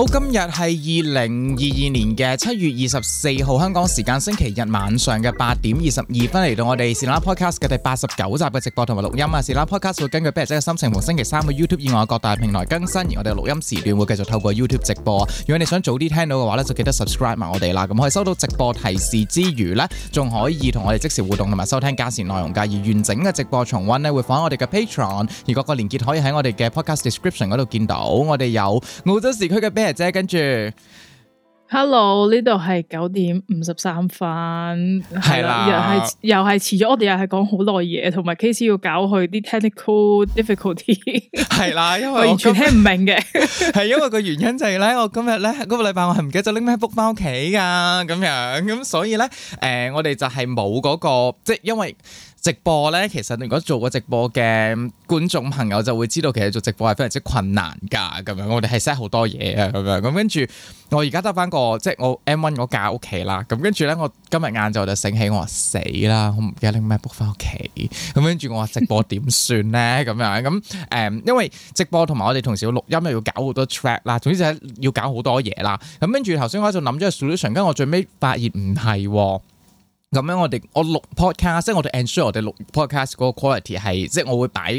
好，今日係二零二二年嘅七月二十四號，香港時間星期日晚上嘅八點二十二分，嚟到我哋是啦 Podcast 嘅第八十九集嘅直播同埋錄音啊！是啦 Podcast 會根據筆者嘅心情同星期三嘅 YouTube 以外各大平台更新，而我哋嘅錄音時段會繼續透過 YouTube 直播。如果你想早啲聽到嘅話呢，就記得 subscribe 埋我哋啦。咁我哋收到直播提示之餘呢，仲可以同我哋即時互動同埋收聽加時內容噶。而完整嘅直播重温呢，會放喺我哋嘅 Patreon，而各個鏈接可以喺我哋嘅 Podcast description 嗰度見到。我哋有澳洲時區嘅咩？姐跟住，Hello，呢度係九點五十三分，係啦的，又係又係遲咗，我哋又係講好耐嘢，同埋 KC 要搞佢啲 technical difficulty，係啦，因為完全聽唔明嘅，係 因為個原因就係咧，我今日咧嗰個禮拜我係唔記得拎咩 book 翻屋企噶，咁樣咁所以咧，誒、呃，我哋就係冇嗰個，即係因為。直播咧，其實如果做過直播嘅觀眾朋友就會知道，其實做直播係非常之困難㗎，咁樣我哋係 set 好多嘢啊，咁樣咁跟住我而家得翻個即係我 M1 嗰架屋企啦，咁跟住咧我今日晏晝就醒起，我話死啦，我唔記得拎 MacBook 翻屋企，咁跟住我話直播點算咧？咁 樣咁誒，因為直播同埋我哋同時要錄音又要搞好多 track 啦，總之就係要搞好多嘢啦，咁跟住頭先我就諗咗個 solution，跟住我最尾發現唔係、哦。咁樣我哋我錄 podcast，即係我哋 ensure 我哋錄 podcast 嗰個 quality 係，即係我會擺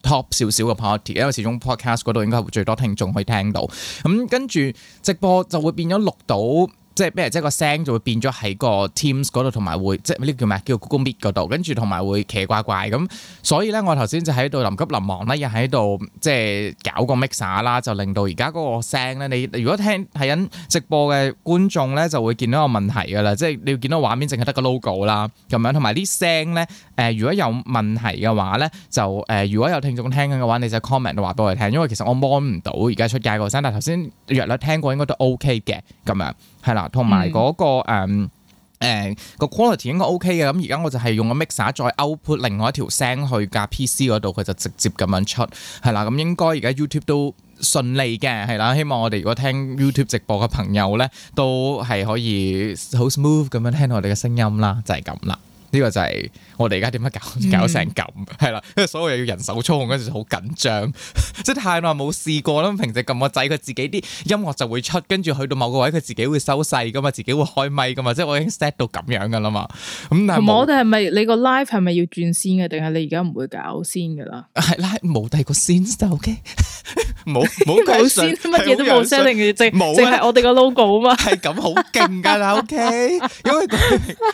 top 少少嘅 quality，因為始終 podcast 度應該會最多聽眾可以聽到。咁跟住直播就會變咗錄到。即係咩？即係個聲就會變咗喺個 Teams 嗰度，同埋會即係呢個叫咩？叫 Google Meet 嗰度，跟住同埋會奇怪怪咁。所以咧，我頭先就喺度臨急臨忙咧，又喺度即係搞個 mixer 啦，就令到而家嗰個聲咧。你如果聽睇緊直播嘅觀眾咧，就會見到個問題㗎啦。即係你要見到畫面淨係得個 logo 啦，咁樣同埋啲聲咧。誒、呃，如果有問題嘅話咧，就誒、呃，如果有聽眾聽緊嘅話，你就 comment 都話俾我聽，因為其實我摸唔到而家出街個聲。但係頭先約略聽過應該都 OK 嘅咁樣。係啦，同埋嗰個誒誒、嗯嗯呃個 quality 應該 OK 嘅。咁而家我就係用個 mixer 再 output 另外一條聲去架 PC 嗰度，佢就直接咁樣出。係啦，咁應該而家 YouTube 都順利嘅。係啦，希望我哋如果聽 YouTube 直播嘅朋友咧，都係可以好 smooth 咁樣聽到我哋嘅聲音啦。就係咁啦。呢個就係我哋而家點樣搞搞成咁係啦，因為、嗯、所有嘢要人手操控嗰陣好緊張，即係太耐冇試過啦。平時撳個掣，佢自己啲音樂就會出，跟住去到某個位，佢自己會收細噶嘛，自己會開咪噶嘛，即係我已經 set 到咁樣噶啦嘛。咁但係我哋係咪你個 live 係咪要轉先嘅，定係你而家唔會搞先噶啦？係 live 冇第二個先手嘅，冇冇先乜嘢都冇，setting 嘅正，正係、啊啊、我哋個 logo 啊嘛。係咁好勁噶啦，OK。因為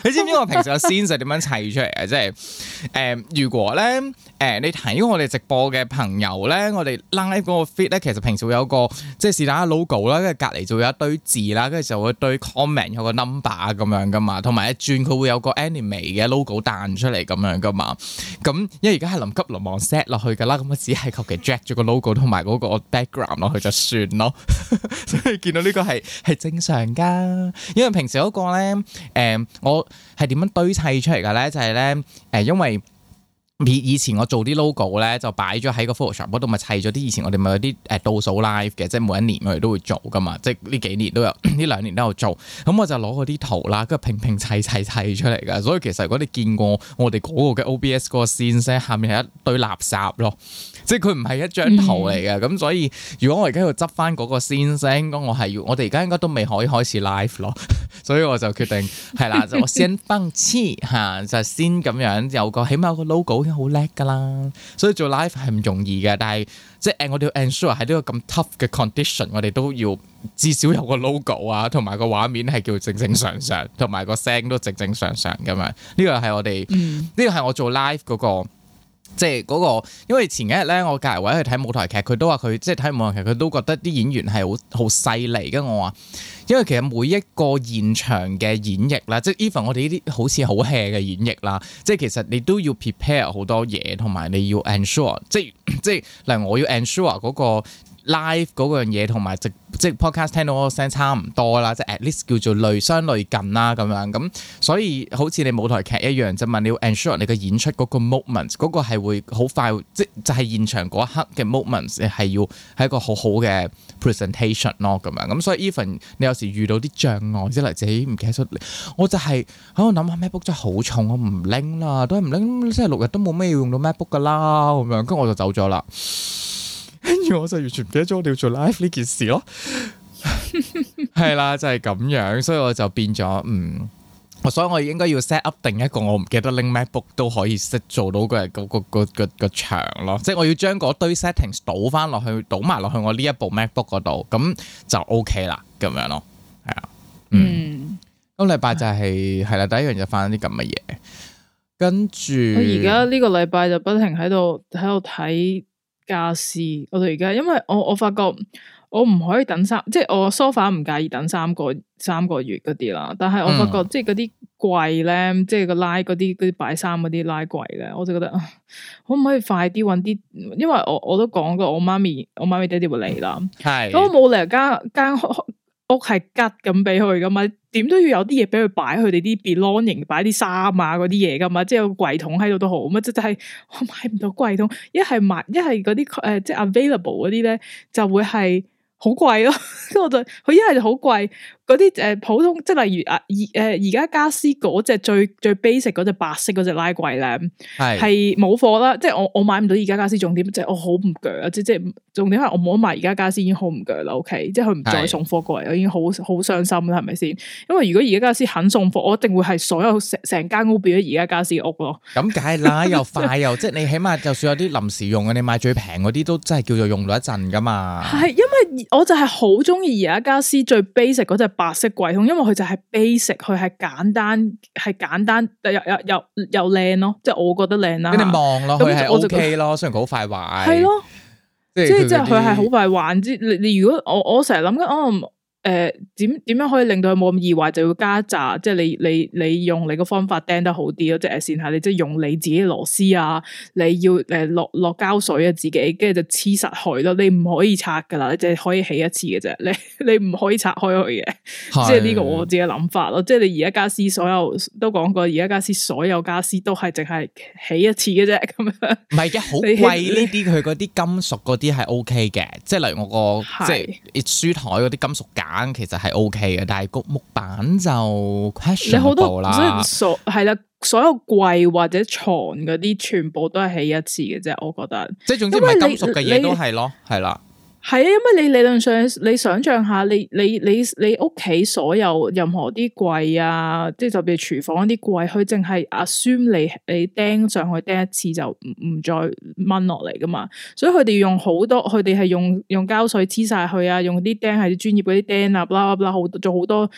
你知唔知我平時個 scene 點啊？砌出嚟嘅，即係誒、呃，如果咧誒、呃，你睇，我哋直播嘅朋友咧，我哋 live 嗰個 fit 咧，其實平時會有個即係是但嘅 logo 啦，跟住隔籬就會有一堆字啦，跟住就會對 comment 有堆 com 有個 number 咁樣噶嘛，同埋一轉佢會有個 anime 嘅 logo 彈出嚟咁樣噶嘛。咁因為而家係臨急臨忙 set 落去噶啦，咁啊只係求其 jack 咗個 logo 同埋嗰個 background 落去就算咯。所以見到呢個係係正常噶，因為平時嗰個咧誒、呃、我。係點樣堆砌出嚟嘅咧？就係、是、咧，誒、呃，因為以前我做啲 logo 咧，就擺咗喺個 Photoshop 嗰度，咪砌咗啲以前我哋咪有啲誒倒數 live 嘅，即係每一年我哋都會做噶嘛，即係呢幾年都有，呢 兩年都有做。咁、嗯、我就攞嗰啲圖啦，跟住平平砌砌砌，砌出嚟噶。所以其實如果你見過我哋嗰個嘅 OBS 嗰個 scenes，下面係一堆垃圾咯，即係佢唔係一張圖嚟嘅。咁、嗯、所以如果我而家要執翻嗰個 scenes，咁我係要我哋而家應該都未可以開始 live 咯。所以我就決定係啦，就先幫黐嚇，就先咁樣有個起碼有個 logo 已經好叻噶啦。所以做 live 係唔容易嘅，但係即係誒，我哋要 ensure 喺呢個咁 tough 嘅 condition，我哋都要至少有個 logo 啊，同埋個畫面係叫正正常常，常，同埋個聲都正正常常咁樣這。呢個係我哋，呢個係我做 live 嗰、那個，即係嗰個。因為前幾日咧，我隔籬位去睇舞台劇，佢都話佢即係睇舞台劇，佢都覺得啲演員係好好犀利。咁我話。因為其實每一個現場嘅演繹啦，即係 even 我哋呢啲好似好 hea 嘅演繹啦，即係其實你都要 prepare 好多嘢，同埋你要 ensure，即係即係，例如我要 ensure 嗰個。Live 嗰樣嘢同埋即即 podcast 聽到嗰個聲差唔多啦，即 at least 叫做類相類近啦咁樣咁，所以好似你舞台劇一樣，就問你要 ensure 你嘅演出嗰個 moment 嗰個係會好快，即就係、是、現場嗰一刻嘅 moment 係要係一個好好嘅 presentation 咯咁樣，咁所以 even 你有時遇到啲障礙，即嚟自己唔記得出嚟，我就係、是、喺度、啊、諗下 MacBook 真係好重，我唔拎啦，都唔拎，星期六日都冇咩要用到 MacBook 㗎啦，咁樣跟我就走咗啦。跟住 我就完全唔記得咗我哋要做 live 呢件事咯，係 啦， 就係咁樣，所以我就變咗，嗯，所以我應該要 set up 定一個我唔記得拎 macbook 都可以識做到個個個個個牆咯，即係我要將嗰堆 settings 倒翻落去，倒埋落去我呢一部 macbook 嗰度，咁就 OK 啦，咁樣咯，係啊，嗯，今禮拜就係係啦，第一樣嘢就翻啲咁嘅嘢，跟住我而家呢個禮拜就不停喺度喺度睇。家私我到而家，因為我我發覺我唔可以等三，即係我 sofa 唔介意等三個三個月嗰啲啦。但係我發覺、嗯、即係嗰啲櫃咧，即係個拉嗰啲嗰啲擺衫嗰啲拉櫃咧，我就覺得啊，可唔可以快啲搵啲？因為我我都講過我媽咪，我媽咪爹哋是的 我媽咪爹哋會嚟啦。係咁我冇嚟間間屋係吉咁俾佢噶嘛，點都要有啲嘢，俾佢擺，佢哋啲 belonging，擺啲衫啊，嗰啲嘢噶嘛，即係有個櫃桶喺度都好，乜即係我買唔到櫃桶，一係買一係嗰啲誒，即係、呃、available 嗰啲咧，就會係。好貴咯，跟住我就佢一係好貴，嗰啲誒普通即係例如啊而誒而家家私嗰隻最最 basic 嗰隻白色嗰隻拉櫃咧，係冇貨啦。即係我我買唔到而家家私，重點即係我好唔鋸，即即係重點係我冇得買。而家家私已經好唔鋸啦，OK，即係佢唔再送貨過嚟，我已經好好傷心啦，係咪先？因為如果而家家私肯送貨，我一定會係所有成成間屋變咗而家家私屋咯。咁梗係啦，又快又 即係你起碼就算有啲臨時用嘅，你買最平嗰啲都真係叫做用到一陣噶嘛。係因為。我就係好中意宜家家私最 basic 嗰隻白色櫃桶，因為佢就係 basic，佢係簡單，係簡單又又又又靚咯，即係我覺得靚啦。你望咯，佢係 OK 咯，雖然好快壞。係咯，即係即係佢係好快壞之，你你如果我我成日諗緊哦。誒，點點、呃、樣可以令到佢冇咁易壞？就要加紮，即係你你你用你個方法釘得好啲咯，即係線下你即係用你自己嘅螺絲啊，你要誒、呃、落落膠水啊，自己跟住就黐實佢咯。你唔可以拆噶啦，你只可以起一次嘅啫。你你唔可以拆開佢嘅，是的 即係呢個我自己諗法咯。即係你而家家私所有都講過，而家家私所有家私都係淨係起一次嘅啫，咁樣。唔係嘅，好貴呢啲佢嗰啲金屬嗰啲係 OK 嘅，即係例如我個的即係書台嗰啲金屬架。板其實係 OK 嘅，但係焗木板就 questionable 啦。所以所係啦，所有櫃或者床嗰啲，全部都係起一次嘅啫。我覺得即係總之唔係金屬嘅嘢都係咯，係啦。係啊，因為你理論上你想象下，你你你你屋企所有任何啲櫃啊，即係特別廚房嗰啲櫃，佢淨係 assume 你你釘上去釘一次就唔唔再掹落嚟噶嘛，所以佢哋用好多，佢哋係用用膠水黐晒佢啊，用啲釘係專業嗰啲釘啦啦啦，好做好多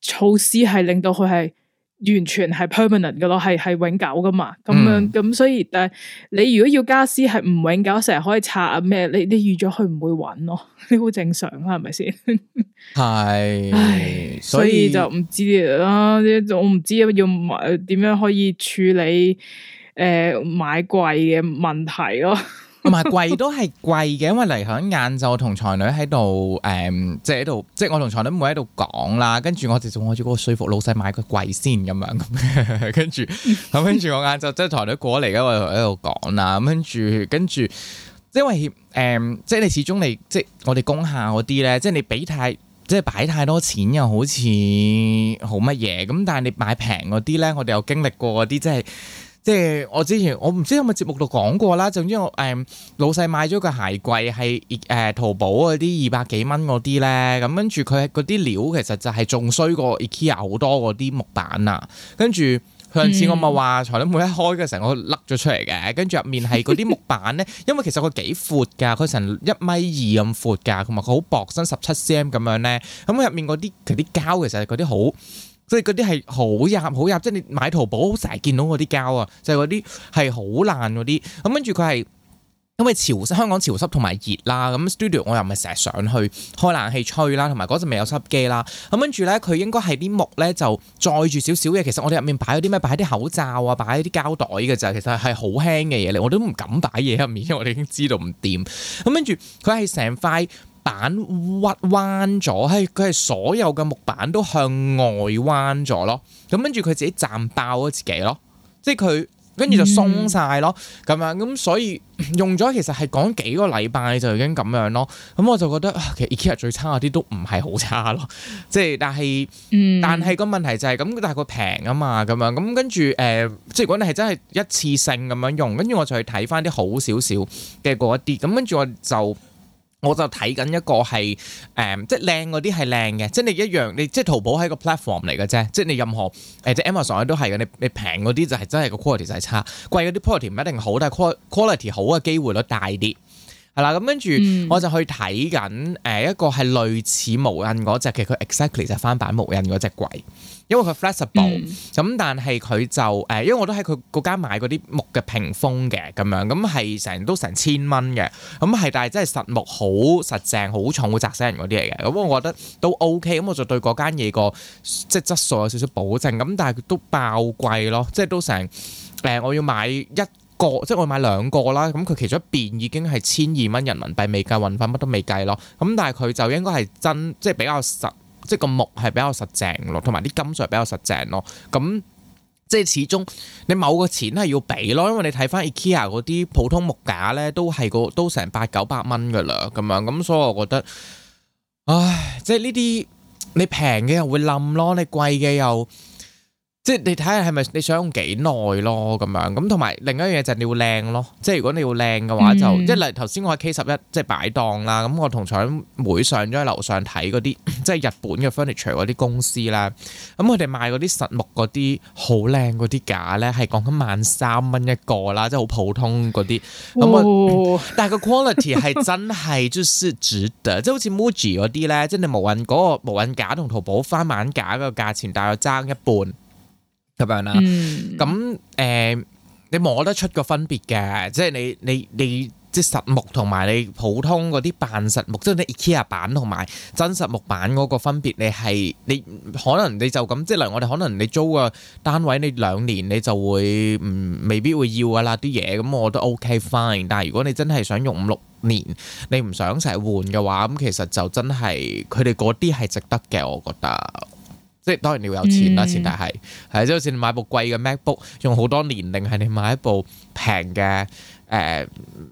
措施係令到佢係。完全係 permanent 嘅咯，係係永久噶嘛。咁樣咁、嗯、所以，但係你如果要家私係唔永久，成日可以拆啊咩？你你預咗佢唔會穩咯，你 好正常啦，係咪先？係，唉、所以就唔知啦，我唔知要點樣可以處理誒、呃、買貴嘅問題咯。 同埋貴都係貴嘅，因為嚟緊晏晝同才女喺度，誒、嗯，即係喺度，即係我同才女唔會喺度講啦。跟住我哋仲喺住嗰個說服老細買個櫃先咁樣，咁樣跟住，咁跟住我晏晝即係才女過嚟啦，我喺度講啦。咁跟住，跟住，因為，誒、嗯，即係你始終你，即係我哋工下嗰啲咧，即係你俾太，即係擺太多錢又好似好乜嘢。咁但係你買平嗰啲咧，我哋有經歷過嗰啲，即係。即係我之前我唔知有冇節目度講過啦，總之我誒、嗯、老細買咗個鞋櫃係誒淘寶嗰啲二百幾蚊嗰啲咧，咁跟住佢係嗰啲料其實就係仲衰過 IKEA 好多嗰啲木板啊，跟住上次我咪話材料每一開嘅時候我甩咗出嚟嘅，跟住入面係嗰啲木板咧， 因為其實佢幾闊㗎，佢成一米二咁闊㗎，同埋佢好薄身，十七 cm 咁樣咧，咁、嗯、入面嗰啲啲膠其實係嗰啲好。所以嗰啲係好入好入，即係你買淘寶，成日見到嗰啲膠啊，就係嗰啲係好爛嗰啲。咁跟住佢係因為潮香港潮濕同埋熱啦。咁 studio 我又咪成日上去開冷氣吹啦，同埋嗰陣未有濕機啦。咁跟住咧，佢應該係啲木咧就載住少少嘢。其實我哋入面擺咗啲咩？擺啲口罩啊，擺啲膠袋嘅就，其實係好輕嘅嘢嚟。我都唔敢擺嘢入面，因為我哋已經知道唔掂。咁跟住佢係成塊。板屈彎咗，係佢係所有嘅木板都向外彎咗咯。咁跟住佢自己站爆咗自己咯，即係佢跟住就鬆晒咯，咁啊咁，所以用咗其實係講幾個禮拜就已經咁樣咯。咁我就覺得、啊、其實 IKEA 最差啲都唔係好差咯，即係但係、嗯、但係個問題就係、是、咁，但係佢平啊嘛，咁啊咁跟住誒，即係如果你係真係一次性咁樣用，跟住我就去睇翻啲好少少嘅嗰一啲，咁跟住我就。我就睇緊一個係誒、嗯，即係靚嗰啲係靚嘅，即係你一樣你即係淘寶係個 platform 嚟嘅啫，即係你任何誒即係 Amazon 都係嘅，你你平嗰啲就係真係個 quality 就係差，貴嗰啲 quality 唔一定好，但係 quality 好嘅機會率大啲，係、嗯、啦，咁跟住我就去睇緊誒一個係類似無印嗰隻，其實佢 exactly 就係翻版無印嗰隻櫃。因為佢 flexible，咁但係佢就誒、呃，因為我都喺佢嗰間買嗰啲木嘅屏風嘅咁樣，咁、嗯、係成都成千蚊嘅，咁、嗯、係但係真係實木好實淨、好重會砸死人嗰啲嚟嘅，咁、嗯、我覺得都 OK，咁我就對嗰間嘢個即係質素有少少保證，咁、嗯、但係都爆貴咯，即係都成誒、呃，我要買一個，即係我要買兩個啦，咁、嗯、佢其中一邊已經係千二蚊人民幣未計運費乜都未計咯，咁但係佢就應該係真即係比較實。即係個木係比較實淨咯，同埋啲金屬係比較實淨咯。咁即係始終你某個錢係要俾咯，因為你睇翻 IKEA 嗰啲普通木架咧，都係個都成八九百蚊噶啦咁樣。咁所以我覺得，唉，即係呢啲你平嘅又會冧咯，你貴嘅又～即係你睇下係咪你想用幾耐咯咁樣，咁同埋另一樣嘢就係你要靚咯，即係如果你要靚嘅話就，嗯、即係例如頭先我喺 K 十一即係擺檔啦，咁我同廠妹上咗喺樓上睇嗰啲即係日本嘅 furniture 嗰啲公司咧，咁佢哋賣嗰啲實木嗰啲好靚嗰啲架咧，係講緊萬三蚊一個啦，即係好普通嗰啲，咁啊、哦，但係個 quality 係真係就是值得， 即係好似 Muji 嗰啲咧，即係你無印嗰個無印架同淘寶翻版架個價錢大概爭一半。咁樣啦，咁誒、嗯呃，你摸得出個分別嘅，即係你你你即實木同埋你普通嗰啲扮實木，即係啲 IKEA 板同埋真實木板嗰個分別，你係你可能你就咁，即係例如我哋可能你租個單位，你兩年你就會唔、嗯、未必會要噶啦啲嘢，咁我都 OK fine。但係如果你真係想用五六年，你唔想成日換嘅話，咁其實就真係佢哋嗰啲係值得嘅，我覺得。即係當然你要有錢啦，前提係係即係好似你買部貴嘅 MacBook 用好多年，定係、就是、你買一部平嘅誒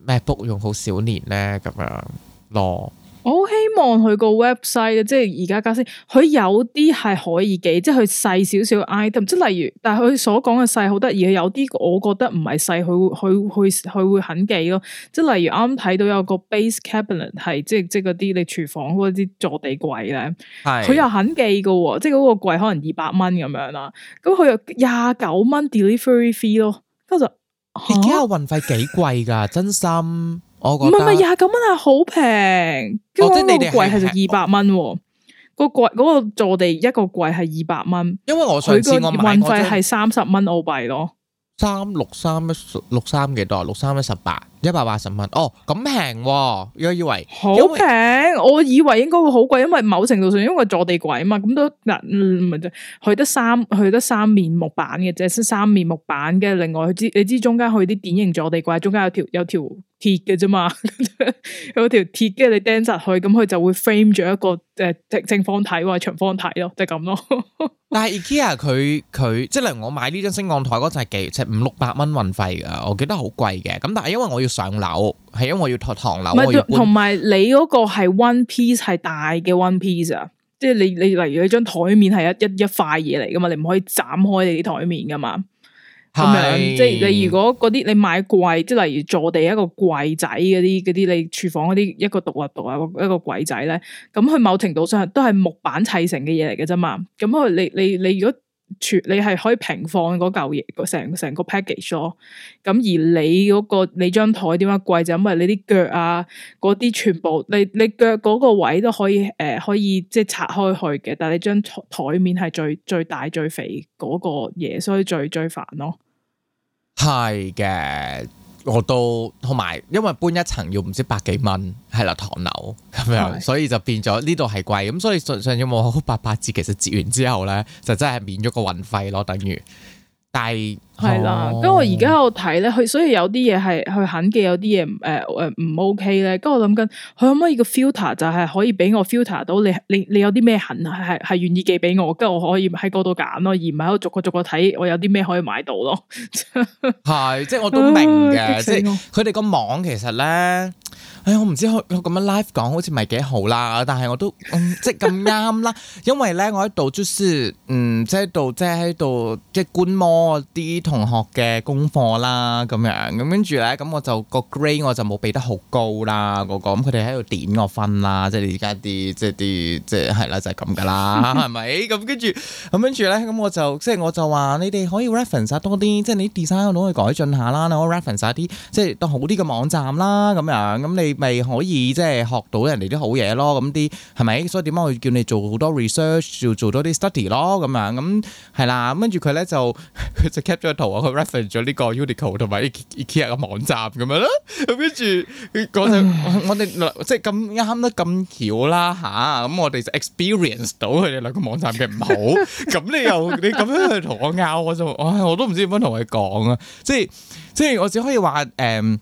MacBook 用好少年咧，咁樣咯。哦。我好希望佢個 website 即係而家家先，佢有啲係可以寄，即係佢細少少 item，即係例如，但係佢所講嘅細好得意，有啲我覺得唔係細，佢佢佢佢會肯寄咯。即係例如啱睇到有個 base cabinet 係，即係即係嗰啲你廚房嗰啲坐地櫃咧，佢是又肯寄噶，即係嗰個櫃可能二百蚊咁樣啦，咁佢又廿九蚊 delivery fee 咯，其實而家個運費幾貴噶，貴 真心。唔係唔係廿九蚊係好平，跟住、哦、個櫃係就二百蚊，個櫃嗰個坐地一個櫃係二百蚊。因為我上次我運費係三十蚊澳幣咯，三六三一六三幾多？六三一十八，一百八十蚊。哦，咁平，我以為好平，為我以為應該會好貴，因為某程度上因為坐地櫃啊嘛，咁都嗱，咪、嗯、就去得三去得三面木板嘅啫，三面木板嘅。另外佢知你知中間去啲典型坐地櫃，中間有條有條。鐵嘅啫嘛，鐵 有條鐵跟住你釘實去，咁佢就會 frame 咗一個誒正、呃、正方體或者長方體咯，就咁、是、咯 。但係 IKEA 佢佢即係例如我買呢張升降台嗰陣係幾，即係五六百蚊運費噶，我記得好貴嘅。咁但係因為我要上樓，係因為我要托唐樓。同埋是你嗰個係 one piece 係大嘅 one piece 啊，即係你你例如你張台面係一一一塊嘢嚟噶嘛，你唔可以斬開你啲台面噶嘛。咁樣，即係你如果嗰啲你買櫃，即係例如坐地一個櫃仔嗰啲嗰啲，你廚房嗰啲一個獨立獨立一個櫃仔咧，咁佢某程度上係都係木板砌成嘅嘢嚟嘅啫嘛。咁佢你你你如果。全你係可以平放嗰嚿嘢，成成個 package 咁。而你嗰、嗰個你張台點解貴就因為你啲腳啊，嗰啲全部你你腳嗰個位都可以誒、呃、可以即係拆開去嘅，但係張台台面係最最大最肥嗰個嘢，所以最最煩咯。係嘅。我都同埋，因為搬一層要唔知百幾蚊，係啦、啊、唐樓咁樣， 所以就變咗呢度係貴，咁所以純粹有冇八八折，其實折完之後咧，就真係免咗個運費咯，等於，但係。係啦，咁我而家喺度睇咧，佢所以有啲嘢係佢肯寄，呃呃、OK, 有啲嘢誒誒唔 OK 咧。咁我諗緊，佢可唔可以個 filter 就係可以俾我 filter 到你，你你有啲咩肯係係願意寄俾我，跟住我可以喺嗰度揀咯，而唔係喺度逐個逐個睇我有啲咩可以買到咯。係，即係我都明嘅。啊、即係佢哋個網其實咧，哎，我唔知可咁樣 live 講，好似唔係幾好啦。但係我都、嗯、即係咁啱啦， 因為咧我喺度就是嗯即係度即係喺度即係觀摩啲同學嘅功課啦，咁樣，咁跟住咧，咁我就個 grade 我就冇俾得好高啦個個，咁佢哋喺度點我分啦，即係而家啲即係啲即係係啦，就係咁噶啦，係咪？咁跟住咁跟住咧，咁我就即係我就話你哋可以 reference 多啲，即係你 design 都可以改進下啦，你可以 reference 啲即係都好啲嘅網站啦，咁樣，咁你咪可以即係學到人哋啲好嘢咯，咁啲係咪？所以點解我叫你做好多 research，要做多啲 study 咯，咁樣，咁係啦，咁跟住佢咧就佢就圖 我啊，佢 reference 咗呢個 Uniqlo 同埋 IKEA 嘅網站咁樣啦，跟住嗰陣我哋即係咁啱得咁巧啦吓，咁我哋就 experience 到佢哋兩個網站嘅唔好，咁 你又你咁樣去同我拗，我就唉，我都唔知點樣同佢講啊，即係即係我只可以話誒誒。呃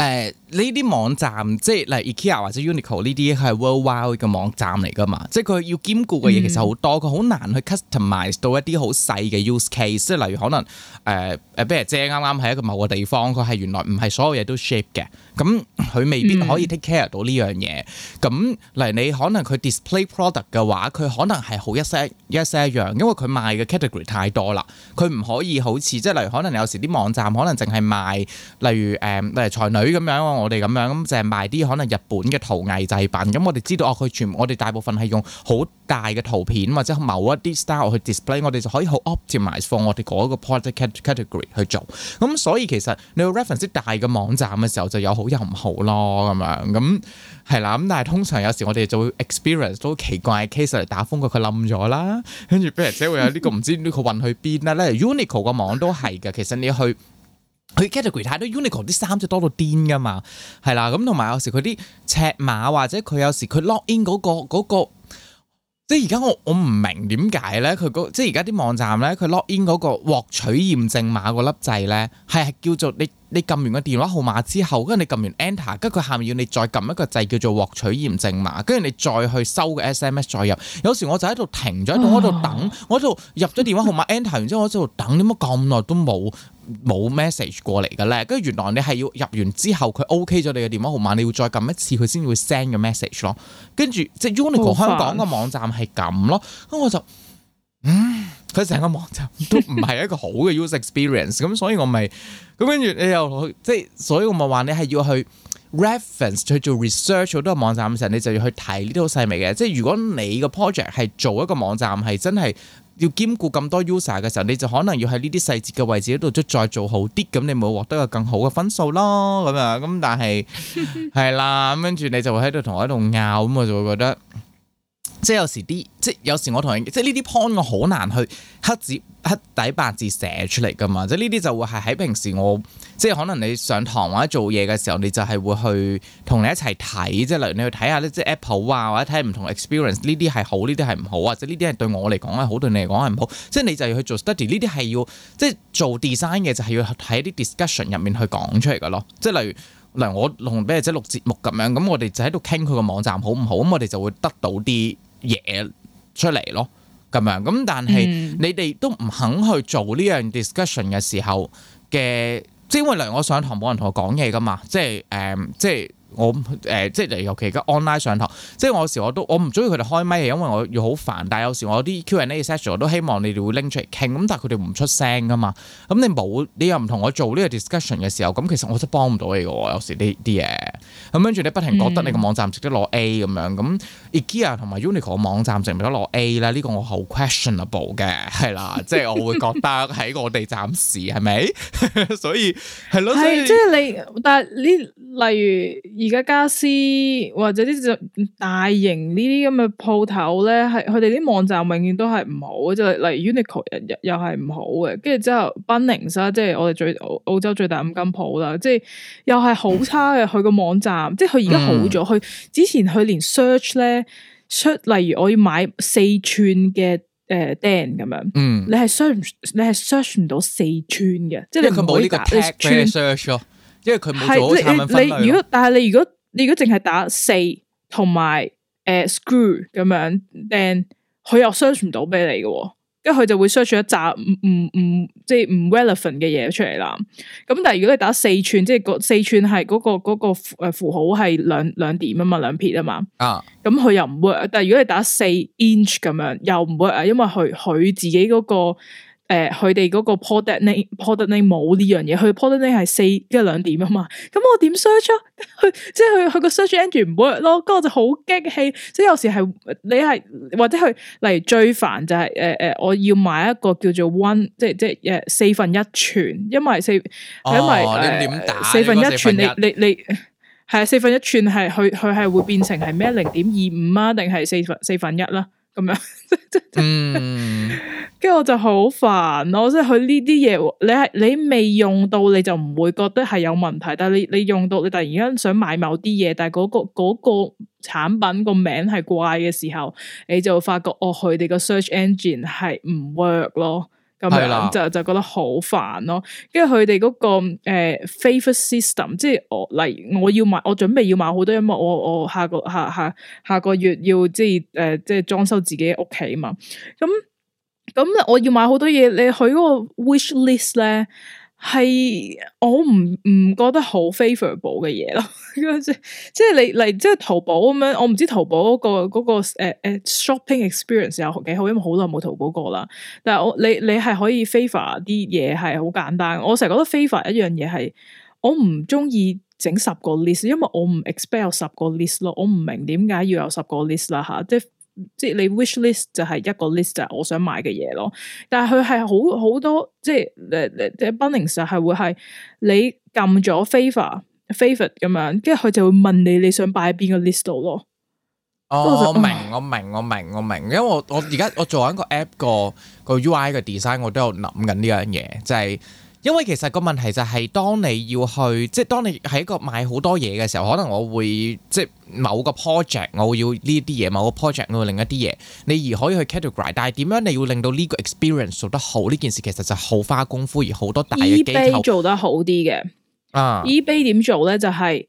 呃呢啲網站即係例如 IKEA 或者 Uniqlo 呢啲係 worldwide 嘅網站嚟㗎嘛，即係佢要兼顧嘅嘢其實好多，佢好、嗯、難去 customize 到一啲好細嘅 use case，即係例如可能誒誒譬如遮啱啱喺一個某個地方，佢係原來唔係所有嘢都 ship 嘅，咁佢未必可以 take care 到呢樣嘢。咁、嗯、例如你可能佢 display product 嘅話，佢可能係好一些一些一樣，因為佢賣嘅 category 太多啦，佢唔可以好似即係例如可能有時啲網站可能淨係賣例如誒、呃、例如才女咁樣。我哋咁樣咁、嗯、就係、是、賣啲可能日本嘅陶藝製品，咁、嗯、我哋知道哦，佢全我哋大部分係用好大嘅圖片或者某一啲 style 去 display，我哋就可以好 optimize for 我哋嗰個 product category 去做。咁、嗯、所以其實你去 reference 大嘅網站嘅時候，就有好有唔好咯，咁樣咁係啦。咁但係通常有時我哋就會 experience 到奇怪嘅 case 嚟打風嘅，佢冧咗啦，跟住俾人且會有呢個唔知呢、這個運去邊啦咧，Uniqlo 個網都係嘅。其實你去。佢 category 太多，unique 啲衫就多到癲㗎嘛，係啦，咁同埋有時佢啲尺碼或者佢有時佢 login 嗰個嗰個，即係而家我我唔明點解咧，佢嗰，即係而家啲網站咧，佢 login 嗰個獲取驗證碼嗰粒掣咧，係係叫做你。你撳完個電話號碼之後，跟住你撳完 enter，跟住佢下面要你再撳一個掣叫做獲取驗證碼，跟住你再去收個 SMS 再入。有時我就喺度停咗，喺度我度等，哎、呀我喺度入咗電話號碼 enter 然之後，我喺度等點解咁耐都冇冇 message 過嚟嘅咧？跟住原來你係要入完之後佢 OK 咗你嘅電話號碼，你要再撳一次佢先會 send 個 message 咯。跟住即係 Uniqlo 香港個網站係咁咯，咁我就。嗯，佢成個網站都唔係一個好嘅 user experience，咁 所以我咪，咁跟住你又去，即係所以我咪話你係要去 reference 去做 research 好多網站嘅時候，你就要去睇呢啲好細微嘅，即係如果你個 project 係做一個網站係真係要兼顧咁多 user 嘅時候，你就可能要喺呢啲細節嘅位置嗰度再做好啲，咁你咪獲得個更好嘅分數咯，咁啊，咁但係係啦，咁跟住你就會喺度同我喺度拗，咁我就會覺得。即係有時啲，即係有時我同你，即係呢啲 point 我好難去黑字黑底白字寫出嚟噶嘛。即係呢啲就會係喺平時我，即係可能你上堂或者做嘢嘅時候，你就係會去同你一齊睇，即係例如你去睇下咧，即係 Apple 啊或者睇唔同 experience，呢啲係好，呢啲係唔好，或者呢啲係對我嚟講係好，對你嚟講係唔好。即係你就要去做 study，呢啲係要，即係做 design 嘅就係要喺啲 discussion 入面去講出嚟噶咯。即係例如，例如，嗱我同 B 姐錄節目咁樣，咁我哋就喺度傾佢個網站好唔好，咁我哋就會得到啲。嘢出嚟咯，咁樣。咁，但係你哋都唔肯去做呢樣 discussion 嘅時候嘅，即係例如我上堂冇人同我講嘢噶嘛，即係誒、呃，即係。我誒即係尤其而家 online 上堂，即係我有時我都我唔中意佢哋開咪，係因為我要好煩。但係有時我啲 Q&A session 我都希望你哋會拎出嚟傾。咁但係佢哋唔出聲噶嘛，咁你冇你又唔同我做呢個 discussion 嘅時候，咁其實我都幫唔到你嘅喎。有時呢啲嘢咁跟住你不停覺得你個網站值得攞 A 咁樣、嗯，咁 IKEA 同埋 Uniqlo 嘅網站值唔值得攞 A 咧？呢個我好 questionable 嘅，係啦， 即係我會覺得喺我哋暫時係咪？ 所以係咯，即係你，但係你例如。而家家私或者啲大型呢啲咁嘅鋪頭咧，係佢哋啲網站永遠都係唔好，即係例如 Uniqlo 日又係唔好嘅，跟住之後 Bunnings 啊，即係我哋最澳洲最大五金鋪啦，即係又係好差嘅佢個網站，即係佢而家好咗，佢、嗯、之前佢連 search 咧 s se 例如我要買四寸嘅誒釘咁樣，嗯、你係 search 你係 search 唔到四寸嘅，即係佢冇呢個 pack search 因為佢冇佐差咁分類。如果但係，你如果你如果淨係打四同埋誒 screw 咁樣，佢又 search 唔到俾你嘅，跟佢就會 search 咗一扎唔唔唔，即係唔 relevant 嘅嘢出嚟啦。咁但係如果你打四寸，即係四寸係嗰個嗰個誒符號係兩兩點啊嘛，兩撇啊嘛。啊，咁佢又唔會。但係如果你打四 inch 咁樣，又唔會啊，因為佢佢自己嗰個。誒，佢哋嗰個 product name，product name 冇呢樣嘢，佢 product name 係四一兩點啊嘛，咁我點 search 啊？佢即係佢佢個 search engine 唔會咯，咁我就好激氣，即係有時係你係或者去嚟，最煩就係誒誒，我要買一個叫做 one，即係即係誒四分一寸，因為四、哦、因為誒、呃、四分一寸，分一你你你係啊，四分一寸係佢佢係會變成係咩零點二五啊，定係四分四分一啦？咁樣，跟住 我就好煩咯，即係佢呢啲嘢，你係你未用到，你就唔會覺得係有問題，但係你你用到，你突然間想買某啲嘢，但係嗰個嗰個產品個名係怪嘅時候，你就發覺哦，佢哋個 search engine 係唔 work 咯。咁樣、嗯嗯、就就覺得好煩咯，跟住佢哋嗰個誒、uh, favorite system，即係我例如我要買，我準備要買好多嘢，因為我我下個下下下個月要即係誒、uh, 即係裝修自己屋企嘛，咁、嗯、咁、嗯嗯、我要買好多嘢，你去嗰個 wish list 咧。係我唔唔覺得好 favorable 嘅嘢咯， 即係即係你嚟即係淘寶咁樣，我唔知淘寶嗰、嗰個、嗰個誒誒、嗰個嗰個、shopping experience 有幾好，因為好耐冇淘寶過啦。但係我你你係可以 favor 啲嘢係好簡單，我成日覺得 favor 一樣嘢係我唔中意整十個 list，因為我唔 expect 有十個 list 咯，我唔明點解要有十個 list 啦吓，即係。即係你 wish list 就係一個 list，就係我想買嘅嘢咯。但係佢係好好多，即係誒誒誒，Bunnings 係會係你撳咗 favor favorite 咁樣，跟住佢就會問你你想擺喺邊個 list 度咯。哦我，我明，我明，我明，我明，因為我我而家我做緊個 app 個個 UI 嘅 design，我都有諗緊呢樣嘢，就係、是。因為其實個問題就係，當你要去，即係當你喺一個買好多嘢嘅時候，可能我會即係某個 project 我會要呢啲嘢，某個 project 我會另一啲嘢，你而可以去 category，但係點樣你要令到呢個 experience 做得好，呢件事其實就好花功夫，而好多大嘅機構做得好啲嘅。啊、uh.，eBay 點做呢？就係、是。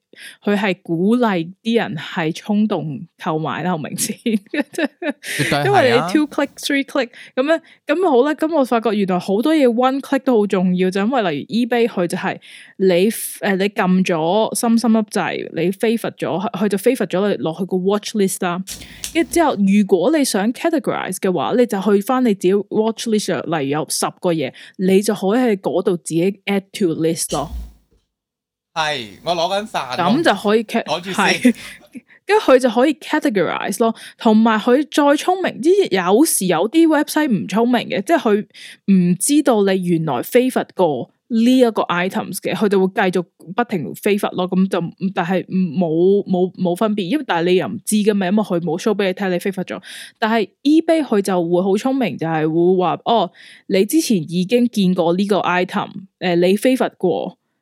佢係鼓勵啲人係衝動購買啦，明唔明 因為你 two click three click 咁樣，咁好咧。咁我發覺原來好多嘢 one click 都好重要，就因為例如 eBay 佢就係你誒，你撳咗、呃、心心粒掣，你 favor 咗，佢就 favor 咗你落去個 watch list 啦。跟住之後，如果你想 categorize 嘅話，你就去翻你自己 watch list，例如有十個嘢，你就可以喺嗰度自己 add to list 咯。係，我攞緊飯，咁 就可以 keep 住係，跟住佢 是的 就可以 categorize 咯。同埋佢再聰明啲，有時有啲 website 唔聰明嘅，即係佢唔知道你原來 favorite 過呢一個 items 嘅，佢就會繼續不停 favorite 咯。咁就但係冇冇冇分別，因為但係你又唔知嘅名，因佢冇 show 俾你睇，你 favorite 咗。但係 eBay 佢就會好聰明，就係、是、會話哦，你之前已經見過呢個 item，誒、呃，你 favorite 過。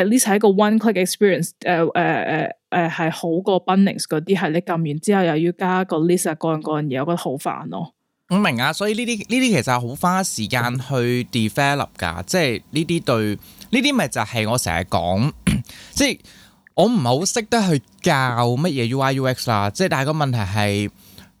At least 係一個 one click experience，誒誒誒誒係好過 Bunnings 嗰啲係你撳完之後又要加個 list 啊，各樣各樣嘢，我覺得好煩咯、哦。我明啊，所以呢啲呢啲其實係好花時間去 develop 噶、嗯， 即係呢啲對呢啲咪就係我成日講，即係我唔係好識得去教乜嘢 UI UX 啦。即係但係個問題係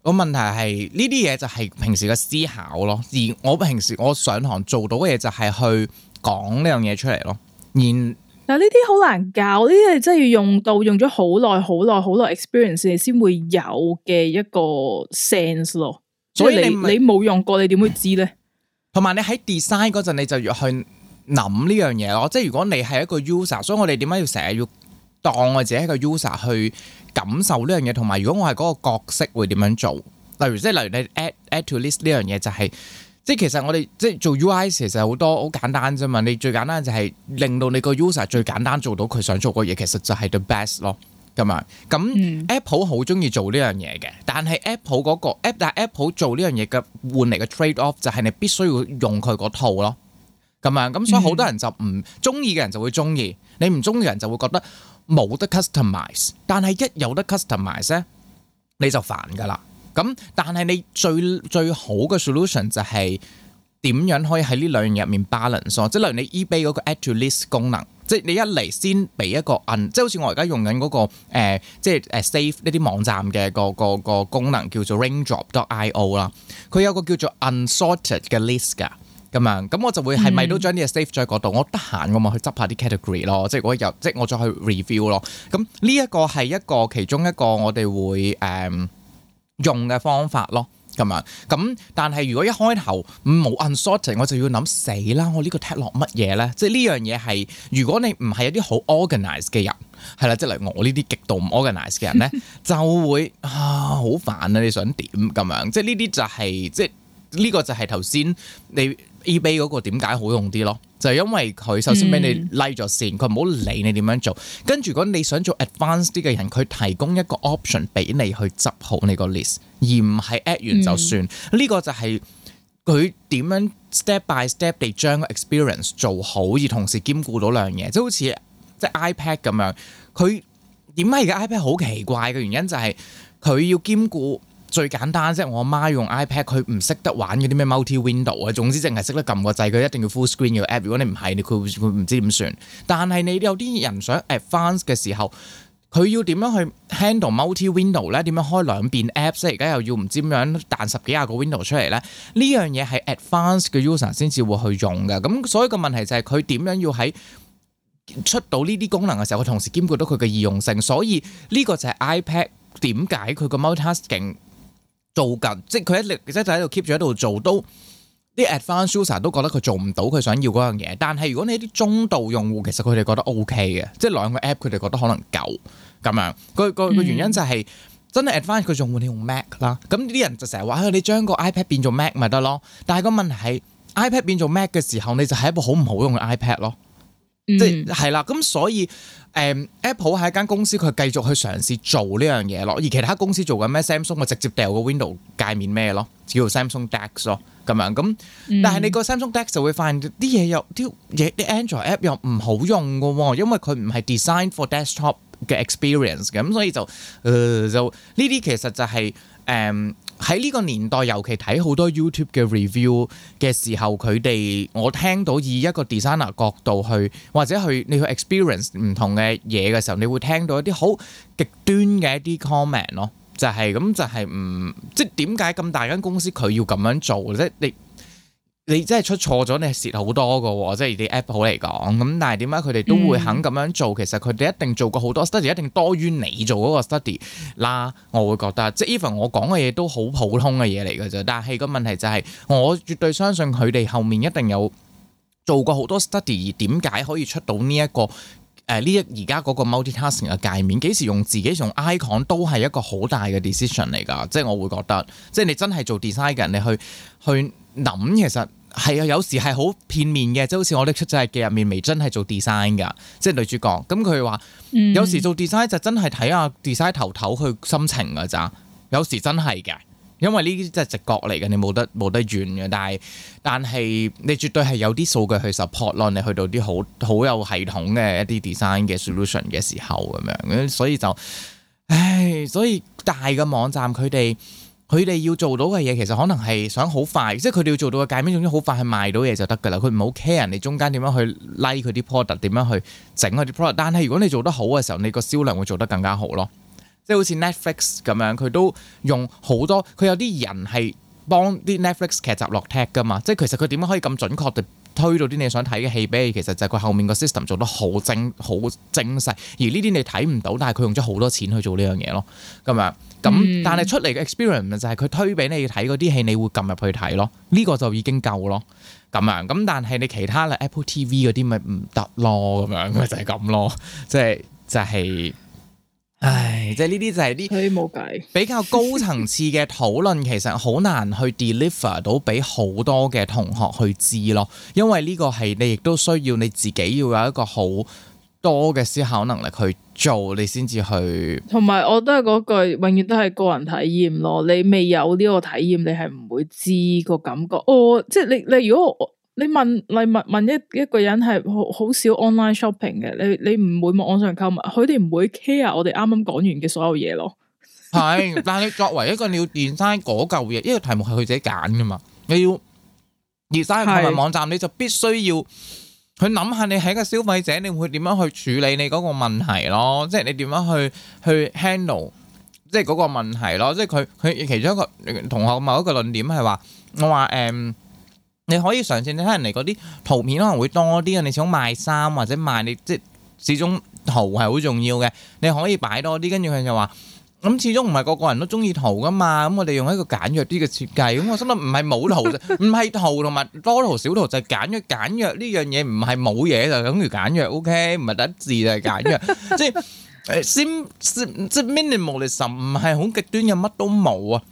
個問題係呢啲嘢就係平時嘅思考咯，而我平時我上堂做到嘅嘢就係去講呢樣嘢出嚟咯，然。嗱呢啲好難教，呢啲係真係要用到用咗好耐、好耐、好耐 experience 先會有嘅一個 sense 咯。所以你你冇用過，你點會知呢？同埋你喺 design 嗰陣，你就要去諗呢樣嘢咯。即係如果你係一個 user，所以我哋點解要成日要當我自己係一個 user 去感受呢樣嘢？同埋如果我係嗰個角色會點樣做？例如即係例如你 add add to list 呢樣嘢就係。即係其實我哋即係做 UI 其實好多好簡單啫嘛，你最簡單就係令到你個 user 最簡單做到佢想做個嘢，其實就係 the best 咯咁樣。咁、嗯、Apple 好中意做呢樣嘢嘅，但係 Apple 嗰、嗰個但 Apple 做呢樣嘢嘅換嚟嘅 trade off 就係你必須要用佢嗰套咯咁樣。咁所以好多人就唔中意嘅人就會中意，你唔中意人就會覺得冇得 customize 但係一有得 customize 呢你就煩噶啦。咁，但係你最最好嘅 solution 就係點樣可以喺呢兩樣入面 balance 咯？即係例如你 eBay 嗰個 add to list 功能，即係你一嚟先俾一個 un，即係好似我而家用緊嗰、嗰個、呃、即係 save 呢啲網站嘅、嗰個、嗰個、嗰個功能叫做 raindrop.io 啦。佢有個叫做 unsorted 嘅 list 噶，咁樣，咁我就會係咪都將啲嘢 save 咗喺嗰度？嗯、我得閒我咪去執下啲 category 咯。即係嗰一即係我再去 review 咯。咁呢一個係一個其中一個我哋會誒。嗯用嘅方法咯，咁樣咁，但係如果一開頭冇 unsorted，我就要諗死啦，我呢個踢落乜嘢咧？即係呢樣嘢係，如果你唔係一啲好 organized 嘅人，係啦，即係嚟我呢啲極度唔 organized 嘅人咧， 就會啊好煩啊！你想點咁樣？即係呢啲就係，即係呢個就係頭先你 eBay 嗰個點解好用啲咯？就因為佢首先俾你拉、like、咗線，佢唔好理你點樣做。跟住如果你想做 advanced 啲嘅人，佢提供一個 option 俾你去執好你個 list，而唔係 at 完就算。呢、嗯、個就係佢點樣 step by step 地將 experience 做好，而同時兼顧到兩樣嘢，即好似即係 iPad 咁樣。佢點解而家 iPad 好奇怪嘅原因就係佢要兼顧。最簡單啫，我媽用 iPad 佢唔識得玩嗰啲咩 multi window 啊，wind ow, 總之淨係識得撳個掣，佢一定要 full screen 嘅 app。如果你唔係，你佢會唔知點算。但係你有啲人想 advance 嘅時候，佢要點樣去 handle multi window 咧？點樣開兩邊 app 啫？而家又要唔知點樣彈十幾廿個 window 出嚟咧？呢樣嘢係 advance 嘅 user 先至會去用嘅。咁所以個問題就係佢點樣要喺出到呢啲功能嘅時候，佢同時兼顧到佢嘅易用性。所以呢個就係 iPad 點解佢個 multi task 勁做緊，即係佢一直其實就喺度 keep 住喺度做，都啲 advance user 都覺得佢做唔到佢想要嗰樣嘢。但係如果你啲中度用戶，其實佢哋覺得 O K 嘅，即係兩個 app 佢哋覺得可能夠咁樣。個個個原因就係、是嗯、真係 advance 佢用用 Mac 啦。咁啲人就成日話，你將個 iPad 變做 Mac 咪得咯？但係個問題係 iPad 變做 Mac 嘅時候，你就係一部好唔好用嘅 iPad 咯。嗯、即係啦，咁所以，誒、嗯，Apple 係一間公司，佢繼續去嘗試做呢樣嘢咯，而其他公司做緊咩？Samsung 我直接掉個 Window 界面咩咯，叫做 Samsung Dex 咯，咁樣咁，但係你個 Samsung Dex 就會發現啲嘢又啲嘢啲 Android app 又唔好用噶，因為佢唔係 design for desktop 嘅 experience 嘅，咁所以就，誒、呃，就呢啲其實就係、是，誒、嗯。喺呢個年代，尤其睇好多 YouTube 嘅 review 嘅時候，佢哋我聽到以一個 designer 角度去或者去你去 experience 唔同嘅嘢嘅時候，你會聽到一啲好極端嘅一啲 comment 咯，就係咁就係唔即係點解咁大間公司佢要咁樣做咧？即你你真係出錯咗，你係蝕好多噶，即係啲 app 好嚟講。咁但係點解佢哋都會肯咁樣做？嗯、其實佢哋一定做過好多 study，一定多於你做嗰個 study 啦。我會覺得，即係 even 我講嘅嘢都好普通嘅嘢嚟噶啫。但係個問題就係，我絕對相信佢哋後面一定有做過好多 study，而點解可以出到呢、這、一個？誒呢，一而家嗰個 multitasking 嘅界面幾時用自己用 icon 都係一個好大嘅 decision 嚟㗎，即係我會覺得，即係你真係做 design 嘅人，你去去諗其實係啊，有時係好片面嘅，即好似我拎出製嘅入面未真係做 design 㗎，即係女主角咁佢話，嗯、有時做 design 就真係睇下 design 頭頭佢心情㗎咋，有時真係嘅。因為呢啲真係直覺嚟嘅，你冇得冇得怨嘅，但係但係你絕對係有啲數據去 support 你去到啲好好有系統嘅一啲 design 嘅 solution 嘅時候咁樣，所以就唉，所以大嘅網站佢哋佢哋要做到嘅嘢，其實可能係想好快，即係佢哋要做到嘅界面總之好快去賣到嘢就得㗎喇。佢唔好 care 人哋中間點樣去拉佢啲 product，點樣去整嗰啲 product。但係如果你做得好嘅時候，你個銷量會做得更加好咯。即係好似 Netflix 咁樣，佢都用好多，佢有啲人係幫啲 Netflix 劇集落 tag 噶嘛。即係其實佢點樣可以咁準確地推到啲你想睇嘅戲俾你？其實就係佢後面個 system 做得好精、好精細。而呢啲你睇唔到，但係佢用咗好多錢去做呢樣嘢咯。咁樣咁，但係、嗯、出嚟嘅 experience 就係佢推俾你睇嗰啲戲，你會撳入去睇咯。呢、呢個就已經夠咯。咁樣咁，但係你其他 Apple TV 嗰啲咪唔得咯。咁樣咪就係、係、咁咯。即係就係、係。就係唉，即係呢啲就係啲佢冇計比較高層次嘅討論， 其實好難去 deliver 到俾好多嘅同學去知咯。因為呢個係你亦都需要你自己要有一個好多嘅思考能力去做，你先至去。同埋我都係嗰句，永遠都係個人體驗咯。你未有呢個體驗，你係唔會知個感覺。哦，即係你你如果你問禮物問一一個人係好少 online shopping 嘅，你你唔會網上購物，佢哋唔會 care 我哋啱啱講完嘅所有嘢咯。係，但係你作為一個你要 design 嗰嚿嘢，呢個題目係佢自己揀噶嘛，你要 design 購物網站，你就必須要佢諗下你係一個消費者，你會點樣去處理你嗰個問題咯？即係你點樣去去 handle 即係嗰個問題咯？即係佢佢其中一個同學某一個論點係話，我話誒。你可以嘗試，你睇人哋嗰啲圖片可能會多啲啊！你想賣衫或者賣你即係始終圖係好重要嘅，你可以擺多啲。跟住佢就話，咁始終唔係個個人都中意圖噶嘛。咁我哋用一個簡約啲嘅設計。咁我心諗唔係冇圖，唔係圖同埋多圖少圖就簡約簡約呢樣嘢唔係冇嘢就等於簡約。O K，唔係得字就係簡約，即係 sim sim 即係 minimalism 唔係好極端嘅乜都冇啊，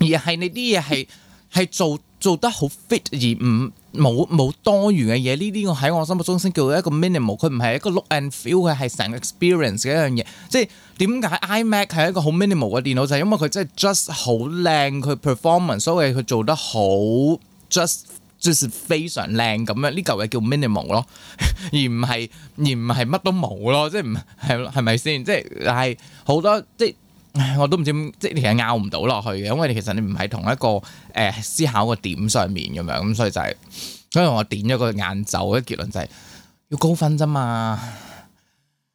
而係你啲嘢係係做。做得好 fit 而唔冇冇多元嘅嘢，呢啲我喺我心目中先叫一個 minimal。佢唔係一個 look and feel，佢係成個 experience 嘅一樣嘢。即係點解 iMac 係一個好 minimal 嘅電腦，就係因為佢真係 just 好靚，佢 performance 所以佢做得好 just just 非常靚，咁樣呢嚿嘢叫 minimal 咯，而唔係而唔係乜都冇咯，即係唔係，係咪先？即係但好多即係。我都唔知，即係拗唔到落去嘅，因為你其實你唔喺同一個誒、呃、思考個點上面咁樣，咁所以就係、是，所以我點咗個晏晝嘅結論就係、是、要高分啫嘛。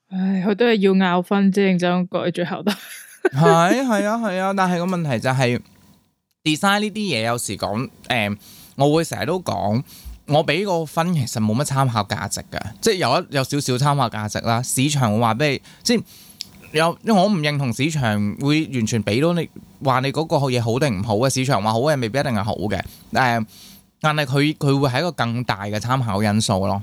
唉，佢都係要拗分啫，然之後改最後得 。係係啊係啊，但係個問題就係 design 呢啲嘢，有時講誒、呃，我會成日都講，我俾個分其實冇乜參考價值㗎，即係有，有一有少少參考價值啦。市場我話俾你，即有，因為我唔認同市場會完全俾到你話你嗰個好嘢好定唔好嘅，市場話好嘅未必一定係好嘅、呃。但係佢佢會係一個更大嘅參考因素咯，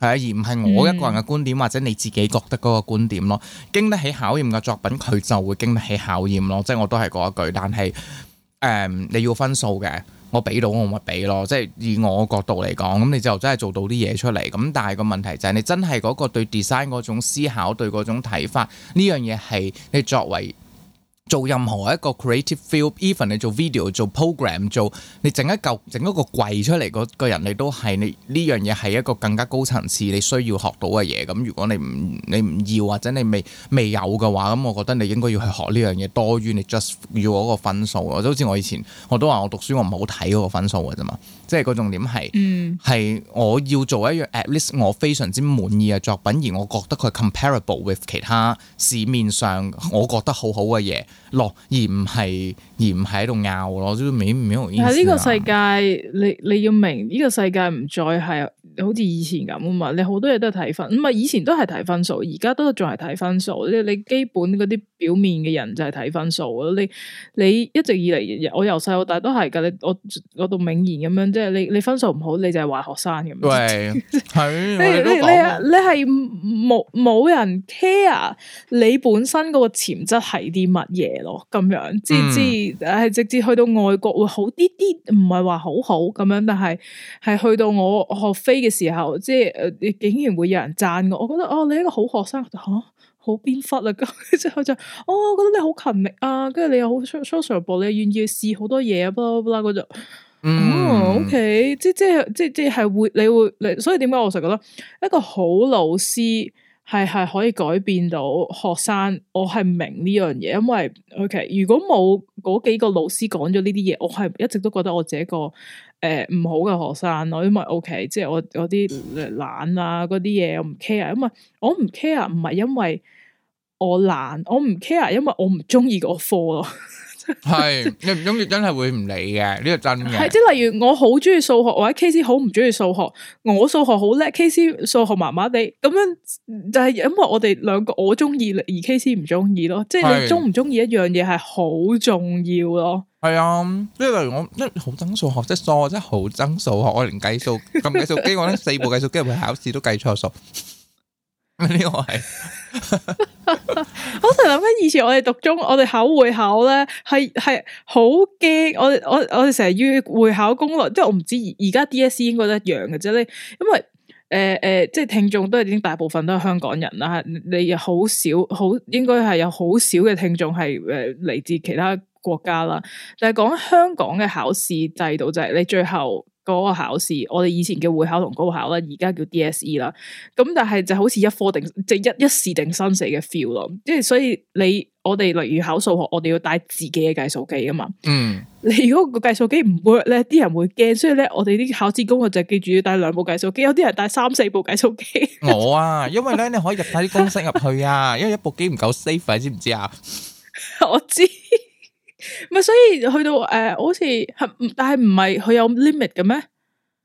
係啊，而唔係我一個人嘅觀點或者你自己覺得嗰個觀點咯。經得起考驗嘅作品佢就會經得起考驗咯，即係我都係嗰一句，但係誒、呃、你要分數嘅。我畀到我咪畀咯，即係以我角度嚟講，咁你就真係做到啲嘢出嚟。咁但係個問題就係你真係嗰個對 design 嗰種思考，對嗰種睇法，呢樣嘢係你作為。做任何一個 creative field，even 你做 video、做 program、做你整一嚿整一個櫃出嚟嗰個人，你都係你呢樣嘢係一個更加高層次你需要學到嘅嘢。咁如果你唔你唔要或者你未未有嘅話，咁我覺得你應該要去學呢樣嘢多於你 just 要嗰個分數。就好似我以前我都話我讀書我唔好睇嗰個分數嘅啫嘛，即係嗰重點係係、mm. 我要做一樣 at least 我非常之滿意嘅作品，而我覺得佢 comparable with 其他市面上我覺得好好嘅嘢。落、哦，而唔係而唔係喺度拗咯，都係呢個世界，你你要明，呢、呢個世界唔再係。好似以前咁啊嘛，你好多嘢都係睇分，唔係以前都係睇分數，而家都仲係睇分數。你你基本啲表面嘅人就係睇分數咯。你你一直以嚟，我由細到大都係噶。你我我到明言咁樣，即係你你分數唔好，你就係壞學生咁樣。係你你你係冇冇人 care 你本身個潛質係啲乜嘢咯？咁樣，知嗯、直至係直至去到外國會好啲啲，唔係話好好咁樣，但係係去到我學飛。嘅。時候即係，竟然會有人讚我，我覺得哦，你一個好學生吓，好鞭忽啦。咁之後就，哦，我覺得你好勤力啊。跟住你又好 sociable，你願意去試好多嘢，不啦不啦。咁就，嗯，okay，即即即即係會，你會，所以點解我成日覺得一個好老師係係可以改變到學生？我係明呢樣嘢，因為 okay，如果冇嗰幾個老師講咗呢啲嘢，我係一直都覺得我自己一個。誒、唔、呃、好嘅學生咯，因為 OK，即係我我啲懶啊，嗰啲嘢我唔 care，因為我唔 care，唔係因為我懶，我唔 care，因為我唔中意嗰科咯。係是 你唔中意真係會唔理嘅，呢個真嘅。係即係例如我好中意數學，或者 KC 好唔中意數學，我數學好叻，KC 數學麻麻地，咁樣就係因為我哋兩個我中意而 KC 唔中意咯。即係你中唔中意一樣嘢係好重要咯。係啊，即係例如我，即係好憎數學，即係數學，即係好憎數學。我連計數撳計數機，我咧四部計數機，我入去考試都計錯數。呢個係，我就諗翻以前我哋讀中，我哋考會考咧，係係好驚。我我我哋成日要會考攻略，即係我唔知而而家 DSE 應該都一樣嘅啫。你因為誒誒，即係聽眾都係已經大部分都係香港人啦。吓，你又好少，好應該係有好少嘅聽眾係誒嚟自其他國家啦，但係講香港嘅考試制度，就係你最後嗰個考試，我哋以前叫會考同高考啦，而家叫 DSE 啦。咁但係就好似一科定即係、就是、一一試定生死嘅 feel 咯。即係所以你我哋例如考數學，我哋要帶自己嘅計數機啊嘛。嗯，你如果個計數機唔 work 咧，啲人會驚，所以咧我哋啲考試工我就記住要帶兩部計數機，有啲人帶三四部計數機。冇啊，因為咧你可以入下啲公式入去啊， 因為一部機唔夠 safe，知唔知啊？知 我知。咪所以去到誒，好似但係唔係佢有 limit 嘅咩？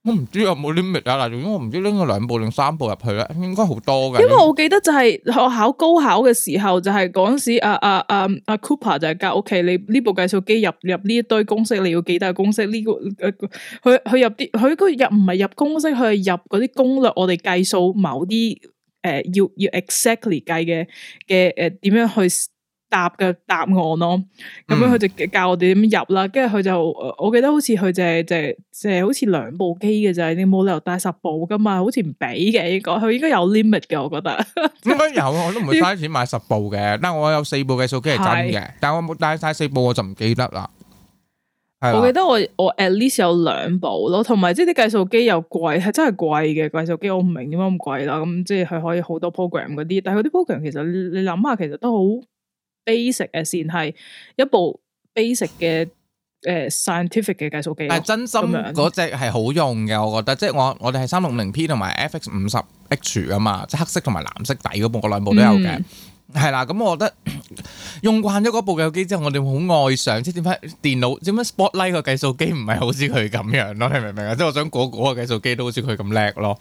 我唔知有冇 limit 啊！嗱，如果我唔知拎咗兩部定三部入去咧，應該好多嘅。因為我記得就係我考高考嘅時候，就係嗰時阿阿阿阿 Cooper 就係教屋企你呢部計數機入入呢一堆公式，你要幾多公式？呢個佢佢入啲，佢個入唔係入公式，佢係入嗰啲攻略。我哋計數某啲誒，要要 exactly 計嘅嘅誒，點樣去？答嘅答案咯，咁樣佢就教我哋點入啦，跟住佢就，我記得好似佢淨係淨係淨係好似兩部機嘅咋，你冇理由帶十部噶嘛，好似唔俾嘅，應該，佢應該有 limit 嘅，我覺得應該有，我都唔會嘥錢買十部嘅，但係我有四部計數機係真嘅，但係我冇帶晒四部我就唔記得啦。係，我記得我我 at least 有兩部咯，同埋即係啲計數機又貴，係真係貴嘅計數機，我唔明點解咁貴啦，咁即係佢可以好多 program 嗰啲，但係嗰啲 program 其實你諗下其實都好。basic 誒，先係一部 basic 嘅誒、呃、scientific 嘅計數機。但係真心嗰隻係好用嘅，我覺得。即係我我哋係三六零 P 同埋 FX 五十 H 噶嘛，即係黑色同埋藍色底嗰部，我兩部都有嘅。係啦、嗯，咁、嗯、我覺得用慣咗嗰部計數機之後，我哋好愛上。即係點解電腦點解 Spotlight 個計數機唔係好似佢咁樣咯？你明唔明啊？即係我想嗰嗰個計數機都好似佢咁叻咯。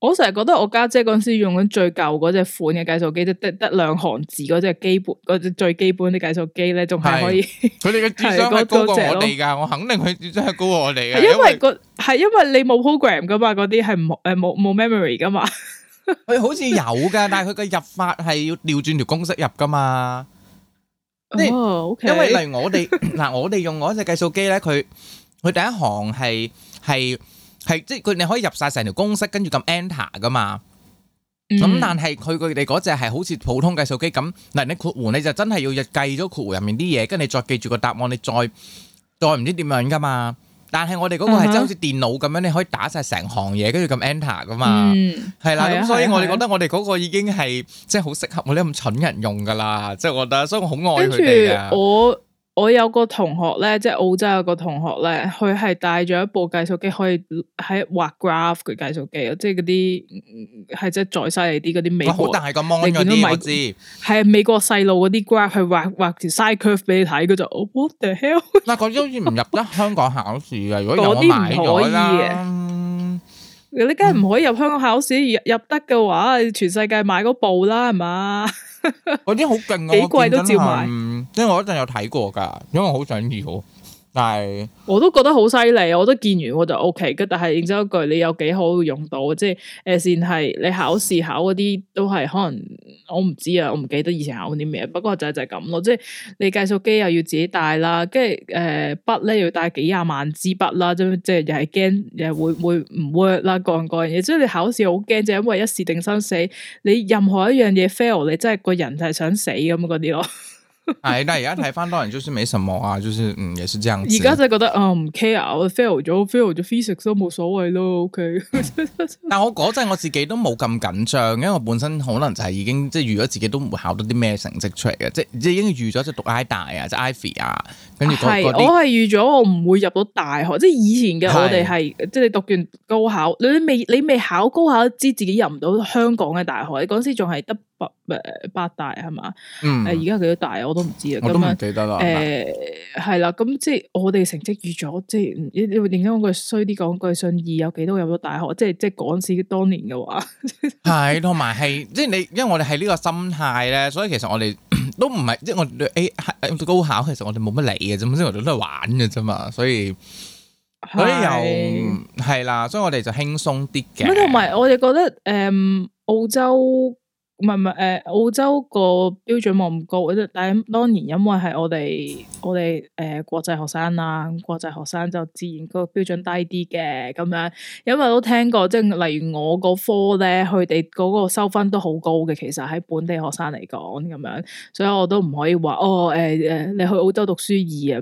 我成日覺得我家姐嗰陣時用緊最舊嗰隻款嘅計數機，即得得兩行字嗰隻基本嗰隻最基本啲計數機咧，仲係可以。佢哋嘅智商係高過我哋噶，我肯定佢智商係高過我哋嘅。因為個係因為你冇 program 噶嘛，嗰啲係冇誒冇冇 memory 噶嘛。佢好似有噶，但係佢個入法係要調轉條公式入噶嘛。因為，因為例如我哋嗱，我哋用我隻計數機咧，佢佢第一行係係。係即係佢你可以入晒成條公式跟住撳 enter 噶嘛，咁、嗯、但係佢佢哋嗰隻係好似普通計數機咁，嗱你括弧你就真係要入計咗括弧入面啲嘢，跟住你再記住個答案，你再再唔知點樣噶嘛。但係我哋嗰個係真係好似電腦咁樣，嗯、你可以打晒成行嘢，跟住撳 enter 噶嘛，係啦。咁所以我哋覺得我哋嗰個已經係即係好適合我哋咁蠢人用噶啦，即係我覺得，的所以我好愛佢哋啊。我有個同學咧，即係澳洲有個同學咧，佢係帶咗一部計數機可以喺畫 graph 嘅計數機啊，即係嗰啲係即係再犀利啲嗰啲美國，好大個 mon 嗰啲我知，係美國細路嗰啲 graph 去畫畫條 side curve 俾你睇，佢就、oh, what the hell？嗱，嗰啲好似唔入得香港考試啊！嗰啲唔可以啦，你梗係唔可以入香港考試，嗯，入得嘅話，全世界買嗰部啦，係嘛？嗰啲好勁啊，幾貴都照買。即係我一陣有睇過噶，因為我好想要。但係，我都覺得好犀利，我都見完我就 O K。咁但係，然之後一句你有幾好用到？即係誒，先、呃、係你考試考嗰啲都係可能我唔知啊，我唔記得以前考啲咩。不過就係就咁咯，即係你計數機又要自己帶啦，跟住誒筆咧要帶幾廿萬支筆啦，即係即係又係驚又會會唔 work 啦，各樣各樣嘢。即係你考試好驚，就因為一試定生死。你任何一樣嘢 fail，你真係個人係想死咁嗰啲咯。 哎， 但而家睇返多人就算美什麼啊，就算，是，嗯，也是這樣子。而家就覺得，唔、呃、嗯，care 啊 我 fail 咗，fail 咗 physics 都冇所謂咯，OK。但係我嗰陣我自己都冇咁緊張，因為我本身可能就係已經即係預咗自己都唔會考到啲咩成績出嚟嘅，即係即係已經預咗就讀 I 大啊，即係 Ivy 啊。係，我係預咗我唔會入到大學，即、就、係、是、以前嘅我哋係，是即係讀完高考，你未你未考高考，知自己入唔到香港嘅大學。嗰時仲係得八，誒八大係嘛？呃、嗯，誒而家幾多大我都唔知啊。我都唔記得啦。誒樣，係啦、嗯，咁即係我哋成績預咗，即係，因為點解我講衰啲講句，信義有幾多入到大學？即係即係港史當年嘅話，係同埋係，即係你因為我哋係呢個心態咧，所以其實我哋。 都唔係，即我哋誒，係、欸、到高考其實我哋冇乜理嘅啫，咁因為我哋都係玩嘅啫嘛，所以所以又係啦，所以我哋就輕鬆啲嘅。咁同埋我哋覺得誒、嗯，澳洲。唔係唔誒，澳洲個標準冇咁高，但係當年因為係我哋我哋誒、呃、國際學生啦，國際學生就自然個標準低啲嘅咁樣。因為都聽過，即係例如我個科咧，佢哋嗰個收分都好高嘅，其實喺本地學生嚟講咁樣，所以我都唔可以話哦誒誒、呃，你去澳洲讀書易啊？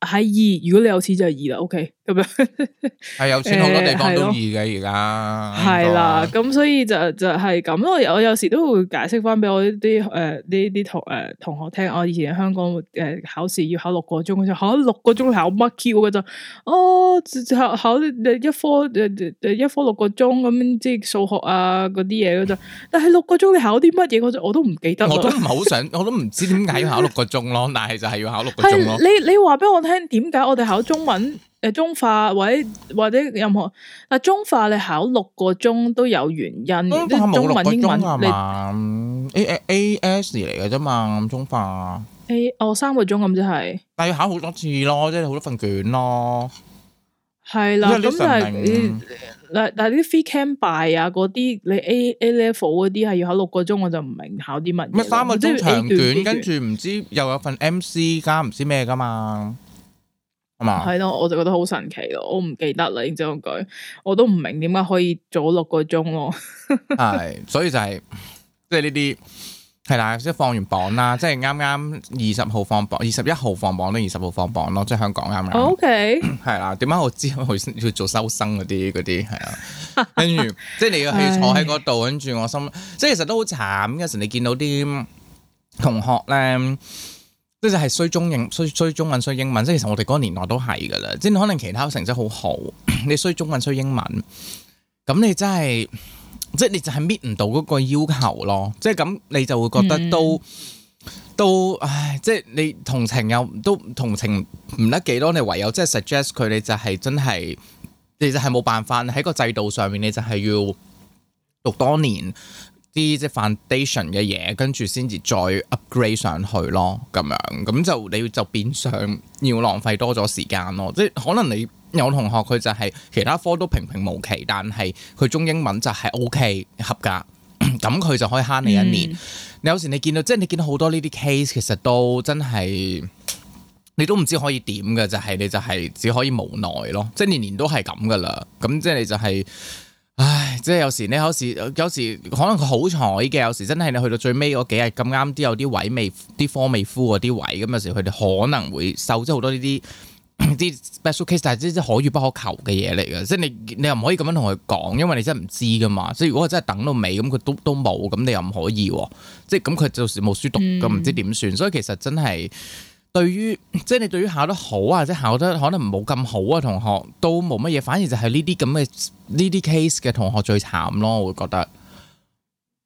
喺易，如果你有錢就易啦，OK 咁樣、 哎。係有錢好多地方都易嘅而家。係啦，咁所以就就係咁咯。我有時都～會解釋翻俾我啲誒啲啲同誒同學聽，我以前喺香港誒考試要考六個鐘，就考六個鐘考乜 Q？嘅就，哦，考考一科一科六個鐘咁樣，即係數學啊嗰啲嘢嘅就，但係六個鐘你考啲乜嘢嘅我都唔記得。我都唔係好想， 我都唔知點解要考六個鐘咯，但係就係要考六個鐘咯。 你你話俾我聽點解我哋考中文？誒，中化，或者或者任何，但中化你考六個鐘都有原因，即係中文英文，吧你 A A A S 嚟嘅啫嘛，中化 A 哦，三個鐘咁即係，但係要考好多次咯，即係好多份卷咯，係啦的，咁但係是嗱、嗯、但係啲 Cambridge 啊嗰啲，你 A A level 嗰啲係要考六個鐘，我就唔明考啲乜嘢，咩三個鐘長卷，跟住唔知又有份 M C 加唔知咩噶嘛。係咯， 我就覺得好神奇咯，我唔記得啦，然之後佢，我都唔明點解可以早六個鐘咯。係， 所以就係即係呢啲係啦，即係放完榜啦，即係啱啱二十號放榜，二十一號放榜，都二十號放榜咯，即係香港啱啱。O K，係啦，點解我之後去去做收生嗰啲嗰啲，係啊，跟住即係你要去坐喺嗰度，跟住 我心，即係其實都好慘。有時你見到啲同學咧。即係衰中英衰衰中文衰英文，即係其實我哋嗰個年代都係噶啦，即係可能其他成績好好，你衰中文衰英文，咁你真係，即係你就係搣唔到嗰個要求咯。即係咁，你就會覺得都、嗯、都，唉，即係你同情又都同情唔得幾多，你唯有即係 suggest 佢，你就係真係，你就係冇辦法喺個制度上面，你就係要讀多年。啲即係 foundation 嘅嘢，跟住先至再 upgrade 上去咯，咁樣咁就你要就變相要浪費多咗時間咯，即係可能你有同學佢就係其他科都平平無奇，但係佢中英文就係 OK 合格，咁佢就可以慳你一年。嗯、你有時你見到即係你見到好多呢啲 case，其實都真係你都唔知可以點嘅，就係、是、你就係只可以無奈咯，即係年年都係咁噶啦，咁即係你就係、是。唉，即係有時你有時有時可能佢好彩嘅，有時真係你去到最尾嗰幾日咁啱啲有啲位未，啲科未夫嗰啲位咁有時佢哋可能會受咗好多呢啲啲 special case，但係即係可遇不可求嘅嘢嚟嘅。即係你你又唔可以咁樣同佢講，因為你真係唔知噶嘛。即係如果我真係等到尾咁，佢都都冇，咁你又唔可以、啊，即係咁佢到時冇書讀，咁唔、嗯、知點算。所以其實真係。對於即係你對於考得好或者考得可能冇咁好啊，同學都冇乜嘢，反而就係呢啲咁嘅呢啲 case 嘅同學最慘咯，我會覺得，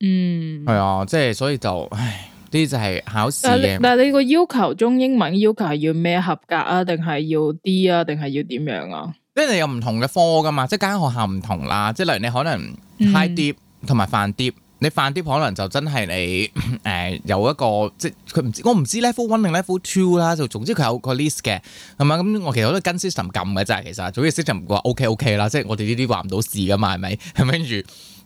嗯係啊，即係所以就唉，呢啲就係考試嘅但係你個要求中英文要求係要咩合格啊，定係要啲啊，定係、嗯、要點樣啊？因為你有唔同嘅科噶嘛，即係間學校唔同啦。即係例如你可能 high dip 同埋 fan dip。你泛啲可能就真係你誒有一個即係佢唔知我唔知 level one 定 level two 啦，就總之佢有個 list 嘅係咪？咁我其實我都跟 system 撳嘅就啫，其實總之 system 話 OK OK 啦，即係我哋呢啲話唔到事噶嘛，係咪？咁跟住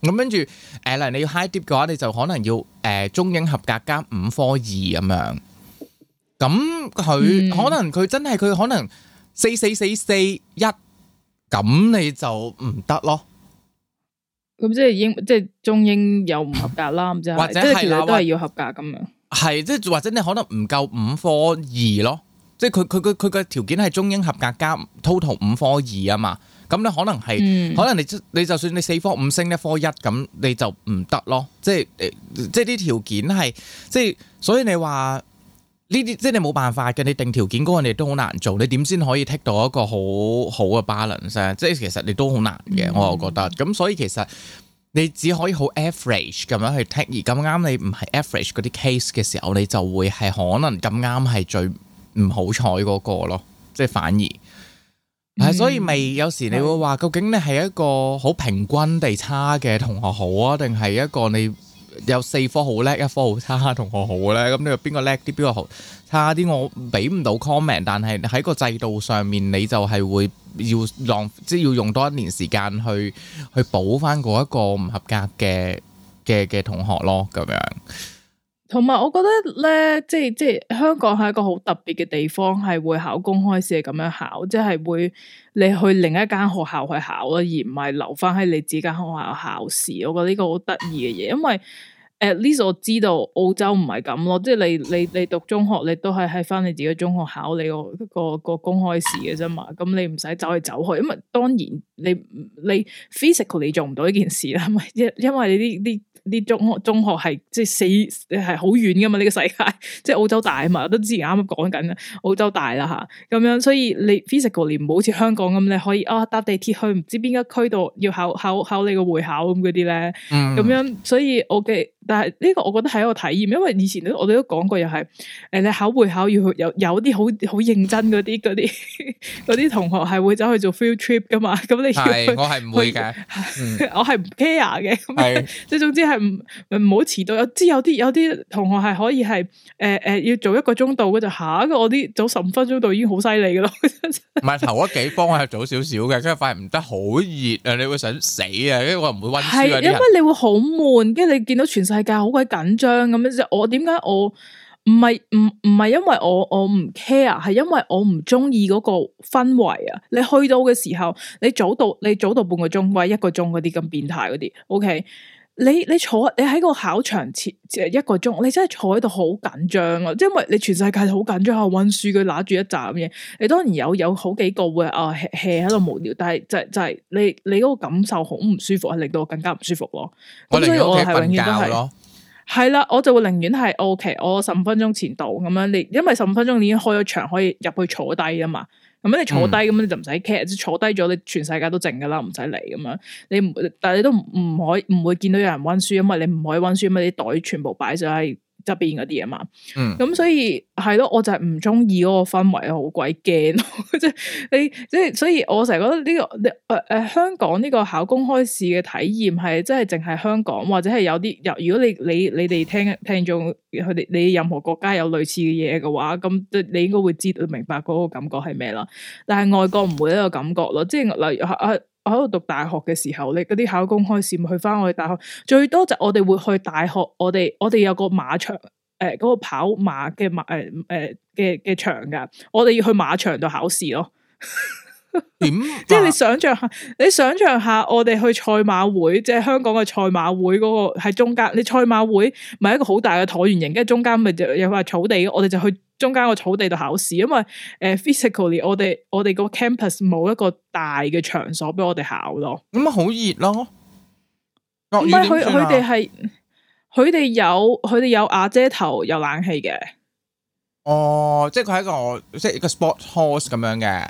咁跟住誒，例、嗯、你要 high dip 嘅話，你就可能要誒中英合格加五科二咁樣。咁佢、嗯、可能佢真係佢可能四四四四一，咁你就唔得咯。咁即係英即係中英又唔合格啦， 或者係是啦，都係要合格咁樣者。係即係或者你可能唔夠五科二咯，即係佢佢佢佢個條件係中英合格加 total 五科二啊嘛，咁你可能係，嗯、可能你你就算你四科五星一科一咁，你就唔得咯，即係誒，即係啲條件係，即係所以你話。呢啲即係你冇辦法嘅，你定條件嗰個你都好難做，你點先可以 tick 到一個好好嘅 balance？即係其實你都好難嘅，我又覺得。咁所以其實你只可以好 average 咁樣去 tick，而咁啱你唔係 average 嗰啲 case 嘅時候，你就會係可能咁啱係最唔好彩嗰個咯。即係反而係，所以咪有時你會話，究竟你係一個好平均地差嘅同學好啊，定係一個你，有四科好叻，一科好差，同學好咧。咁你話邊個叻啲，邊個好差啲？我俾唔到 comment，但係喺個制度上面，你就係會要浪，即係要用多一年時間去去補翻嗰一個唔合格嘅嘅嘅同學咯。咁樣。同埋我覺得咧，即係即係香港係一個好特別嘅地方，係會考公開試咁樣考，即係會。你去另一間學校去考啦，而唔係留翻喺你自己間學校考試。我覺得呢個好得意嘅嘢，因為誒，呢個我知道澳洲唔係咁咯，即係你你你讀中學，你都係喺翻你自己中學考你、個、個、個公開試嘅啫嘛。咁你唔使走去走去，因為當然你你 physical 你做唔到呢件事啦，因為因為你呢啲。啲中中學係即係四係好遠噶嘛？呢、這個世界即係澳洲大啊嘛！我都之前啱啱講緊啦，澳洲大啦吓，咁樣所以你 physically 你唔好似香港咁你可以啊搭、哦、地鐵去唔知邊個區度要考考考，考你個會考咁嗰啲咧，咁樣、嗯、咁樣所以我嘅。但係呢個我覺得係一個體驗，因為以前都我哋都講過，又係誒你考會考要有有啲好好認真嗰啲嗰啲啲同學係會走去做 field trip 噶嘛，咁你係我係唔會嘅，我係唔、嗯、 care 嘅，係即係總之係唔唔好遲到。我知有啲有啲同學係可以係誒誒要做一個鐘度，嗰就吓、啊，我啲早十五分鐘度已經好犀利噶咯。唔係頭一幾幫我係早少少嘅，跟住發現唔得好熱啊，你會想死啊，因為我唔會溫書是因為你會好悶，跟住你見到全世界好鬼緊張咁樣啫，我點解我唔係唔唔係因為我我唔 care，係因為我唔中意嗰個氛圍啊！你去到嘅時候，你早到你早到半個鐘，或一個鐘嗰啲咁變態嗰啲，OK。你你坐你喺個考場前一個鐘，你真係坐喺度好緊張啊！即係因為你全世界好緊張，係溫書，佢拿住一扎嘢。你當然有有好幾個會啊 hea 喺度無聊，但係就係、就係、係、你你嗰個感受好唔舒服，令到我更加唔舒服咯。咁、嗯、所以我係永遠都係係啦，我就會寧願係 O K，我十五分鐘前到咁樣，你因為十五分鐘你已經開咗場，可以入去坐低啊嘛。咁你坐低，咁你就唔使企，嗯、坐低咗你全世界都靜噶啦，唔使嚟咁樣。你但係你都唔可唔會見到有人温書，因為你唔可以温書，咁你袋全部擺晒喺側邊嗰啲啊嘛，咁、嗯、所以係咯，我就係唔中意嗰個氛圍，好鬼驚，即係你即係，所以我成日覺得呢、呢個，誒、呃、誒、呃，香港呢個考公開試嘅體驗係，即係淨係香港或者係有啲，若如果你你你哋聽聽眾佢哋，你任何國家有類似嘅嘢嘅話，咁你你應該會知道明白嗰個感覺係咩啦。但係外國唔會呢個感覺咯，即係例如啊。我喺度讀大學嘅時候，你嗰啲考公開試，咪去翻我哋大學。最多就我哋會去大學，我哋我哋有個馬場，誒嗰個跑馬嘅馬誒誒嘅嘅場噶，我哋要去馬場度考試咯。 即係你想象下，你想象下，我哋去賽馬會，即係香港嘅賽馬會嗰個喺中間。你賽馬會咪一個好大嘅橢圓形，跟住中間咪就有塊草地，我哋就去。中間個草地度考試，因為誒、呃、physically 我哋我哋個 campus 冇一個大嘅場所俾我哋考咯。咁啊，好熱咯。唔係佢佢哋係，佢哋有佢哋有瓦遮頭，有冷氣嘅。哦，即係佢係一個即係一個 sports hall 咁樣嘅。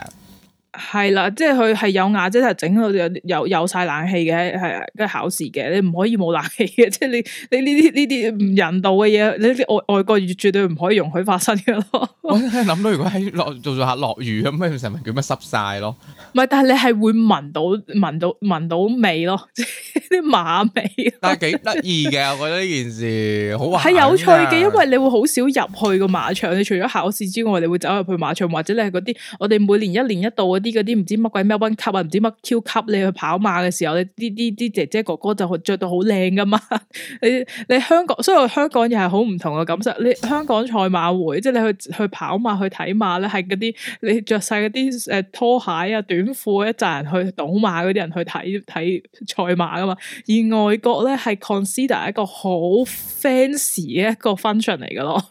係啦，即係佢係有瓦遮頭，即係整到有有，有晒冷氣嘅，係啊，跟考試嘅，你唔可以冇冷氣嘅，即係你你呢啲呢啲唔人道嘅嘢，你外外國越絕對唔可以容許發生嘅咯。 我真係諗到，到，如果喺落做做下落雨咁，成群叫乜濕晒咯。唔係，但係你係會聞到聞到聞到味咯，啲 馬味咯。但係幾得意嘅，我覺得呢件事好係有趣嘅，因為你會好少入去個馬場，你除咗考試之外，你會走入去馬場，或者你係嗰啲我哋每年一，年一年一度 啲嗰啲唔知乜鬼咩 one 級啊，唔知乜 Q 級，你去跑馬嘅時候，你啲啲啲姐姐哥哥就着到好靚噶嘛。 你你香港，所以香港又係好唔同嘅感受。你香港賽馬會，即係你去去跑馬去睇馬咧，係嗰啲你着晒嗰啲誒拖鞋啊短褲一紮人去賭馬嗰啲人去睇睇賽馬噶嘛。而外國咧係 consider 一個好 fancy 嘅一個 function 嚟噶咯。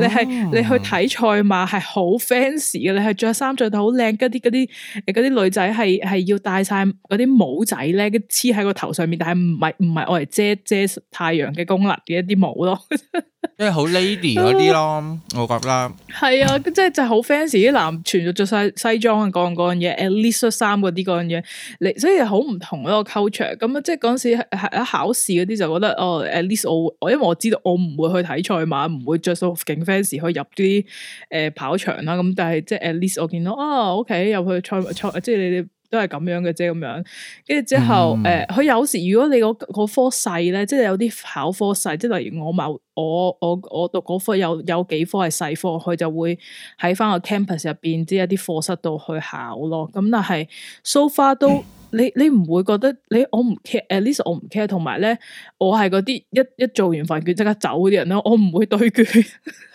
你係你去睇賽馬係好 fancy 嘅，你係着衫着到好靚，啲啲。嗰啲女仔係係要戴晒嗰啲帽仔咧，黐喺個頭上面，但係唔係唔係我嚟遮遮太陽嘅功能嘅一啲帽咯。 即係好 lady 嗰啲咯，我覺得係啊，即係就好 fancy 啲男，全部着晒西裝啊，講嗰樣嘢，at least 衫嗰啲嗰樣嘢，你所以好唔同一個 culture。咁啊，即係嗰陣時係係喺考試嗰啲就覺得哦，at least 我我因為我知道我唔會去睇賽馬，唔會着到勁 fancy 去入啲誒跑場啦。咁但係即係 at least 我見到哦，OK，入去賽賽即係你哋。都係咁樣嘅啫，咁樣，跟住之後，誒，佢有時如果你個科細咧，即係有啲考科細，即係例如我冇，我我我讀嗰科有有幾科係細科，佢就會喺翻個 campus 入邊，即係一啲課室度去考咯。咁但係 so far 都，你你唔會覺得你我唔 care，at least 我唔 care，同埋咧，我係嗰啲一一做完份卷即刻走嗰啲人咯，我唔會對卷。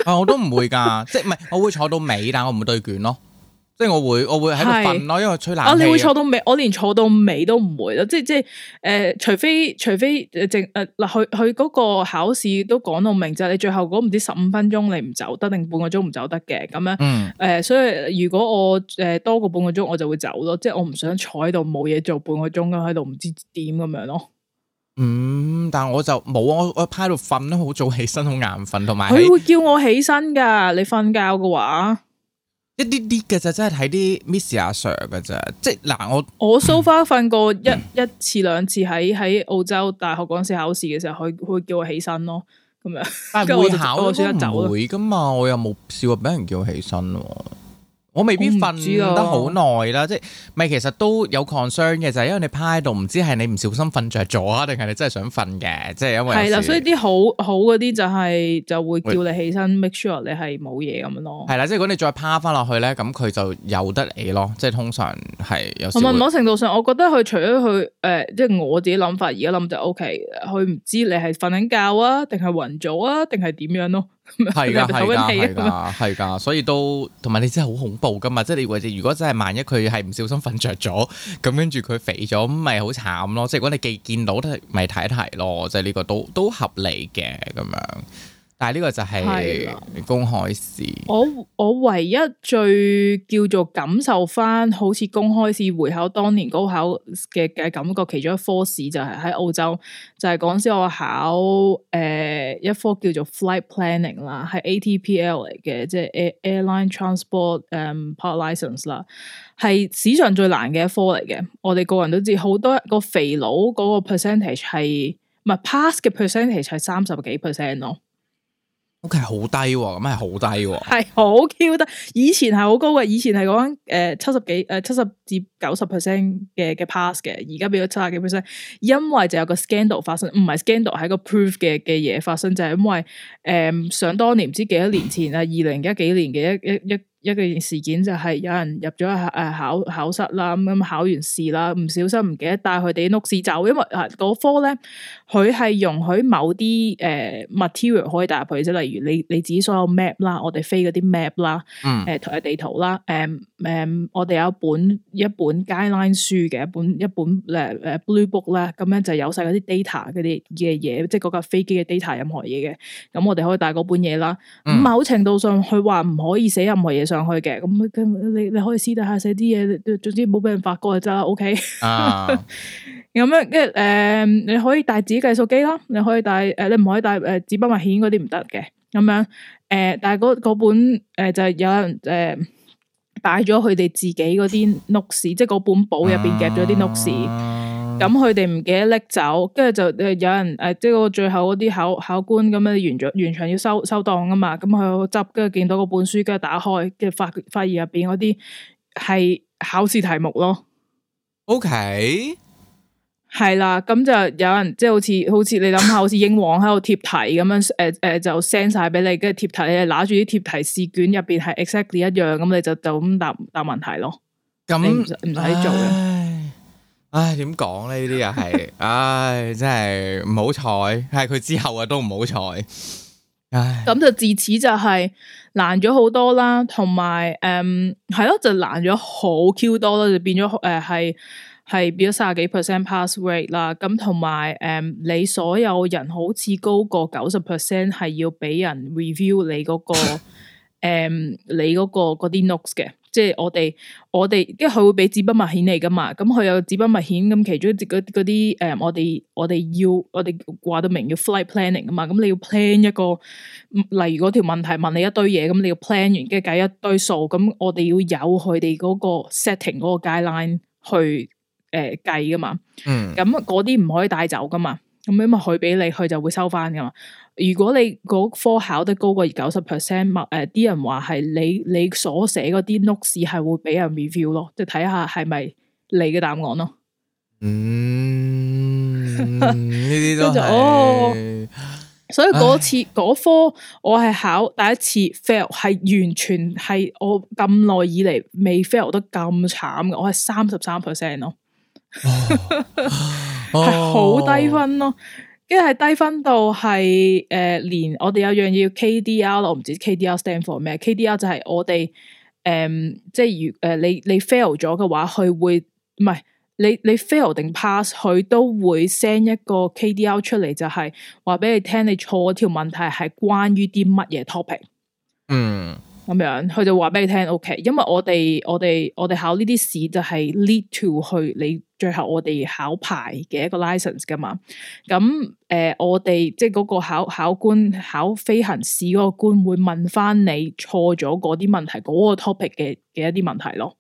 啊，我都唔會噶，即係唔係，我會坐到尾，但我唔會對卷咯。即係我會我會喺度瞓咯，因為吹冷氣，啊。你會坐到尾，我連坐到尾都唔會咯，即係即係誒、呃，除非除非淨誒，嗱佢佢嗰個考試都講到明，就係、是、你最後嗰唔知十五分鐘你唔走得，定半個鐘唔走得嘅咁樣。誒、嗯呃，所以如果我誒、呃、多過半，半個鐘，我就會走咯，即係我唔想坐喺度冇嘢做半個鐘咁喺度唔知點咁樣咯。嗯，但係我就冇啊，我我趴喺度瞓啦，好早起身，好眼瞓同埋。佢會叫我起身噶，你瞓覺嘅話。一啲啲嘅就真係睇啲 Miss 阿 Sir 嘅咋，即係嗱我我 so far 瞓、嗯、過一一次兩次喺喺澳洲大學嗰陣時考試嘅時候，佢佢會叫我起身咯，咁樣，但係會考， 會考我先唔會噶嘛，我又冇試過俾人叫我起身。我未必瞓得好耐啦，即係咪其實都有 concern 嘅，就係因為你趴喺度，唔知係你唔小心瞓着咗啊，定係你真係想瞓嘅，即係因為係啦，所以啲好好嗰啲就係、是、就會叫你起身，make sure 你係冇嘢咁樣咯。係啦，即係如果你再趴翻落去咧，咁佢就有得你咯。即係通常係有。同埋某程度上，我覺得佢除咗佢誒，即、呃、係、就是、我自己諗法，而家諗就 OK。佢唔知你係瞓緊覺啊，定係暈咗啊，定係點樣咯、啊？係噶，係噶， 係噶， 係噶，所以都同埋你真係好恐怖噶嘛，即係你或者如果真係萬一佢係唔小心瞓着咗，咁跟住佢肥咗，咪好慘咯。即係如果你既見到，都係咪睇一睇咯。即係呢個都都合理嘅咁樣。但係呢個就係公開試，我我唯一最叫做感受翻，好似公開試回考當年高考嘅嘅感覺。其中一科試就係喺澳洲，就係嗰時，我考誒、呃、一科叫做 Flight Planning 啦，係 ATPL 嚟嘅，即係 Air, Airline Transport 誒、um, Part License 啦，係史上最難嘅一科嚟嘅。我哋個人都知好多個肥佬嗰個 percentage 係唔係 pass 嘅 percentage 係三十幾 percent 咯。屋企係好低、喔，咁係好低、喔，係好 Q 得。以前係好高嘅，以前係講誒七十幾誒七十至九十 percent 嘅嘅 pass 嘅，而家變咗七十幾 percent。因為就有個 scandal 發生，唔係 scandal，係個 proof 嘅嘅嘢發生，就係、是、因為誒、呃，想當年唔知幾多年前啦，二零一幾年嘅一一一一件事件就係有人入咗誒考考室啦，咁咁考完試啦，唔小心唔記得帶佢哋啲屋試就，因為嗰科咧。佢係容許某啲誒、呃、material 可以帶入去即例如你你自己所有 map 啦，我哋飛嗰啲 map 啦，誒同埋地圖啦，誒、呃、誒我哋有一本一本 guideline 書嘅，一本一本咧誒、呃、blue book 啦。咁樣就有晒嗰啲 data 嗰啲嘅嘢，即係嗰架飛機嘅 data 任何嘢嘅，咁我哋可以帶嗰本嘢啦。某程度上佢話唔可以寫任何嘢上去嘅，咁你你可以試下寫啲嘢，總之唔好俾人發覺就 ok。啊 咁樣，跟住誒，你可以帶自己計數機囉，你可以帶誒，你唔可以帶誒紙筆、文具嗰啲唔得嘅。咁樣，誒，但係嗰本誒、嗯、就係、是、有人誒帶咗佢哋自己嗰啲 notes，即係嗰本簿入邊夾咗啲 notes。咁佢哋唔記得拎走，跟住就有人誒，即係個最後嗰啲考考官咁樣完咗，完全要收收檔噶嘛。咁佢執，跟住見到嗰本書，跟住打開，跟住發發現入邊嗰啲係考試題目咯。OK。係啦，咁就有人即係、就是、好似好似你諗下，好似英皇喺度貼題咁樣，誒、呃、誒、呃、就 send 晒俾你，跟住貼題，你拿住啲貼題試卷入邊係 exactly 一樣，咁你就就咁答答問題咯。咁唔使做嘅。唉，點講咧？呢啲又係，唉，真係唔好彩，係佢之後啊都唔好彩。唉。咁就自此就係難咗好多啦，同埋誒，係、嗯、咯，就難咗好 Q 多咯，就變咗誒係。呃係俾咗卅幾 percent pass w o r d 啦，咁同埋，誒、嗯，你所有人好似高過九十 percent，係要俾人 review 你嗰、那個，誒、 嗯，你嗰、那個嗰啲 notes 嘅，即係我哋，我哋，因為佢會俾紙筆物顯你噶嘛，咁佢有紙筆物顯，咁其中一節嗰啲，誒、嗯，我哋我哋要，我哋話得明要 flight planning 啊嘛，咁你要 plan 一個，例如嗰條問題問你一堆嘢，咁你要 plan 完，跟住計一堆數，咁我哋要有佢哋嗰個 setting 嗰個 guideline 去。誒，計噶、呃嘛，嗯嗯、嘛？嗯，咁嗰啲唔可以帶走噶嘛？咁因為佢俾你，佢就會收翻噶嘛。如果你嗰科考得高過九十 percent，誒啲人話係你你所寫嗰啲 note 是係會俾人 review 咯，即係睇下係咪你嘅答案咯。嗯，呢、嗯、啲都係、 哦。所以嗰次嗰科唉我係考第一次 fail，係完全係我咁耐以嚟未 fail 得咁慘嘅，我係三十三 percent 咯。係好 低分咯，跟住係低分到係誒，連我哋有一樣嘢要 K D R 咯，我唔知 K D R stand for 咩？K D R 就係我哋誒，即係如誒，你你 fail 咗嘅話，佢會唔係你你 fail 定 pass，佢都會 send 一個 K D R 出嚟，就係話俾你聽你錯條問題係關於啲乜嘢 topic。嗯，咁樣佢就話俾你聽，OK。因為我哋我哋我哋考呢啲試就係 lead to 去你。最後我哋考牌嘅一個 license 噶嘛，咁誒、呃、我哋即係嗰個考考官考飛行試嗰個官會問翻你錯咗嗰啲問題，嗰、嗰個 topic 嘅嘅一啲問題咯，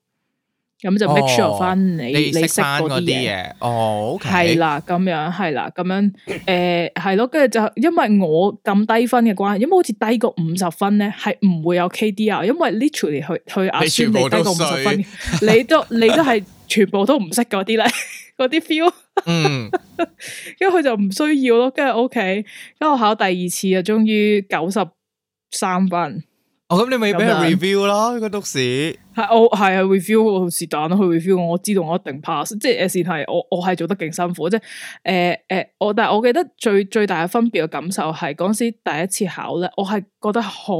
咁就 make sure 翻你你識嗰啲嘢，哦，係、哦 okay、啦，咁樣係啦，咁樣誒係咯，跟住就因為我咁低分嘅關係，因為好似低過五十分咧，係唔會有 K D 啊，因為 literally 去去阿你低過五十分你 你，你都你都係。 全部都唔識嗰啲咧，嗰啲 feel，嗯，因為佢就唔需要咯，跟住 OK，咁我考第二次又終於九十三分。我咁你咪俾佢 review 咯，佢、那個、讀屎係，我係啊 review 是但啦，佢 review，我知道我一定 pass，即係誒先係，我我係做得勁辛苦，即係誒誒，我但係我記得最最大嘅分別嘅感受係嗰時第一次考咧，我係覺得好，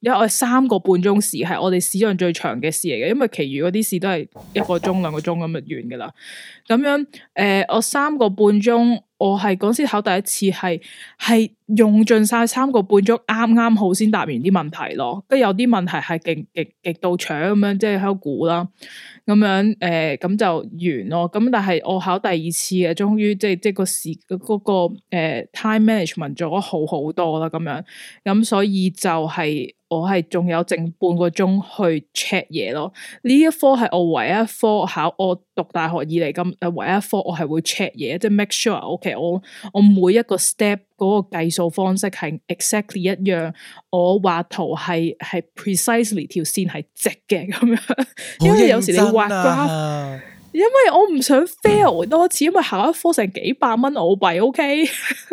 因為我三個半鐘時係我哋史上最長嘅試嚟嘅，因為其餘嗰啲試都係一個鐘兩個鐘咁就完噶啦，咁樣誒、呃、我三個半鐘。我係嗰時考第一次係係用盡晒三個半鐘啱啱好先答完啲問題咯，跟住有啲問題係極極極，極到搶咁樣，即係喺度估啦，咁樣誒，咁就完咯。咁但係我考第二次啊，終於即係即係、這個時嗰、這個誒、這個呃、time management 做咗好好多啦，咁樣咁所以就係、是。我係仲有剩半個鐘去 check 嘢咯，呢一科係我唯一科考我讀大學以嚟咁誒，唯一科我係會 check 嘢，即係 make sure，ok，我我每一個 step 嗰個計數方式係 exactly 一樣，我畫圖係係 precisely 條線係直嘅咁樣，因為有時你畫㗎，因為我唔想 fail 多次，因為考一科成幾百蚊澳幣，ok，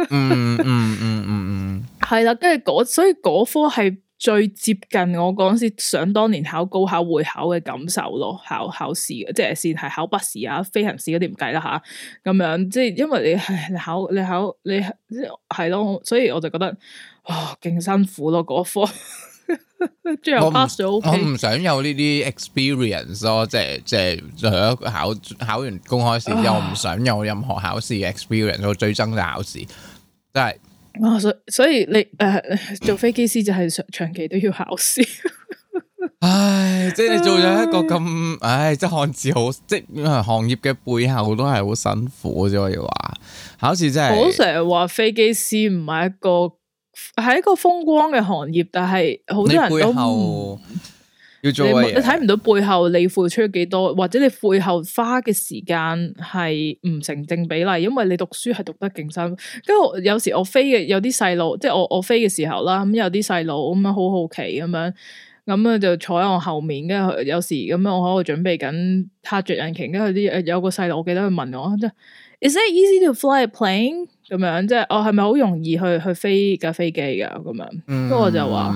嗯嗯嗯嗯嗯，係、嗯、啦，跟住嗰，所以嗰科係。最接近我嗰陣時想當年考高考，考會考嘅感受咯，考考試即係先係考筆試啊、飛行試嗰啲唔計啦吓，咁樣即係因為你係考你考你係咯，所以我就覺得哦，勁辛苦咯嗰科， 最後 pass 咗。我唔不 Okay. 想有呢啲 experience 咯、就是，即係即係，除咗考考完公開試之後，唉我唔想有任何考試 experience。我最憎就考試，即係。哦、所以你誒、呃、做飛機師就係長長期都要考試， 唉，即係你做咗一個咁唉，唉，即係看似好，即係行業嘅背後都係好辛苦嘅，可以話考試真係。好。成日話飛機師唔係一個係一個風光嘅行業，但係好多人都唔。你睇唔到背後你付出咗幾多，或者你背後花嘅時間係唔成正比例，因為你讀書係讀得勁深。跟住有時我飛嘅有啲細路，即係我我飛嘅時候啦，咁有啲細路咁樣好好奇咁樣，咁啊就坐喺我後面，跟住有時咁樣我喺度準備緊撻着引擎，跟住啲有個細路，我記得佢問我，即、就是、Is it easy to fly a plane？咁樣即係我係咪好容易去去飛架飛機㗎咁樣？嗯，咁我就話。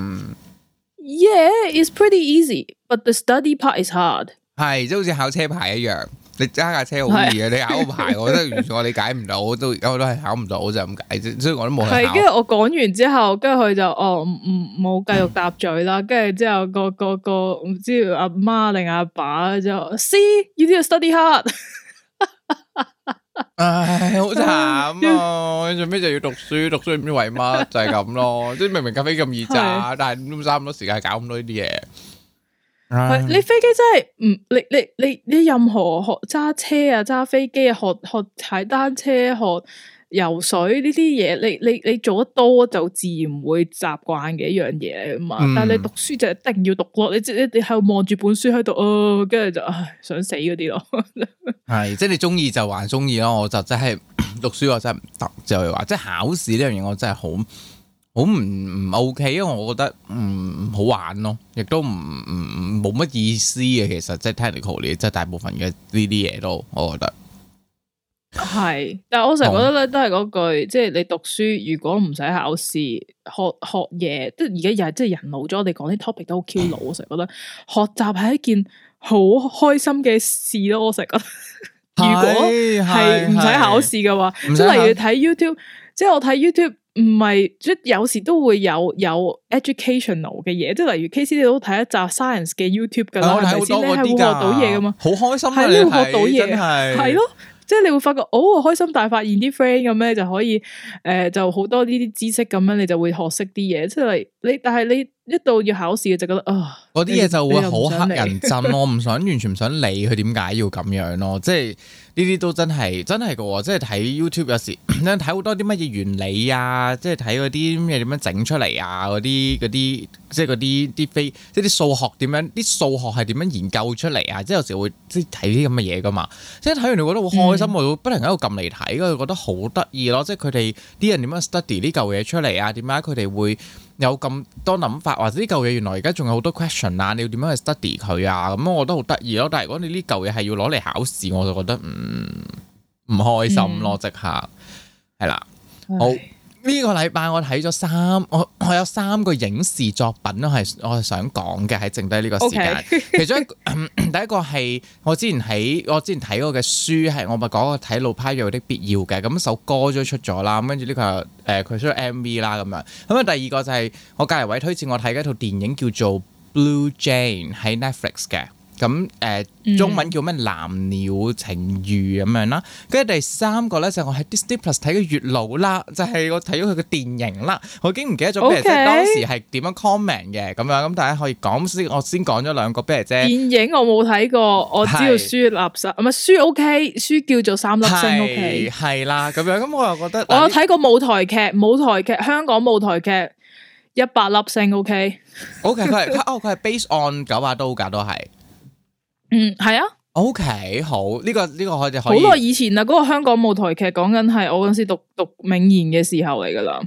Yeah, it's pretty easy, but the study part is hard。係即係好似考車牌一樣，你揸架車好易啊，你考牌，我覺得完全我理解唔到，我都而家我都係考唔到，我就咁解，所以我都冇。係跟住我講完之後，跟住佢就哦唔冇繼續搭嘴啦，跟住之後個個個唔知阿媽定阿爸就 See you, do study hard。唉，好慘啊！你做咩就要讀書？ 讀書唔知為乜？就係咁咯，即係明明架飛機咁易揸，的但係都差咁多時間搞咁多呢啲嘢。你飛機真係唔，你你你你任何學揸車啊、揸飛機啊、學學學踩單車、學。游水呢啲嘢，你你你做得多就自然會習慣嘅一樣嘢啊嘛。嗯、但係讀書就一定要讀咯，你你你喺望住本書喺度，跟、呃、住就唉想死嗰啲咯。係， 即係你中意就還中意咯。我就真係 讀書我真係唔得，就係話即係考試呢樣嘢我真係好好唔唔 OK 啊！我覺得唔、嗯、好玩咯、哦，亦都唔唔冇乜意思嘅。其實即係 technical，即係、就是、大部分嘅呢啲嘢都，我覺得。係，但係我成日覺得咧，oh. 都係嗰句，即係你讀書如果唔使考試，學學嘢，即係而家又係即係人老咗，你講啲 topic 都好 Q 老。啊、我成日覺得學習係一件好開心嘅事咯。我成日覺得，如果係唔使考試嘅話，即係 例如睇 YouTube，即係我睇 YouTube 唔係，即有時都會有有 educational 嘅嘢，即係例如 K C 你都睇一集 science 嘅 YouTube 噶、啊，我睇好多啲噶，好開心、啊，係會學到嘢，係咯的。即係你會發覺，哦，開心大發現啲 friend 咁咧就可以，誒、呃，就好多呢啲知識咁樣，你就會學識啲嘢，即係你，但係你。一到要考試，就覺得啊，嗰啲嘢就會好黑人憎咯，唔想， 我唔想完全唔想理佢點解要咁樣咯，即係呢啲都真係真係噶、哦，即係睇 YouTube 有時，你睇好多啲乜嘢原理啊，即係睇嗰啲咩點樣整出嚟啊，嗰啲嗰啲即係嗰啲啲飛，即係啲數學點樣，啲數學係點樣研究出嚟啊，即係有時會即係睇啲咁嘅嘢噶嘛，即係睇完你覺得好開心，嗯、我會不停喺度撳嚟睇，因為覺得好得意咯，即係佢哋啲人點樣 study 呢嚿嘢出嚟啊，點解佢哋會？有咁多諗法，或者呢嚿嘢原來而家仲有好多 question 啊！你要點樣去 study 佢啊？咁啊，我都好得意咯。但係如果你呢嚿嘢係要攞嚟考試，我就覺得唔唔、嗯、開心咯，嗯、即刻係啦，對好。呢個禮拜我睇咗三，我我有三個影視作品係我係想講嘅喺剩低呢個時間。Okay. 其中一第一個係我之前喺我之前睇過嘅書係我咪講我睇《月老》有啲必要嘅，咁首歌都出咗啦，咁跟住呢個誒佢、呃、出咗 M V 啦，咁樣。咁啊第二個就係、是、我隔籬位推薦我睇嘅一套電影叫做《Bluejay》喺 Netflix 嘅。咁誒中文叫咩？藍鳥情緣咁樣啦，跟住第三個咧就我喺 Disney Plus 睇嘅月老啦，就係我睇咗佢嘅電影啦，我已經唔記得咗咩嚟，即係當時係點樣 comment 嘅咁樣，咁大家可以講先，我先講咗兩個俾你啫。電影我冇睇過，我只要書粒星，唔係書 OK，書叫做三粒星 OK，係啦咁樣，咁我又覺得我有睇過舞台劇，舞台劇香港舞台劇一百粒星 OK，OK 佢係哦佢係 Based on 九把刀噶都係。嗯，係啊。O、okay, K，好，呢、這個呢、這個可以。好耐以前啦，嗰、那個香港舞台劇講緊係我嗰陣時讀讀《明言》嘅時候嚟㗎喇。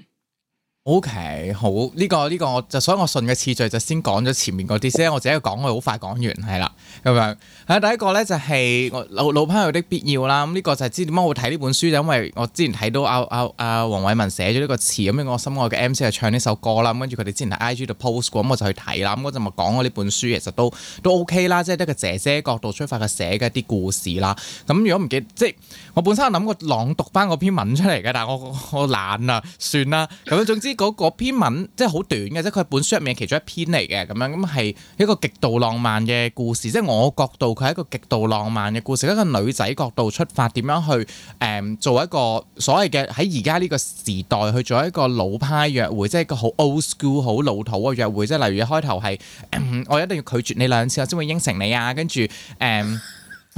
O、okay, K，好呢、這個呢、這個就所以我順嘅次序就先講咗前面嗰啲，先。我自己講，我好快講完係啦，咁樣係第一個咧就係、是、我老老朋友的必要啦。咁、這、呢個就係知點解我睇呢本書就因為我之前睇到阿阿阿黃偉文寫咗呢個詞，咁、嗯、樣我心愛嘅 M C 就唱呢首歌啦、嗯。跟住佢哋之前喺 I G 度 post 過、嗯，咁我就去睇啦。咁、嗯、我就咪講我呢本書，其實都都 O、OK、K 啦，即係得個姐姐角度出發嘅寫嘅一啲故事啦。咁、嗯、如果唔記得，即係我本身諗過朗讀翻嗰篇文出嚟嘅，但係我我懶啊，算啦。咁總之。 嗰篇文即係好短嘅，即係佢喺本書入面嘅其中一篇嚟嘅，咁樣咁係一個極度浪漫嘅故事，即係我角度佢係一個極度浪漫嘅故事，一個女仔角度出發點樣去誒、嗯、做一個所謂嘅喺而家呢個時代去做一個老派約會，即係個好 old school 好老土嘅約會，即係例如一開頭係、嗯、我一定要拒絕你兩次我先會應承你啊，跟住誒。嗯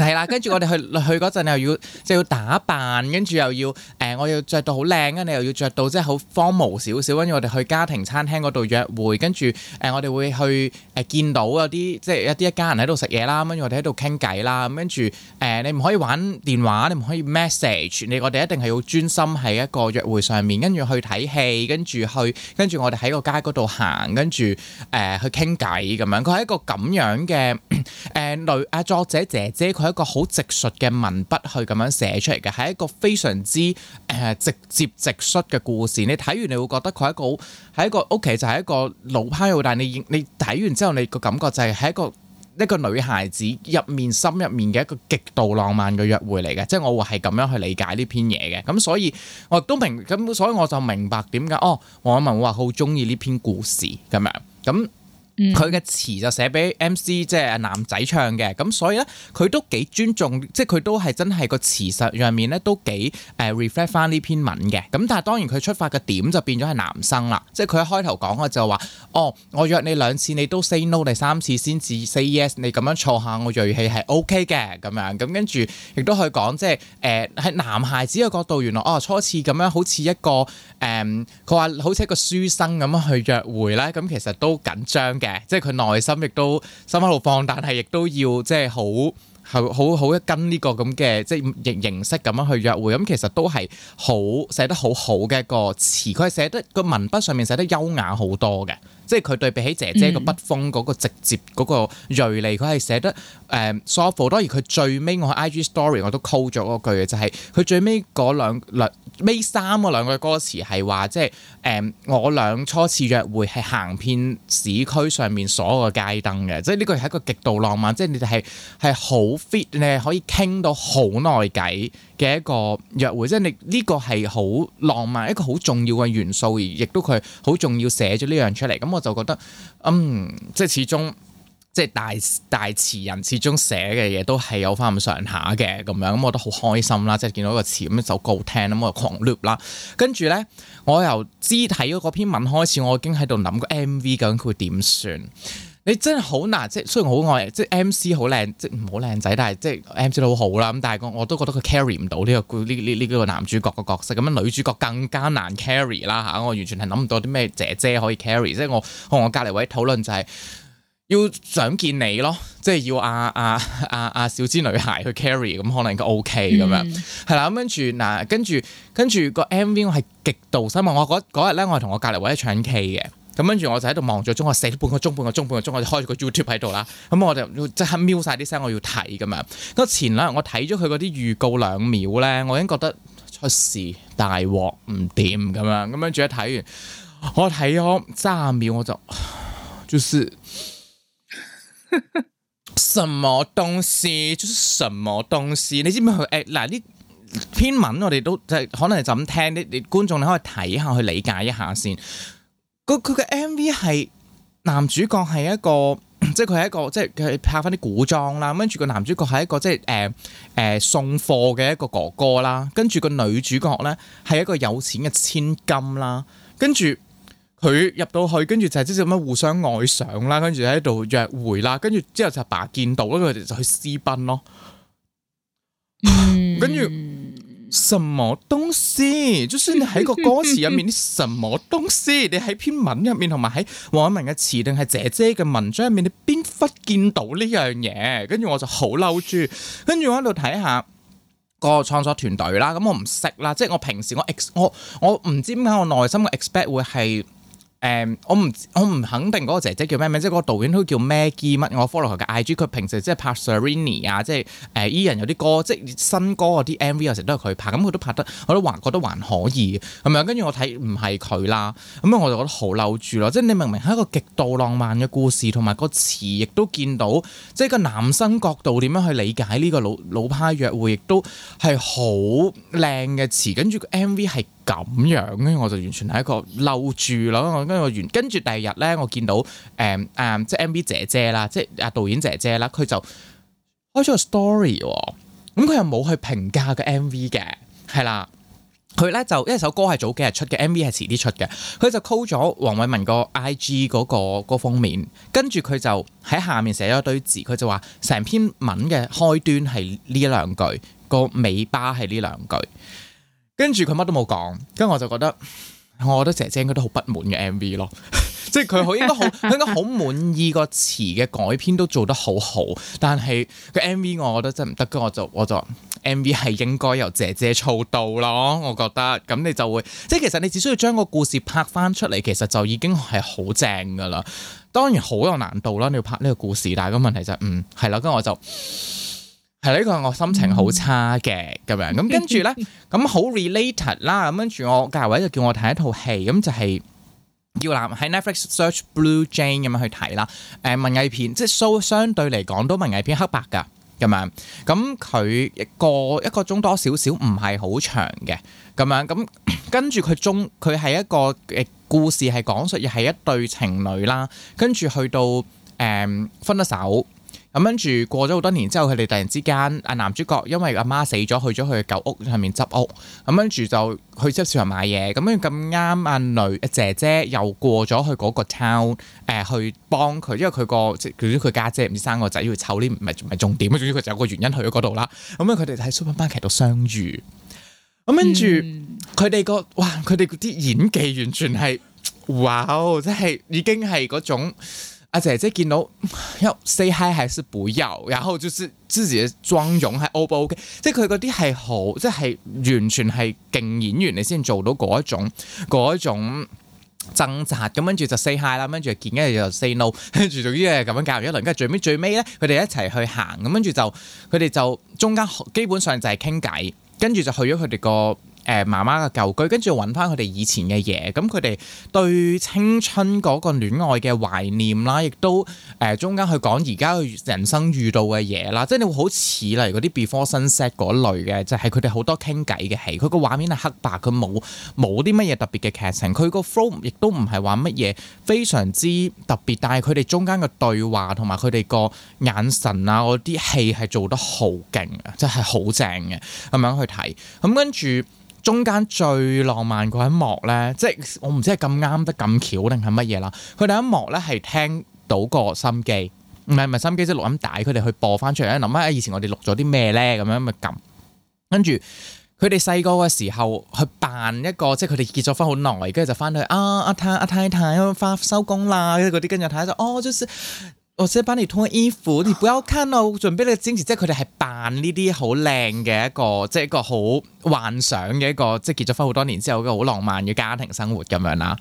係啦，跟住我哋去去嗰陣又要即係要打扮，跟住又要誒、呃，我要着到好靚啊！你又要着到即係好 formal 少少。跟住我哋去家庭餐廳嗰度約會，跟住誒、呃、我哋會去誒見到有啲即係一啲一家人喺度食嘢啦，跟住我哋喺度傾偈啦，咁跟住誒、呃、你唔可以玩電話，你唔可以 message，你我哋一定係要專心喺一個約會上面，跟住去睇戲，跟住去，跟住我哋喺個街嗰度行，跟住誒、呃、去傾偈咁樣。佢係一個咁樣嘅誒女啊，作者姐姐佢。一個好直述嘅文筆去咁樣寫出嚟嘅，係一個非常之誒、呃、直接直述嘅故事。你睇完你會覺得佢係一個喺一個屋企就係一個老派，好但係你你睇完之後你個感覺就係喺一個一個女孩子入面心入面嘅一個極度浪漫嘅約會嚟嘅，即係我會係咁樣去理解呢篇嘢嘅。咁所以我都明，咁所以我就明白點解哦黃文話好中意呢篇故事咁樣咁。佢嘅詞就寫俾 MC，即係男仔唱嘅，咁所以咧佢都幾尊重，即係佢都係真係個詞實上面咧都幾誒 reflect 翻呢篇文嘅。咁但係當然佢出發嘅點就變咗係男生啦，即係佢一開頭講嘅就話哦，我約你兩次你都 say no，第三次先至 say yes，你咁樣挫下我銳氣係 OK 嘅咁樣咁。跟住亦都可以講，即係誒喺男孩子嘅角度，原來哦初次咁樣好似一個誒佢話好似一個書生咁樣去約會咧，咁其實都緊張嘅。即係佢內心亦都心喺度放，但係亦都要即係好，好好一跟呢個咁嘅即係形形式咁樣去約會，咁其實都係好寫得好好嘅一個詞，佢係寫得個文筆上面寫得優雅好多嘅。即係佢對比起姐姐個北風嗰個直接嗰個鋭利，佢係、嗯、寫得誒 soft。當然佢最尾我喺 IG story 我都 cue 咗嗰句嘅，就係、是、佢最尾嗰兩兩尾三個兩個歌詞係話，即係誒、呃、我兩初次約會係行遍市區上面所有嘅街燈嘅，即係呢個係一個極度浪漫，即係你哋係係好 fit，你可以傾到好耐偈，嘅一個約會，即係你呢、這個係好浪漫一個好重要嘅元素，而亦都佢好重要寫咗呢樣出嚟。咁我就覺得嗯，即係始終即係大大詞人始終寫嘅嘢都係有翻咁上下嘅咁樣。咁我覺得好開心啦，即係見到個詞咁就高聽，咁我就狂 loop 啦。跟住咧，我由肢體嗰篇文開始，我已經喺度諗個 M V 究竟佢點算。你、欸、真係好難，即係雖然好愛，即係 MC 好靚，即唔好靚仔，但係即係 MC 都好好啦。咁但係我都覺得佢 carry 唔到呢、這個呢呢呢個男主角個角色，咁樣女主角更加難 carry 啦、啊、嚇。我完全係諗唔到啲咩姐姐可以 carry，即係我我我隔離位討論就係、是、要想見你咯，即係要阿阿阿阿小資女孩去 carry，咁可能應該 OK 咁、嗯、樣係啦。咁跟住嗱，跟住跟住個 MV 我係極度失望。我嗰日咧，我係同我隔離位一唱 K 嘅。咁跟住我就喺度望咗鐘，我死咗半個鐘、半個鐘、半個鐘，個我就開住個 YouTube 喺度啦。咁我就即刻瞄晒啲聲，我要睇咁樣。咁前兩日我睇咗佢嗰啲預告兩秒咧，我已經覺得出事大鑊唔掂咁樣。咁樣仲一睇完，我睇咗三秒我就就是， 什麼東西就是什麼東西。你知唔知佢？哎，嗱，呢篇文我哋都即係可能就咁聽啲，你觀眾你可以睇下去理解一下先。佢嘅 MV 係男主角係一個，即係佢係一個，即係佢拍翻啲古裝啦，跟住個男主角係一個即係誒誒送貨嘅一個哥哥啦，跟住個女主角咧係一個有錢嘅千金啦，跟住佢入到去，跟住就係直接咁樣互相愛上啦，跟住喺度約會啦，跟住之後就阿爸見到咧，佢哋就去私奔咯，跟住、嗯。什麼東西？就算你喺個歌詞入面，啲 什麼東西？你喺篇文入面，同埋喺黃偉文嘅詞，定係姐姐嘅文章入面，你邊忽見到呢樣嘢？跟住我就好嬲住，跟住我喺度睇下個創作團隊啦。咁我唔識啦，即係我平時我 ex 我我唔知點解我內心嘅 expect 會係。誒、嗯，我唔我唔肯定嗰個姐姐叫咩名，即係嗰個導演都叫 Maggie，乜，我 follow 佢嘅 IG，佢平時即係拍 Serini 啊，即係誒 Ian 有啲歌，即係新歌嗰啲 MV 有時都係佢拍，咁、嗯、佢都拍得我都還覺得還可以，係咪？跟住我睇唔係佢啦，咁、嗯、我就覺得好嬲住咯，即係你明明喺一個極度浪漫嘅故事，同埋個詞亦都見到，即係個男生角度點樣去理解呢個老老派約會，亦都係好靚嘅詞，跟住個 MV 係。咁樣咧，我就完全係一個嬲住咯。我跟住我，跟住第二日咧，我見到誒啊、嗯嗯，即係 M V 姐姐啦，即係啊導演姐姐啦，佢就開咗個 story、哦。咁佢又冇去評價個 M V 嘅，係啦。佢咧就因為一首歌係早幾日出嘅，M V 係遲啲出嘅。佢就 call 咗黃偉文 IG、嗰個 I G 嗰個封面，跟住佢就喺下面寫咗一堆字。佢就話成篇文嘅開端係呢兩句，個尾巴係呢兩句。跟住佢乜都冇講，跟住我就覺得，我覺得姐姐應該都好不滿嘅 M V 咯。 即係佢好應該好，佢應該好滿意 個詞嘅改編都做得好好，但係個 M V 我覺得真唔得，跟我就我就 M V 係應該由姐姐操刀咯，我覺得，咁你就會，即係其實你只需要將個故事拍翻出嚟，其實就已經係好正噶啦，當然好有難度啦，你要拍呢個故事，但係個問題就係，嗯，係啦，跟住我就。係呢個我心情好差嘅咁樣，咁跟住咧，咁好 related 啦。咁跟住我隔位就叫我睇一套戲，咁就係《吊籃》，喺 Netflix search Bluejay 咁樣去睇啦。誒文藝片，即係 so 相對嚟講都文藝片，黑白噶咁樣。咁佢一個一個鐘多少少唔係好長嘅咁樣。咁跟住佢中佢係一個誒故事係講述係一對情侶啦，跟住去到誒分咗手。咁跟住過咗好多年之後，佢哋突然之間，阿男主角因為阿媽死咗，去咗佢舊屋上面執屋。咁跟住就去超市度買嘢。咁樣咁啱，阿女阿姐姐又過咗去嗰個 town，誒、呃、去幫佢，因為佢、那個，即係總之佢家姐唔知生個仔要湊啲，唔係唔係重點。總之佢就有個原因去咗嗰度啦。咁樣佢哋喺 supermarket 度相遇。咁跟住佢哋個，哇！佢哋啲演技完全係，哇！即係已經係嗰種。阿姐姐係見到，一 say hi 還是不要，然後就是自己的妝容係 O 不 OK？即係佢嗰啲係好，即係完全係勁演員嚟先做到嗰一種嗰一種掙扎。咁跟住就 say hi 啦，跟住見一住又 say no，跟住就啲嘢咁樣搞咗一輪，跟住最尾最尾咧，佢哋一齊去行。咁跟住就佢哋就中間基本上就係傾偈，跟住就去咗佢哋個。誒媽媽嘅舊居，跟住揾翻佢哋以前嘅嘢，咁佢哋對青春嗰個戀愛嘅懷念啦，亦都誒、呃、中間去講而家佢人生遇到嘅嘢啦，即係你會好似例如嗰啲 Before Sunset 嗰類嘅，就係佢哋好多傾偈嘅戲，佢個畫面係黑白，佢冇冇啲乜嘢特別嘅劇情，佢個 flow 亦都唔係話乜嘢非常之特別，但係佢哋中間嘅對話同埋佢哋個眼神啊嗰啲戲係做得好勁啊，即係好正嘅咁樣去睇，咁跟住。中間最浪漫嗰一幕咧，即係我唔知係咁啱得咁巧定係乜嘢啦。佢哋一幕咧係聽到個心機，唔係唔係心機，即係錄音帶，佢哋去播翻出嚟咧。諗下、哎、以前我哋錄咗啲咩咧，咁樣咪撳，跟住佢哋細個嘅時候去扮一個，即係佢哋結咗婚好耐，跟住就翻去啊啊太啊太太啊，花收工啦，嗰啲跟住睇就哦、是、就或者幫你通衣服，你不要看我，準備你支持，即係佢哋係扮呢啲好靚嘅一個，即係一個好幻想嘅一個，即係結咗婚好多年之後嗰個好浪漫嘅家庭生活咁樣啦，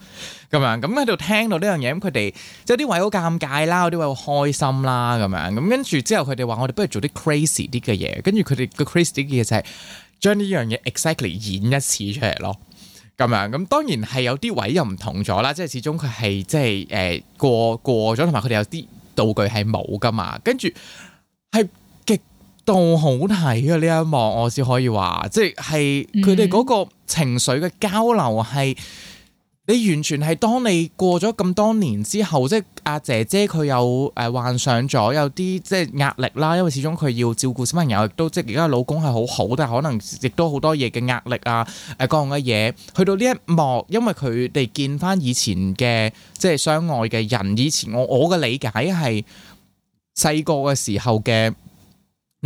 咁樣咁喺度聽到呢樣嘢，咁佢哋即係啲位好尷尬啦，嗰啲位好開心啦，咁樣咁跟住之後佢哋話：我哋不如做啲 crazy 啲嘅嘢。跟住佢哋個 crazy 啲嘅嘢就係將呢樣嘢 exactly 演一次出嚟咯，咁樣咁當然係有啲位又唔同咗啦，即係始終佢係即係誒過過咗，同埋佢哋有啲。道具係冇㗎嘛，跟住係極度好睇嘅呢一幕，我只可以話，即係佢哋嗰個情緒嘅交流係。你完全係當你過咗咁多年之後，即係阿姐姐佢又誒幻想咗有啲即係壓力啦，因為始終佢要照顧小朋友，亦都即係而家老公係好好，但係可能亦都好多嘢嘅壓力啊誒各樣嘅嘢，去到呢一幕，因為佢哋見翻以前嘅即係相愛嘅人，以前我我嘅理解係細個嘅時候嘅。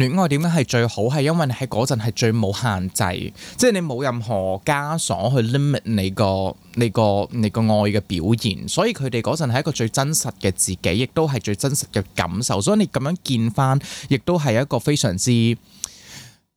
戀愛點解係最好？係因為你喺嗰陣係最冇限制，即係你冇任何枷鎖去 limit 你個你個你個愛嘅表現，所以佢哋嗰陣係一個最真實嘅自己，亦都係最真實嘅感受。所以你咁樣見翻，亦都係一個非常之。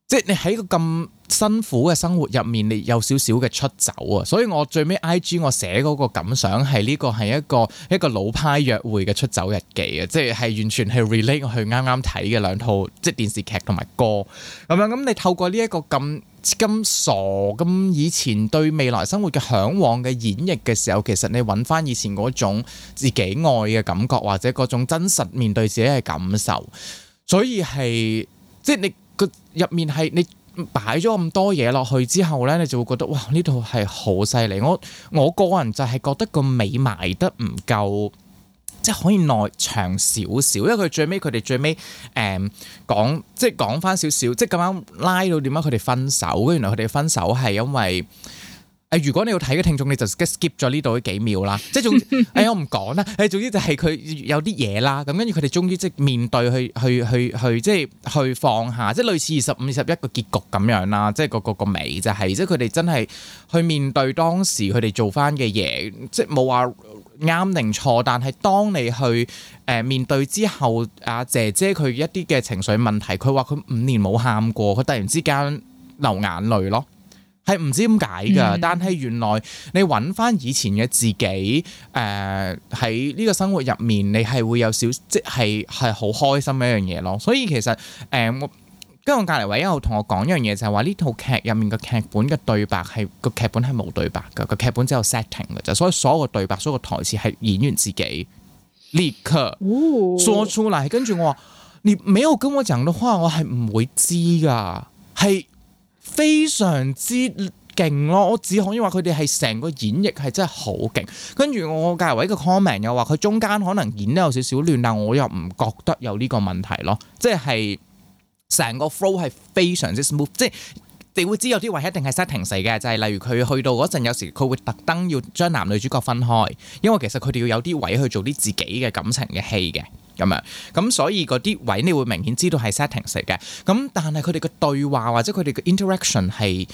即係你喺個咁辛苦嘅生活入面，你有少少嘅出走啊！所以我最尾 I G 我寫嗰個感想係呢個係一個一個老派約會嘅出走日記啊！即係完全係 relate 去啱啱睇嘅兩套即係電視劇同埋歌咁樣。咁你透過呢一個咁咁傻咁以前對未來生活嘅向往嘅演繹嘅時候，其實你搵翻以前嗰種自己愛嘅感覺，或者嗰種真實面對自己嘅感受。所以係即係你。個入面係你擺咗咁多嘢落去之後咧，你就會覺得哇！呢套係好犀利。我我個人就係覺得個尾埋得唔夠，即係可以耐長少少。因為佢最尾佢哋最尾誒講，即係講翻少少，即係咁樣拉到點解佢哋分手，原來佢哋分手係因為。如果你要睇嘅聽眾，你就 skip 咗呢度啲幾秒啦，即係總之誒、 哎、我唔講啦，誒總之就係佢有啲嘢啦，咁跟住佢哋終於即面對去去去去，即係去，去放下，即係類似二十五、二十一個結局咁樣啦，即係個個個尾就係、是，即係佢哋真係去面對當時佢哋做翻嘅嘢，即係冇話啱定錯，但係當你去誒面對之後，阿姐姐佢一啲嘅情緒問題，佢話佢五年冇喊過，佢突然之間流眼淚咯。係唔知點解噶，嗯、但係原來你揾翻以前嘅自己，誒喺呢個生活入面，你係會有少即係係好開心嘅一樣嘢咯。所以其實誒、呃，跟我隔離位一路同我講一樣嘢，就係話呢套劇入面嘅劇本嘅對白係個劇本係冇對白嘅，個劇本只有 setting 嘅就，所以所有嘅對白、所有嘅台詞係演員自己立刻説出嚟。哦、跟住我話：呃、你沒有跟我講的話，我係唔會知噶。係。非常之勁咯！我只可以話佢哋係成個演繹係真係好勁。跟住我隔離位個 comment 又話佢中間可能演得有少少亂，但我又唔覺得有呢個問題咯。即係成個 flow 係非常之 smooth。即係你會知有啲位一定係 setting 死嘅，就係、是、例如佢去到嗰陣有時佢會特登要將男女主角分開，因為其實佢哋要有啲位去做啲自己嘅感情嘅戲嘅。咁樣，咁所以嗰啲位你會明顯知道係 settings 嚟嘅。咁但係佢哋嘅對話或者佢哋嘅 interaction 係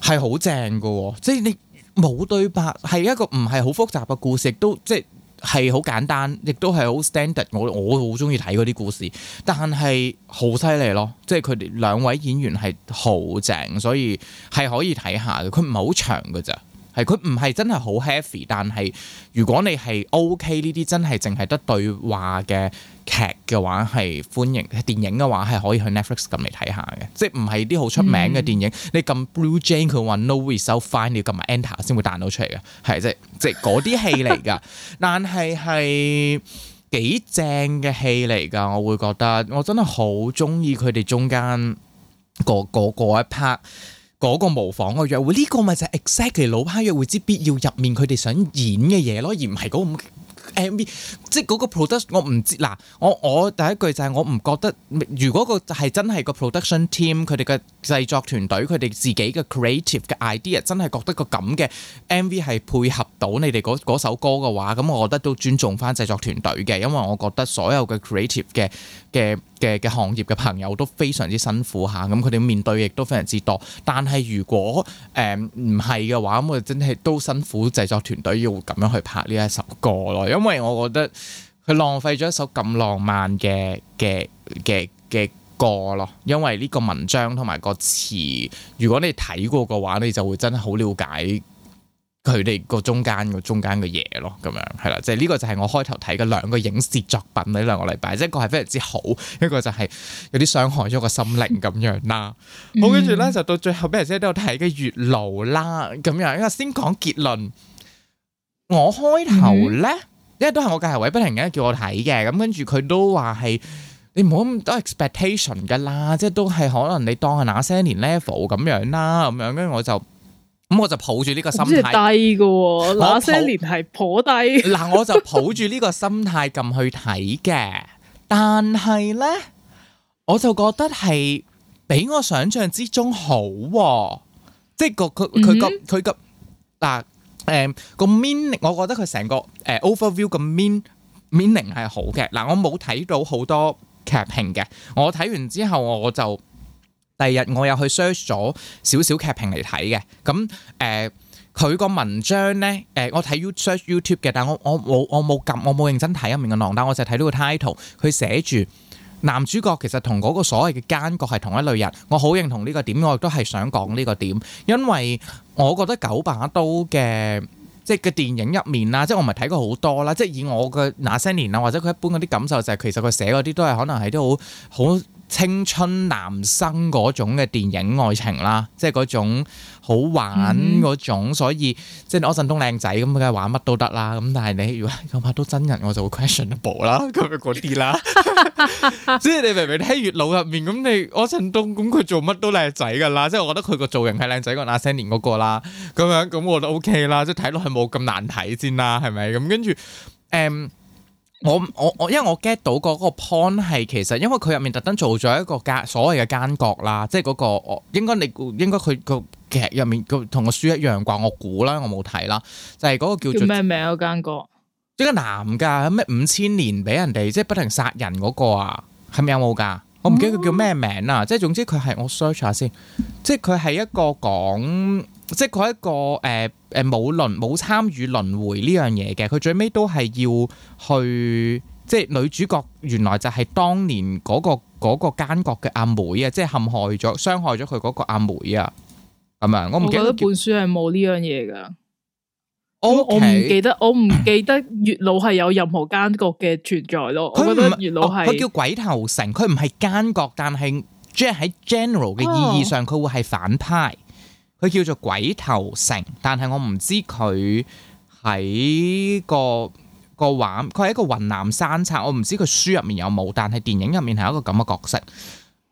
係好正嘅喎、哦。即係你冇對白，係一個唔係好複雜嘅故事，都即係好簡單，亦都係好 standard。我我好中意睇嗰啲故事，但係好犀利咯。即係佢哋兩位演員係好正，所以係可以睇下嘅。佢唔係好長嘅咋。係，佢唔係真係好 heavy，但係如果你係 OK 呢啲真係淨係得對話嘅劇嘅話，係歡迎電影嘅話係可以去 Netflix 咁嚟睇下嘅，即係唔係啲好出名嘅電影？嗯、你咁 Bluejay 佢話 No result fine，你撳埋 Enter 先會彈到出嚟嘅，係即即係嗰啲戲嚟㗎。 但係係幾正嘅戲嚟㗎，我會覺得我真係好中意佢哋中間嗰嗰一 part。嗰個模仿嘅約會，呢個咪就係 exactly 老派約會之必要入面佢哋想演嘅嘢咯，而唔係嗰個 MV，即係嗰個 production 我唔知。嗱，我我第一句就係我唔覺得，如果個係真係個 production team 佢哋嘅製作團隊佢哋自己嘅 creative 嘅 idea 真係覺得個咁嘅 MV 係配合到你哋嗰首歌嘅話，咁我覺得都尊重翻製作團隊嘅，因為我覺得所有嘅 creative 嘅嘅。嘅嘅行業嘅朋友都非常之辛苦吓，咁佢哋面對亦都非常之多。但係如果誒唔係嘅話，咁我真係都辛苦製作團隊要咁樣去拍呢一首歌咯，因為我覺得佢浪費咗一首咁浪漫嘅嘅嘅嘅歌咯。因為呢個文章同埋個詞，如果你睇過嘅話，你就會真係好了解。佢哋個中間個中間嘅嘢咯，咁樣係啦，即係呢個就係我開頭睇嘅兩個影視作品呢兩個禮拜，一個係非常之好，一個就係有啲傷害咗個心靈咁樣啦。好，跟住咧就到最後，咩先都有睇嘅月老啦，咁樣因為先講結論。我開頭咧，因為都係我隔鞋尾不停嘅叫我睇嘅，咁跟住佢都話係你唔好咁多 expectation 噶啦，即係都係可能你當係那些年 level 咁樣啦，咁樣跟住我就。咁我就抱住呢個心態，真係低噶、啊，那抱些年係頗低。嗱， 我就抱住呢個心態咁去睇嘅，但係咧，我就覺得係比我想象之中好、啊，即係個佢佢個佢、呃呃、個嗱，誒個 meaning 我覺得佢成個誒 overview 個 mean meaning 係好嘅。嗱、呃，我冇睇到好多劇評嘅，我睇完之後我就。第二日我又去 search 咗少少劇評嚟睇嘅，咁誒佢個文章呢，誒、呃、我睇 you search YouTube 嘅，但係我我冇我冇撳我冇認真睇入面嘅內容，但係我就睇到個 title，佢寫住男主角其實同嗰個所謂嘅奸角係同一類人，我好認同呢個點，我亦都係想講呢個點，因為我覺得九把刀嘅即係嘅電影入面啦，即係我咪睇過好多啦，即係以我嘅那些年啊，或者佢一般嗰啲感受就係、是、其實佢寫嗰啲都係可能係啲好好。青春男生嗰種嘅電影愛情啦，即係嗰種好玩嗰種，嗯、所以即係柯震東靚仔咁，梗係玩乜都得啦。咁但係你如果拍到真人，我就會 questionable 啦，咁樣嗰啲啦。 即係你明明喺月老入面，咁你柯震東咁佢做乜都靚仔㗎啦。即係我覺得佢個造型係靚仔過阿星連嗰個啦。咁樣咁我覺得 OK 啦。即係睇落去冇咁難睇先啦，係咪咁？跟住誒。嗯我我我，因為我 get 到、嗰個嗰 point 係其實，因為佢入面特登做咗一個所謂奸所謂嘅奸角啦，即係嗰、嗰個我應該你應該佢個劇入面同個書一樣啩，我估啦，我冇睇啦，就係、是、嗰個叫做咩名啊？奸角，一個男噶咩五千年俾人哋即係不停殺人嗰個啊，係咪有冇噶？我唔記得佢叫咩名啦、啊，哦、即係總之佢係我 search 下先，即係佢係一個講。即係嗰一個誒誒冇輪冇參與輪回呢樣嘢嘅，佢最尾都係要去，即係女主角原來就係當年嗰個嗰個奸角嘅阿妹啊，即係陷害咗傷害咗佢嗰個阿妹啊，咁啊，我唔記得本書係冇呢樣嘢噶。我我唔記得我唔記得月老係有任何奸角嘅存在咯。佢唔係佢叫鬼頭城，佢唔係奸角，但係即係喺 general 嘅意義上，佢會係反派。佢叫做鬼頭城，但係我唔知佢喺個個畫，佢係一個雲南山策。我唔知佢書入面有冇，但係電影入面係一個咁嘅角色。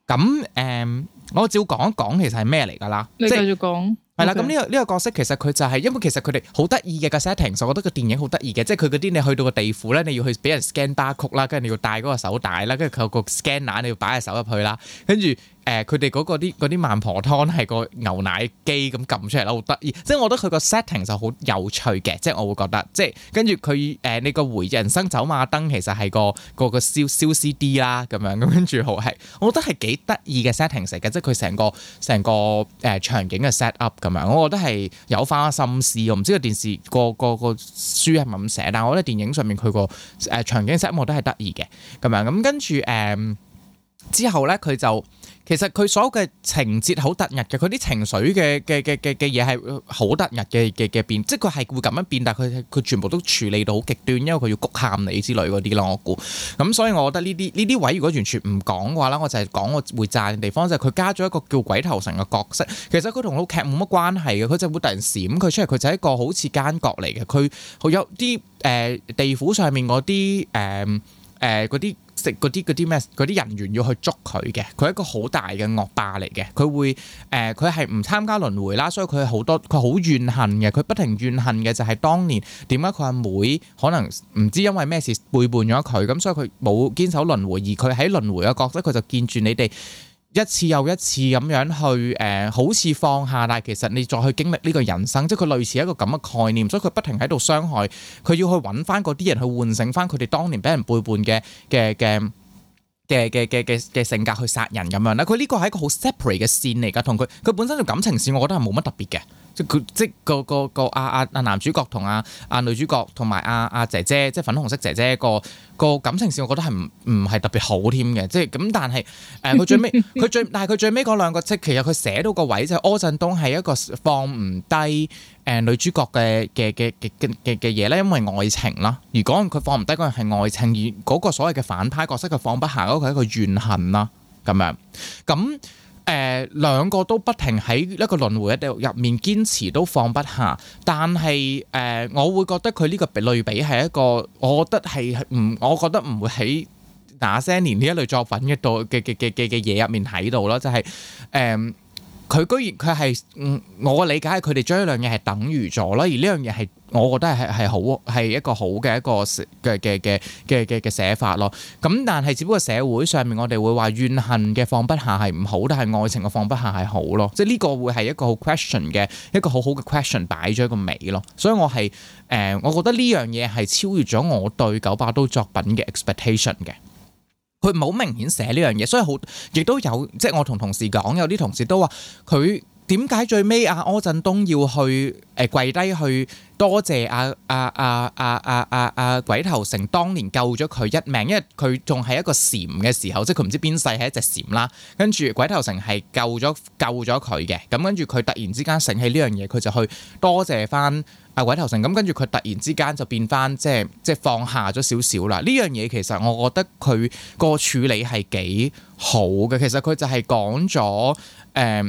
咁誒、嗯，我照講一講，其實係咩嚟㗎啦？你繼續講係啦。咁呢、就是 okay. 這個呢、這個角色其實佢就係、是，因為其實佢哋好得意嘅個 setting，所我覺得個電影好得意嘅。即係佢嗰啲你去到個地府咧，你要去俾人 scan 巴曲啦，跟住你要戴嗰個手帶啦，跟住佢有個 scan 眼你要擺隻手入去啦，跟住。誒佢哋嗰啲嗰啲孟婆湯係個牛奶機咁撳出嚟咯，好得意！即係我覺得佢個 setting 就好有趣嘅，即係我會覺得即係跟住佢誒你個回人生走馬燈其實係個，個個個燒 CD 啦咁樣咁跟住好係，我覺得係幾得意嘅 setting 嚟嘅，即係佢成個成個誒、呃、場景嘅 set up 咁樣，我覺得係有翻心思。我唔知個電視個個個書係咪咁寫，但係我覺得電影上面佢個誒場景 set 我都係得意嘅咁樣咁跟住誒、呃、之後咧佢就。其實佢所有嘅情節好突兀嘅，佢啲情緒嘅嘅嘅嘅嘅嘢係好突兀嘅嘅嘅變，即係佢係會咁樣變，但係佢佢全部都處理到好極端，因為佢要焗喊你之類嗰啲咯，我估。咁所以我覺得呢啲呢啲位如果完全唔講嘅話咧，我就係講我會贊嘅地方就係佢加咗一個叫鬼頭神嘅角色。其實佢同套劇冇乜關係嘅，佢就會突然閃佢出嚟，佢就係一個好似奸角嚟嘅。佢有啲誒地府上面嗰啲誒誒嗰啲。嗰啲嗰啲咩？嗰啲人員要去捉佢嘅，佢係一個好大嘅惡霸嚟嘅。佢會誒，佢係唔參加輪迴啦，所以佢好多，佢好怨恨嘅。佢不停怨恨嘅就係當年點解佢阿妹可能唔知因為咩事背叛咗佢，咁所以佢冇堅守輪迴，而佢喺輪迴嘅角色，佢就見住你哋，一次又一次咁樣去，誒，好似放下，但係其實你再去經歷呢個人生，即係佢類似一個咁嘅概念，所以佢不停喺度傷害，佢要去揾翻嗰啲人去喚醒翻佢哋當年俾人背叛嘅嘅嘅嘅嘅嘅嘅嘅性格去殺人咁樣啦。佢呢個係一個好 separate 嘅綫嚟㗎，同佢佢本身嘅感情綫，我覺得係冇乜特別嘅。即佢即個個個阿阿阿男主角同阿阿女主角同埋阿阿姐姐，即粉紅色姐姐個個感情線我感，我覺得係唔唔係特別好添嘅。即咁但係誒佢最尾佢最但係佢最尾嗰兩個，即其實佢寫到個位就柯震東係一個放唔低誒女主角嘅嘅嘅嘅嘅嘅嘢咧，因為愛情啦。如果佢放唔低嗰個係愛情，而嗰個所謂嘅反派角色佢放不下嗰個係一個怨恨啦。咁樣咁。誒兩、呃、個都不停喺一個輪迴嘅地獄入面堅持都放不下，但係誒、呃，我會覺得佢呢個類比係一個，我覺得係唔、嗯，我覺得唔會喺那些年呢一類作品嘅度嘅嘅嘅嘅嘅嘢入面喺度咯，就係誒。佢居然佢係，我嘅理解佢哋將呢樣嘢係等於咗咯，而呢樣嘢係我覺得係係好係一個好嘅一個嘅嘅嘅嘅嘅寫法咯。咁但係只不過社會上面我哋會話怨恨嘅放不下係唔好，但係愛情嘅放不下係好咯。即係呢個會，係一個好 question 嘅一個好好嘅 question 擺咗一個尾咯。所以我係誒、呃，我覺得呢樣嘢係超越咗我對九把刀作品嘅 expectation 嘅。佢冇明顯寫呢樣嘢，所以好亦都有，即係我同同事講，有啲同事都話佢點解最尾阿柯震東要去誒、呃、跪低去多謝阿阿阿阿阿阿阿鬼頭成當年救咗佢一命，因為佢仲係一個蟬嘅時候，即係佢唔知邊世係一隻蟬啦，跟住鬼頭成係救咗救咗佢嘅，咁跟住佢突然之間醒起呢樣嘢，佢就去多謝返。阿鬼頭神咁，跟住佢突然之間就變翻，即係即係放下咗少少啦。呢樣嘢其實我覺得佢個處理係幾好嘅。其實佢就係講咗，誒、呃，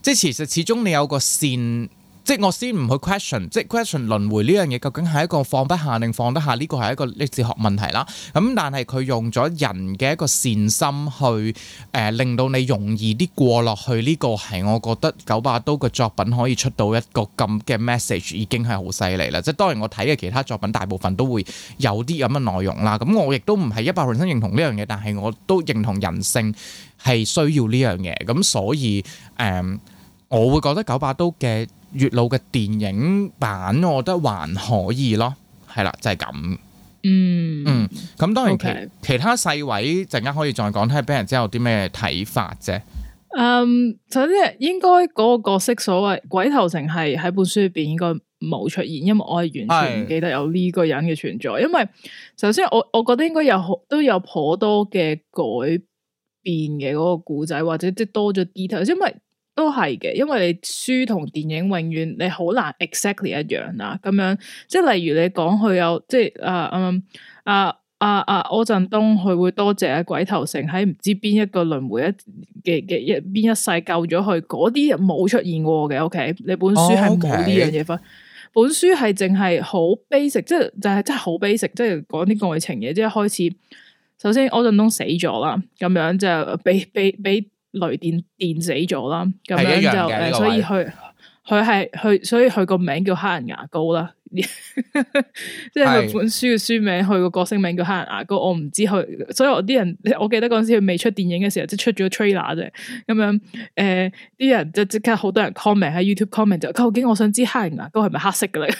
即係其實始終你有個線。即我先唔去 question，即 question，即係 question 輪迴呢樣嘢，究竟係一個放不下定放得下？呢個係一個歷史學問題啦。咁但係佢用咗人嘅一個善心去誒、呃、令到你容易啲過落去。呢、呢個係我覺得九把刀嘅作品可以出到一個咁嘅 message，已經係好犀利啦。即係當然我睇嘅其他作品，大部分都會有啲咁嘅內容啦。咁我亦都唔係一百 percent 認同呢樣嘢，但係我都認、認同人性係需要呢樣嘢。咁所以誒、呃、我會覺得九把刀嘅。月老嘅電影版，我覺得還可以咯，係啦、啊，就係、是、咁。嗯嗯，咁、嗯、當然其 Okay. 其他細位，陣間可以再講睇下，俾人知有啲咩睇法啫。嗯，首先應該嗰個角色所謂鬼頭城係喺本書入邊應該冇出現，因為我係完全唔記得有呢個人嘅存在。是因為首先我我覺得應該有都有頗多嘅改變嘅嗰個故仔，或者即多咗啲頭先，因為。都係嘅，因為你書同電影永遠你好難 exactly 一樣啊。咁樣即係例如你講佢有即係啊嗯啊啊啊柯震東佢會多謝鬼頭城喺唔知邊一個輪回一嘅嘅一邊一世救咗佢，嗰啲冇出現過嘅。OK，你本書係冇呢樣嘢分，oh, okay. 本書係淨係好 basic，即係就係真係好 basic，即係講啲愛情嘢，即係開始。首先柯震東死咗啦，咁樣就俾俾俾。雷電電死咗啦，咁樣就誒、呃，所以佢佢係佢，所以佢個名叫黑人牙膏啦，即 係佢本書嘅書名，佢個是角色名叫黑人牙膏。我唔知佢，所以我啲人，我記得嗰陣時佢未出電影嘅時候，即係出咗 trailer 啫，咁樣誒，啲、呃、人就即刻好多人 comment 喺 YouTube comment 就，究竟我想知黑人牙膏係咪黑色嘅咧？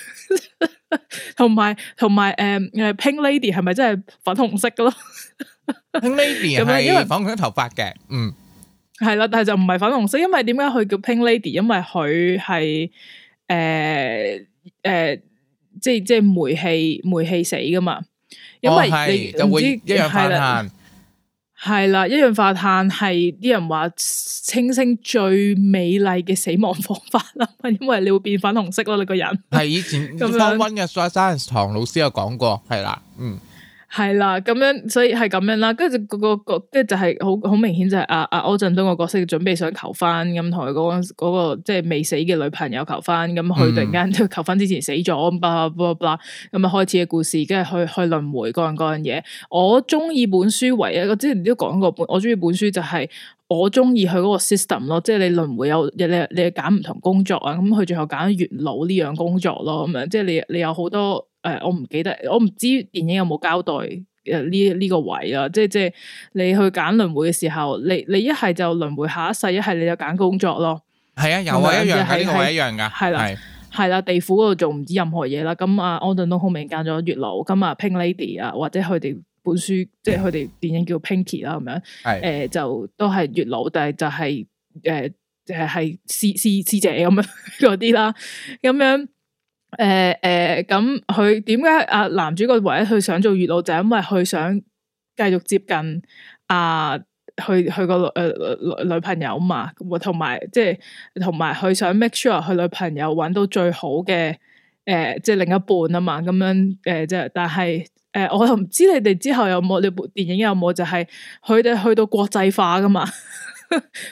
同埋同埋誒，Pink Lady 係咪真係粉紅色嘅咯，Pink Lady 係因為粉紅色頭髮嘅，嗯。係啦，但係就唔係粉紅色，因為點解佢叫 Pink Lady？因為佢係誒誒，即係即係煤氣煤氣死噶嘛？因為哦，係，總之一氧化碳。係啦，係啦，一氧化碳係啲人話，清星最美麗嘅死亡方法啦，因為你會變粉紅色咯，你個人。係以前， 樣以前方溫嘅 Science 堂老師有講過，係啦，嗯。係啦，咁樣所以係咁樣啦，跟住嗰個個，跟住就係好好明顯就係阿阿柯震東個角色準備想求婚，咁同佢嗰個嗰個即係未死嘅女朋友求婚。咁佢突然間喺求婚之前死咗，咁樣開始嘅故事，跟住去去輪回嗰樣嗰樣嘢。我中意本書唯一，我之前都講過本，我中意本書就係我中意佢嗰個 system 咯，即係你輪回有你你揀唔同工作啊，咁佢最後揀完老呢樣工作咯，咁樣即係你你有好多。誒，我唔記得，我唔知電影有冇交代誒呢呢個位啊，即係即係你去揀輪迴嘅時候，你你一係就輪迴下一世，一係你就揀工作咯。係啊，又係一樣，喺呢個位一樣噶。係啦，係啦，地府嗰度做唔知任何嘢啦。咁啊，安頓都好明揀咗月老，咁啊 Pink Lady 啊，或者佢哋本書即係佢哋電影叫 Pinky 啦，咁樣誒，就都係月老，但係就係誒就係師師師姐咁樣嗰啲啦，咁樣。誒誒，咁佢點解啊？呃、男主角唯一佢想做月老，就係、是、因為佢想繼續接近啊，佢佢個誒女朋友嘛，同埋即係同埋佢想 make sure 佢女朋友揾到最好嘅誒，即、呃、係、就是、另一半啊嘛，咁樣誒，即、呃、係但係誒、呃，我又唔知你哋之後有冇你部電影有冇，就係佢哋去到國際化噶嘛，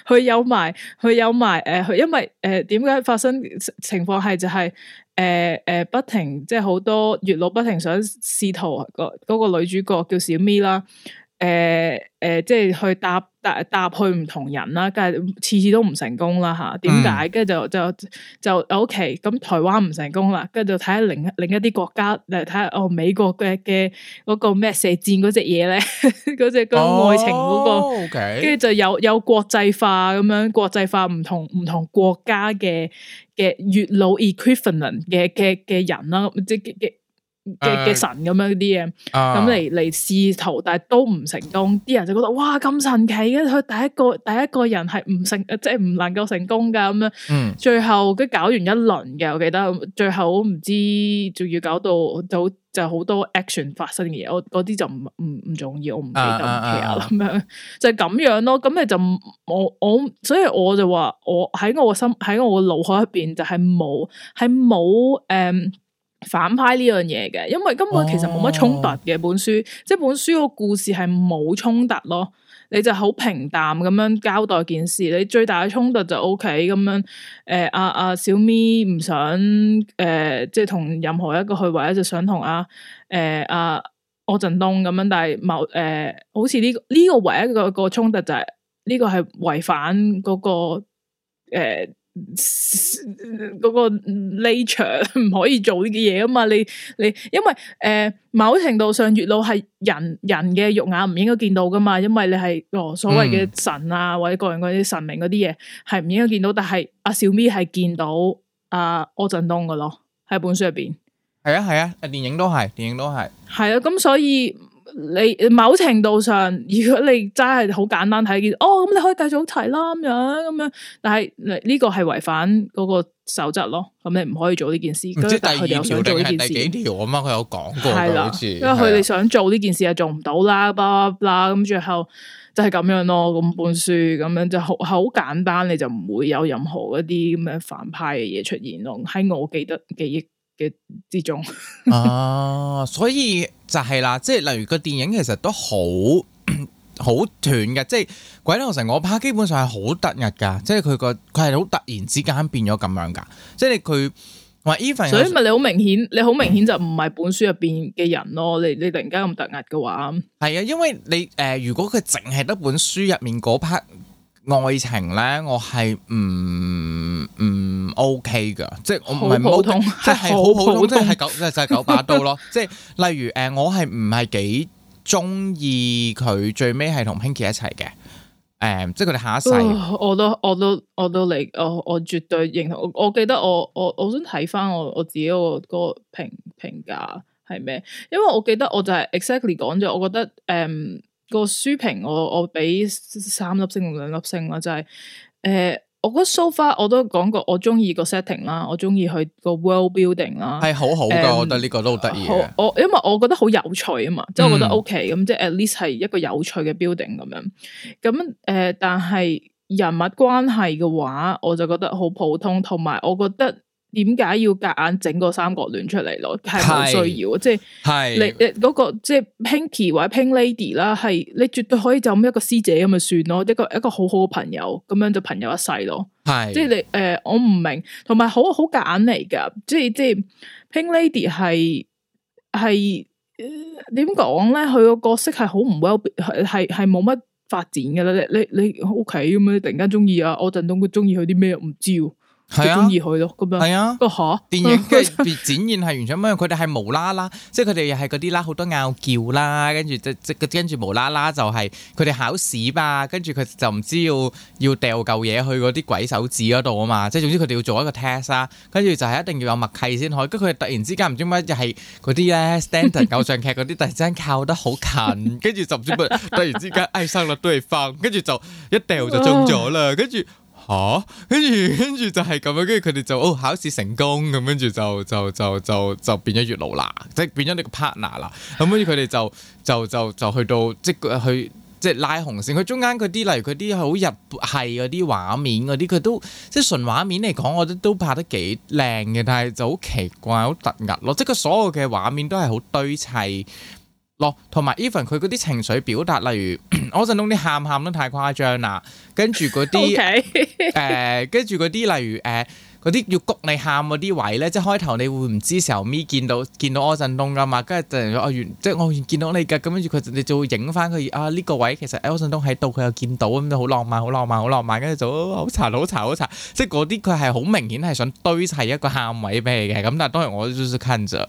佢 有埋佢有埋誒，佢、呃、因為誒點解發生情況係就係、是。誒誒、呃呃，不停即係好多月老不停想試圖嗰、那、嗰、個那個女主角叫小咪啦。誒誒、呃呃，即係去搭搭搭去唔同人啦，跟住次次都唔成功啦吓，點解？跟住、嗯、就就就，就 OK。咁台灣唔成功啦，跟住就睇下另另一啲國家嚟睇下哦美國嘅嘅嗰個咩射箭嗰隻嘢咧，嗰、那、隻個、那個那個、愛情嗰、那個，跟住、oh, okay. 就有有國際化咁樣國際化唔同唔同國家嘅嘅月老 equivalent 嘅嘅嘅人啦，即係嘅。嘅嘅神咁、uh, 樣啲嘢，咁嚟嚟試圖，但係都唔成功。啲人就覺得哇咁神奇嘅，佢第一個第一個人係唔成，即係唔能夠成功噶咁樣。嗯、最後佢搞完一輪嘅，我記得最後唔知仲要搞到就就好多 action 發生嘅嘢。我嗰啲就唔唔唔重要，我唔記得咁、uh, uh, uh, uh, 樣就係咁樣咯。咁你就我我所以我就話我喺我心喺我嘅腦海入邊就係冇係冇誒，反派呢樣嘢嘅，因為根本其實冇乜衝突嘅、哦、本書，即係本書個故事係冇衝突咯，你就好平淡咁樣交代件事，你最大嘅衝突就 O K 咁樣，誒阿阿小咪唔想誒、呃、即係同任何一個去或者就想同阿誒阿柯震東咁樣，但係冇誒，好似呢呢個唯一一個個衝突就係、是、呢、這個係違反嗰、那個誒。呃嗰個 nature 唔可以做呢啲嘢啊嘛，你你因為誒，某程度上月老係人人嘅肉眼唔應該見到噶嘛，因為你係哦所謂嘅神啊或者各樣嗰啲神明嗰啲嘢係唔應該見到，但係阿小咪係見到阿柯震東噶咯，喺本書入邊係啊係啊，電影都係，電影都係係啊，咁所以。你某程度上，如果你真係好簡單睇件事，哦，咁你可以繼續提啦咁樣咁樣。但係呢個係違反嗰個守則咯，咁你唔可以做呢件事。唔知第二條定係第幾條啊？嘛，佢有講過，好似的次因為佢哋想做呢件事又的做唔到啦，咁最後就係咁樣咯。咁本書咁樣就好好簡單，你就唔會有任何一啲咁樣反派嘅嘢出現咯。喺我記得記憶嘅之中。啊，所以。就係啦，即係例如個電影其實都好好 短嘅，即係鬼頭成嗰 part 基本上係好突兀噶，即係佢個佢係好突然之間變咗咁樣噶，即係佢話 even，所以咪你好明顯， 你好明顯就唔係本書入邊嘅人咯，你你突然間咁突兀嘅話，係啊，因為你誒、呃，如果佢淨係得本書入面嗰 part。愛情咧，我係唔唔 OK 噶，即係我唔係、okay，普通，即係好普通，即係九即係、就是、九把刀咯。 即係例如誒，我係唔係幾中意佢最尾係同 Pinkie 一齊嘅？誒、嗯，即係佢哋下一世。我都我都我都嚟，我我，我絕對認同。我我記得我我我想睇翻我我自己我嗰個評評價係咩？因為我記得我就係 exactly 講咗，我覺得誒。Um, 個書評我我俾三粒星同兩粒星啦，就係、是、誒、呃，我覺得 so far 我都講過我中意個 setting 啦，我中意佢個 world building 啦，係好好噶，嗯、我覺得呢個都好得意嘅。我因為我覺得好有趣啊嘛，即係、嗯、我覺得 OK 咁，即係 at least 係一個有趣嘅 building 咁樣。咁誒、呃，但係人物關係嘅話，我就覺得好普通，同埋我覺得。點解要夾硬整個三角戀出嚟咯？係冇需要，即係你誒嗰、嗰個即係 Pinky 或者 Pink Lady 啦，係你絕對可以就咁一個師姐咁咪算咯，一個一個好好嘅朋友咁樣就朋友一世咯。係係即係你誒、呃，我唔明，同埋好好夾硬嚟噶，即係即係 Pink Lady 係係點講咧？佢個、呃、角色係好唔 well 係係冇乜發展噶啦。你你你屋企咁樣突然間中意啊，我陣都中意佢啲咩唔知。係啊，中意去咯，咁樣，係啊，電影嘅展現係完全乜樣，佢哋係無啦啦，即係佢哋又係嗰啲啦，好多拗撬啦，跟住即即跟住無啦啦就係佢哋考試吧，跟住佢就唔知要要掉嚿嘢去嗰啲鬼手指嗰度啊嘛，即係總之佢哋要做一個 test 啊，跟住就係一定要有默契先可以，跟住佢突然之間唔知乜，又係嗰啲咧 standard 偶像劇嗰啲， 突然間然突然之間靠得好近，跟住就唔知點，突然之間愛上咗對方，跟住就一掉就中咗啦，跟住。 嚇！跟住跟住就係咁啊！跟住佢哋就,就哦考試成功咁，跟住就就就就就,就變咗月老啦，即係變咗你個 partner 啦。咁跟住佢哋就就就就,就去到即係去即係拉紅線。佢中間嗰啲，例如嗰啲好日係嗰啲畫面嗰啲，佢都即係純畫面嚟講，我覺得都拍得幾靚嘅。但係就好奇怪，好突兀咯，即係佢所有嘅畫面都係好堆砌。同埋 even 佢嗰啲情緒表達，例如 柯震東啲喊喊都太誇張啦。跟住嗰啲誒，跟住嗰啲例如誒，嗰、呃、啲要焗你喊嗰啲位咧，即係開頭你會唔知時候咪見到見到柯震東噶嘛，跟住就然、啊、我完即係我完見到你噶，咁跟住佢哋就會影翻佢啊呢、這個位其實、欸、柯震東喺度，佢又見到咁就好浪漫，好浪漫，好浪漫，跟住就好殘好殘好殘，即係嗰啲佢係好明顯係想堆砌一個喊位俾你嘅，咁但係當然我都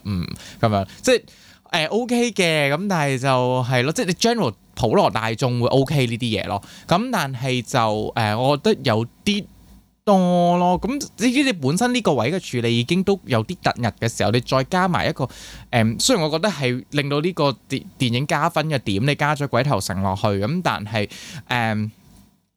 嗯，咁樣，樣即係。即誒、嗯、OK 嘅，咁但係就係、是、咯，即係你 general 普羅大眾會 OK 呢啲嘢咯。咁但係就誒、呃，我覺得有啲多咯。咁至於你本身呢個位嘅處理已經都有啲突兀嘅時候，你再加埋一個誒、嗯，雖然我覺得係令到呢個電電影加分嘅點，你加咗鬼頭城落去咁，但係誒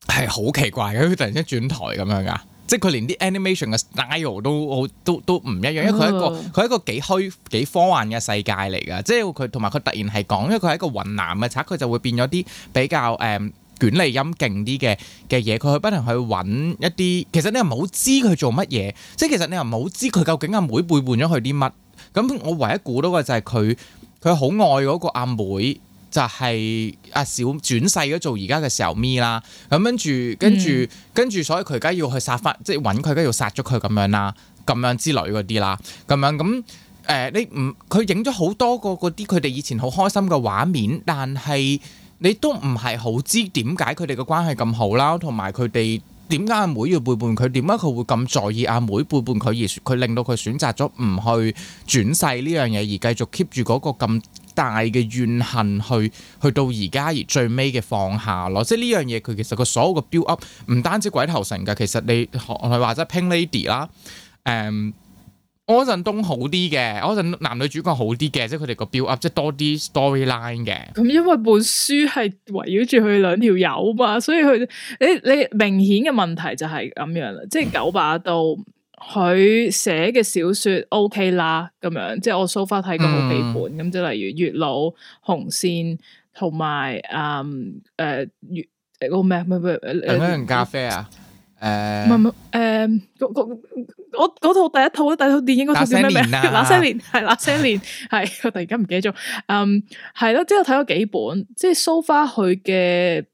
係好奇怪嘅，佢突然之間轉台咁樣㗎。即係佢連啲 animation 嘅 style 都好都都唔一樣，因為佢係一個佢係 Ooh. 一個幾虛幾科幻嘅世界嚟噶。即係佢同埋佢突然係講，因為佢係一個雲南嘅賊，佢就會變咗啲比較誒捲脷音勁啲嘅嘅嘢。佢去不停去揾一啲，其實你又冇知佢做乜嘢。即係其實你又冇知佢究竟阿妹背叛咗佢啲乜。咁我唯一估到嘅就係佢佢好愛嗰個阿妹，妹。就係阿小轉世咗做而家嘅時候咪啦，咁跟住、嗯、跟住跟住，所以佢而家要去殺翻，即係揾佢，而家要殺咗佢咁樣啦，咁樣之類嗰啲啦，咁樣咁誒、呃，你唔佢影咗好多個嗰啲佢哋以前好開心嘅畫面，但係你都唔係好知點解佢哋嘅關係咁好啦，同埋佢哋點解阿妹要背叛佢，點解佢會咁在意阿、啊、妹背叛佢而佢令到佢選擇咗唔去轉世呢樣嘢，而繼續 keep 住嗰個咁。大嘅怨恨去去到而家而最尾嘅放下咯，即係呢樣嘢佢其實個所有嘅 build up 唔單止鬼頭神噶，其實你學係話齋 Pink Lady 啦，誒，柯震東好啲嘅，柯震東男女主角好啲嘅，即係佢哋個 build up 即係多啲 storyline 嘅。咁因為本書係圍繞住佢兩條友嘛，所以佢你你明顯嘅問題就係咁樣啦，即係九把刀。佢寫嘅小說 O K 啦，咁樣即係我 so far 睇過好幾本，咁、嗯、即係例如月老、紅線同埋嗯誒、呃、月誒個咩咩咩，有人咖啡啊？誒唔係唔係誒我嗰套第一套第一套電影嗰套叫咩名，嗯？那些年係那 些年？係我突然間唔記得咗。嗯，係咯，即係睇咗幾本，即係 so far 佢嘅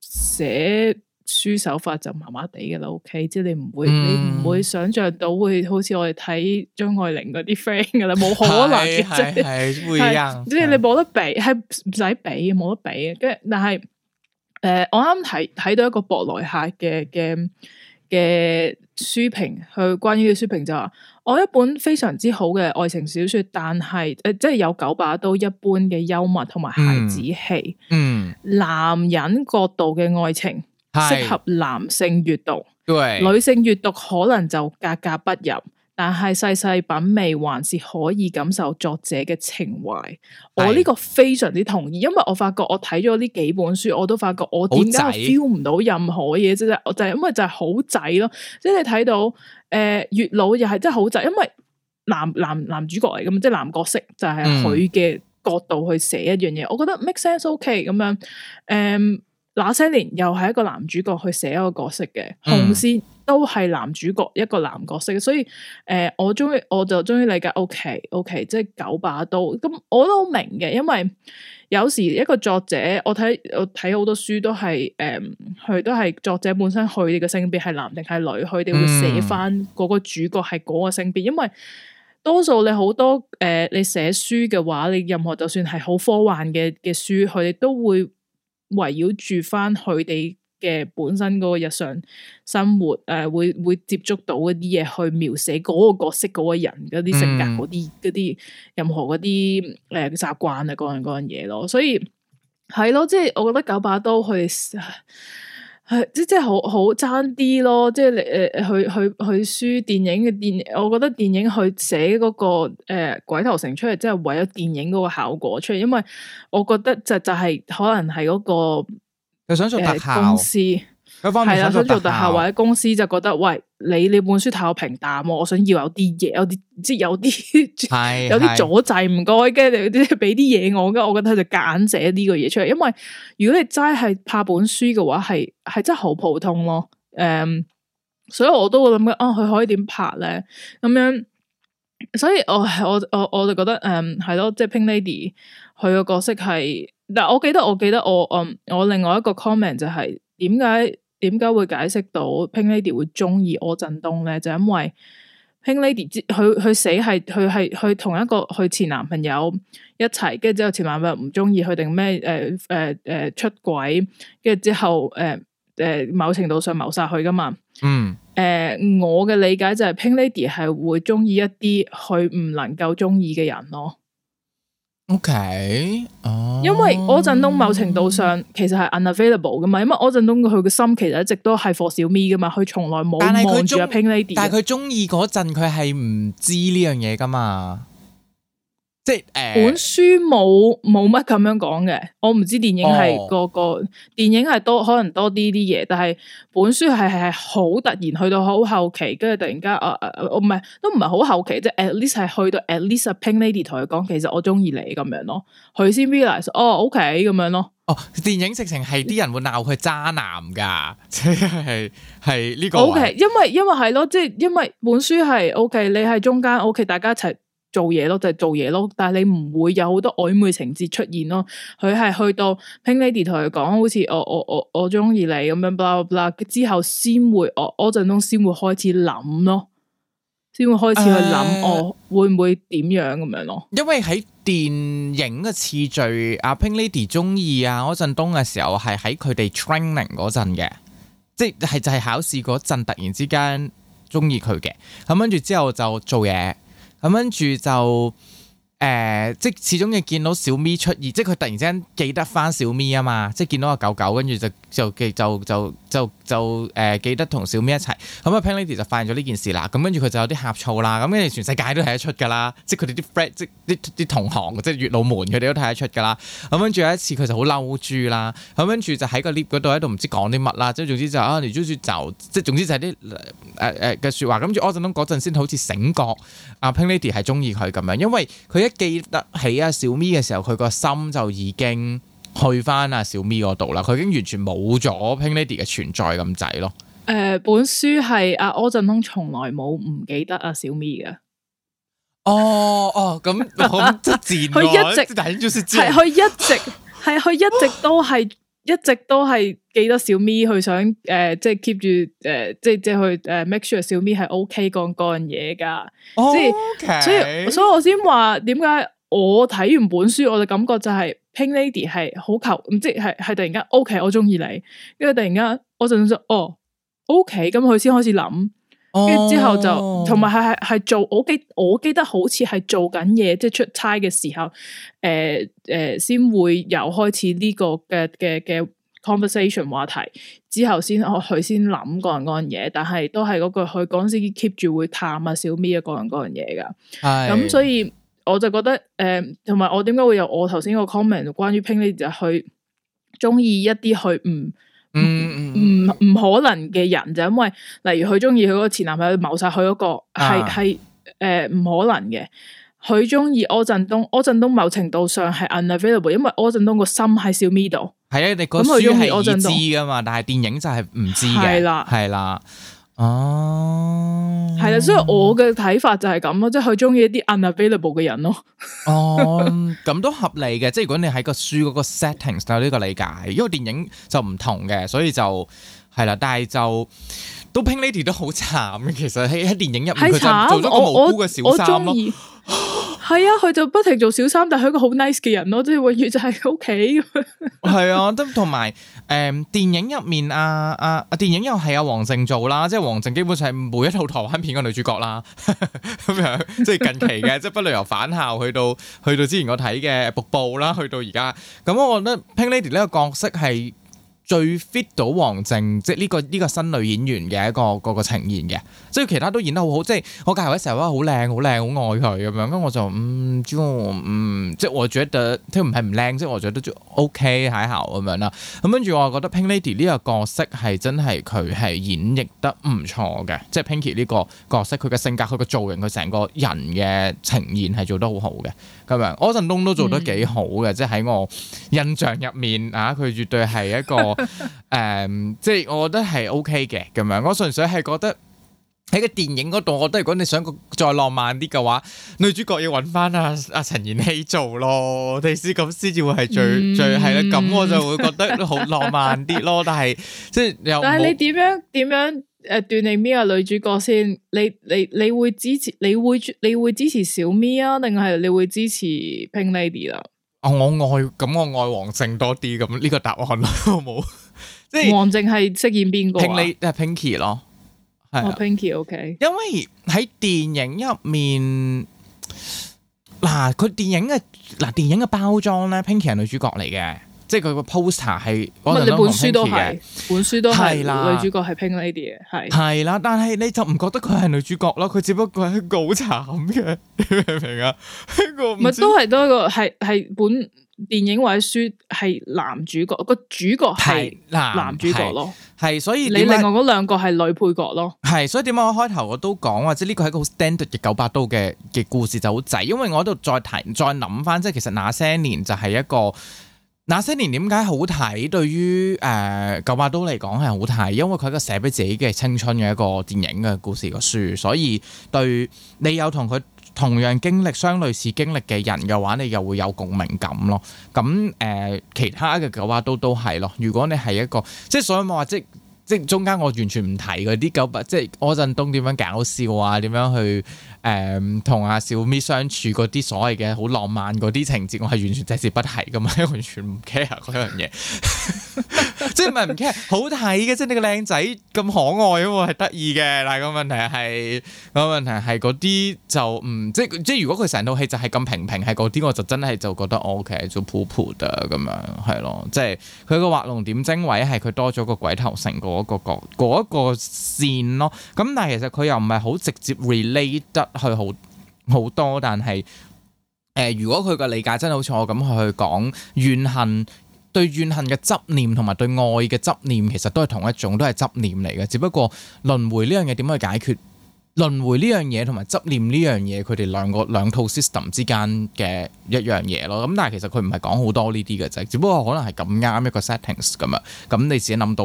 寫書手法就麻麻地嘅啦，OK，即係你唔會，嗯、你唔會想象到會好似我哋睇張愛玲嗰啲 friend 嘅啦，冇可能嘅，即係，即係是是你冇得比，係唔使比，冇得比嘅。跟住，但係，誒、呃，我啱睇睇到一個博萊客嘅嘅嘅書評，佢關於嘅書評就話，我一本非常之好嘅愛情小說，但係誒，即、呃、係、就是、有九把刀一般嘅幽默同埋孩子氣、嗯，嗯，男人角度嘅愛情。適合男性閱讀，對女性閱讀可能就格格不入，但係細細品味還是可以感受作者嘅情懷。對我呢個非常之同意，因為我發覺我睇咗呢幾本書，我都發覺我點解 feel 唔到任何嘢啫？我小就係因為就係好仔咯，即係你睇到誒，呃、月老又係真係好仔，因為男男男主角嚟嘅嘛，即係男角色就係佢嘅角度去寫一樣嘢，嗯、我覺得 make sense，ok、okay, 咁樣，誒、嗯。那些年又係一個男主角去寫一個角色嘅，mm hmm. 紅線都係男主角一個男角色，所以誒、呃，我中意我就中意理解。O K O K，即係九把刀，咁我都好明嘅，因為有時一個作者，我睇我睇好多書都係誒，佢、呃、都係作者本身佢哋嘅性別係男定係女，佢哋會寫翻嗰個主角係嗰個性別，mm hmm. 因為多數你好多誒、呃，你寫書嘅話，你任何就算係好科幻嘅嘅書，佢哋都會。圍繞住翻佢哋嘅本身嗰個日常生活，誒、呃，會會接觸到嗰啲嘢去描寫嗰個角色嗰、嗰個人嗰啲性格，嗰啲啲任何嗰啲誒習慣啊，各樣各樣嘢咯，所以係咯，即係、就是、我覺得九把刀去寫。係 即即好好爭啲咯，即係你誒誒，佢佢佢書電影嘅電影，我覺得電影去寫嗰、嗰個、呃、鬼頭城出嚟，即係為咗電影嗰個效果出嚟，因為我覺得就就係可能係嗰、嗰個大、呃、公司。係啦，想做特效或者公司就覺得，喂，喂你呢本書太好平淡，我想要有啲嘢，有啲即係有啲，是是 有啲阻滯唔該嘅，啲俾啲嘢我，咁我覺得就揀寫呢個嘢出嚟。因為如果你齋係拍本書嘅話，係係真係好普通咯。誒、um,，所以我都會諗緊，哦、啊，佢可以點拍咧？咁樣，所以我係我我我就覺得，誒，係咯，即係 Pink Lady 佢個角色係嗱，我記得我記得我嗯，um, 我另外一個 comment 就係點解？點解會解釋到 Pink Lady 會中意柯震東咧？就是，因為 Pink Lady 佢佢死係佢係佢同一個佢前男朋友一齊，跟住之後前男朋友唔中意佢定咩誒誒誒，出軌，跟住之後誒誒，呃呃，某程度上謀殺佢㗎嘛。嗯，誒、呃、我嘅理解就係 Pink Lady 係會中意一啲佢唔能夠中意嘅人咯。O K，哦，Okay ? oh. 因為柯震東某程度上其實係 unavailable 噶嘛，因為柯震東佢個心其實一直都係 for 小咪噶嘛，佢從來冇，但係佢中意嗰陣，佢係唔知呢樣嘢噶嘛。即係，呃、本書冇冇乜咁樣講嘅，我唔知電影係個、哦、個電影係多可能多啲啲嘢，但係本書係係係好突然去到好後期，跟住突然間啊啊，唔、啊、係、啊啊、都唔係好後期，即係 at least 係去到 at least a pink lady 同佢講，其實我中意你咁樣咯，佢先 realise 哦，OK 咁樣咯，哦、呃，電影直情係啲人會鬧佢渣男噶，係係係呢個，因為因為係咯，即係因為本書係 OK，、嗯、你喺中間 OK，大家一齊。做嘢咯，就係、是、做嘢咯，但係你唔會有好多曖昧情節出現咯。佢係去到 Pink Lady 同佢講，好似我我我我中意你咁樣，blah blah 之後先會哦，柯震東先會開始諗咯，先會開始去諗我會唔會點樣咁、uh, 樣咯？因為喺電影嘅次序，阿、啊、Pink Lady 中意啊柯震東嘅時候係喺佢哋 training 嗰陣嘅，即係就係、是、考試嗰陣突然之間中意佢嘅，咁跟住之後就做嘢。咁跟住就。誒、呃，即始終你見到小咪出現，即係佢突然之間記得翻小咪啊嘛，即係見到阿狗狗，跟住就就記就就就就誒、呃、記得同小咪一齊。咁阿 Pink Lady 就發現咗呢件事啦。咁跟住佢就有啲呷醋啦。咁跟住全世界都睇得出㗎啦。即佢哋啲 friend，即啲同行，即係月老門，佢哋都睇得出㗎啦。咁跟住有一次佢就好嬲豬啦。咁跟住就喺個 lift 嗰度喺度唔知講啲乜啦。即係總之就是、啊，你終於就即係總之就係啲誒誒嘅説話。咁跟住柯震東嗰陣先好似醒覺，阿、啊、Pink Lady 係中意佢咁樣，因為佢一記得起阿小咪嘅時候，佢個心就已經去翻阿小咪嗰度啦。佢已經完全冇咗 Pink Lady 嘅存在咁仔咁滯咯。誒，uh, 本書係阿柯震東從來冇唔記得阿小咪嘅。哦哦、oh, oh, 喔，咁咁真賤啊！佢一直係佢 一直係佢一, 一直都係。 一直都係記得小咪，去想誒、呃，即係 keep 住誒、呃，即係即係去誒，make sure 小咪係 OK 嗰嗰樣嘢噶。即係 Okay. 所以所以，所以我先話，點解我睇完本書，我嘅感覺就係 Pink Lady 係好求，即係係突然間 OK，我中意你，因為突然間我就諗住哦，OK，咁佢先開始諗。跟住、哦、之後就，同埋係係係做我記，我記得好似係做緊嘢，即、就、係、是、出差嘅時候，誒、呃、誒、呃，先會由開始呢個嘅嘅嘅 conversation 話題，之後先我佢先諗個人嗰樣嘢，但係都係嗰句佢嗰陣時 keep 住會探啊小咪啊個人嗰樣嘢噶，係咁是 所以我就覺得誒，同、呃、埋我點解會有我頭先個 comment 關於 Pinky 就是、去中意一啲去唔。呃唔唔唔可能嘅人就因為，例如佢中意佢嗰前男朋友謀殺佢嗰個，係係誒唔可能嘅，佢中意柯震東，柯震東某程度上係 unavailable，因為柯震東個心喺小咪度係啊，你嗰書係知噶嘛，但係電影就係唔知嘅，係啦的，係啦。哦，係啦，啊，所以我嘅睇法就係咁咯，即係佢中意一啲 unavailable 嘅人咯。哦，咁都合理嘅，即係如果你喺個書嗰個 settings 有呢個理解，因為電影就唔同嘅，所以就係啦。但係就都 Pink Lady 都好慘，其實喺喺電影入面佢就慘做咗個無辜嘅小三咯。係啊，佢就不停做小三，但係佢一個好 nice 嘅人咯，即係永遠就喺屋企咁。係 啊，都同埋誒，電影入面啊啊，電影又係阿王靜做啦，即係王靜基本上係每一套台灣片嘅女主角啦，咁樣即係近期嘅，即係 不如由返校去到去到之前我睇嘅瀑布啦，去到而家，咁我覺得 Pink Lady 呢個角色係。最 fit 到王淨，即係呢，這個呢，這個新女演員嘅一個一個一個呈現嘅，即係其他都演得好好。即係我隔籬嗰成日話好靚好靚好愛佢咁樣，咁我就唔唔，嗯嗯，即係我覺得佢唔係唔靚，即係我覺得就 OK，還好咁樣啦。咁跟住我覺得，okay，得 Pink Lady 呢個角色係真係佢係演繹得唔錯嘅，即係 Pinky 呢個角色，佢嘅性格、佢嘅造型、佢成個人嘅呈現係做得好好嘅咁樣。柯震東都做得幾好嘅，嗯，即係喺我印象入面嚇，佢、啊，絕對係一個。 誒， um, 即係我覺得係 O K 嘅咁樣，我純粹係覺得喺個電影嗰度，我覺得如果你想再浪漫啲嘅話，女主角要揾翻阿阿陳妍希做咯，第是咁先至會係最、嗯、最係啦。咁我就會覺得好浪漫啲咯。 但係即係，但係有你點樣點樣誒，鍛煉咪啊女主角先？你你你會支持你會你會支持小咪啊，定係你會支持 Pink Lady 啦？啊、哦！我愛咁，我愛王靜多啲咁，呢個答案 即王、啊 uh, 咯，好冇？即係王靜係飾、oh, 演邊個 Pinky 係 Pinky 咯，係 Pinky OK。因為喺電影入面，嗱、啊、佢電影嘅嗱、啊、電影嘅包裝咧 Pinky 係女主角嚟嘅。即係佢個 poster 係，唔係你本書都係，本書都係的女主角係 Pink Lady，係係啦。但係你就唔覺得佢係女主角咯？佢只不過係一個好慘嘅，明唔明啊？唔係都係多個係，係本電影或者書係男主角個主角係男主角咯，係所以、啊、你另外嗰兩個係女配角咯，係所以點解、啊啊、我開頭我都講話，即呢個係一個好 standard 嘅九把刀嘅嘅故事就好滯，因為我喺度再提再諗翻，即係其實那些年就係一個。那些年點解好睇？對於誒九把刀嚟講係好睇，因為佢個寫俾自己嘅青春嘅一個電影嘅故事個書，所以對你有同佢同樣經歷、相類似經歷嘅人嘅話，你又會有共鳴感咯。咁、嗯、誒、呃，其他嘅九把刀都係咯。如果你係一個，即係所以咪話，即係即中間我完全唔提嗰啲九把，即係柯震東點樣搞笑啊，點樣去。誒同阿小咪相處嗰啲所謂嘅好浪漫嗰啲情節，我係完全隻字不提㗎嘛，完全唔 care 嗰樣嘢， 即係唔係唔 care？好睇嘅，即係你個靚仔咁可愛喎，係得意嘅。但係個問題係個問題係嗰啲就唔即即，如果佢成套戲就係咁平平，係嗰啲我就真係就覺得 OK 做普普啊咁樣係咯，即係佢個畫龍點睛位係佢多咗個鬼頭城嗰個角嗰個線咯。咁但係其實佢又唔係好直接 relate 得。去好好多，但係誒、呃，如果佢嘅理解真係好似我咁去講怨恨，對怨恨嘅執念，同埋對愛嘅執念，其實都係同一種，都係執念嚟嘅。只不過輪迴呢樣嘢點去解決？輪迴呢樣嘢同埋執念呢樣嘢，佢哋兩個兩套 system 之間嘅一樣嘢咯。咁但係其實佢唔係講好多呢啲嘅啫，只不過可能係咁啱一個 settings 咁樣。咁你自己諗到，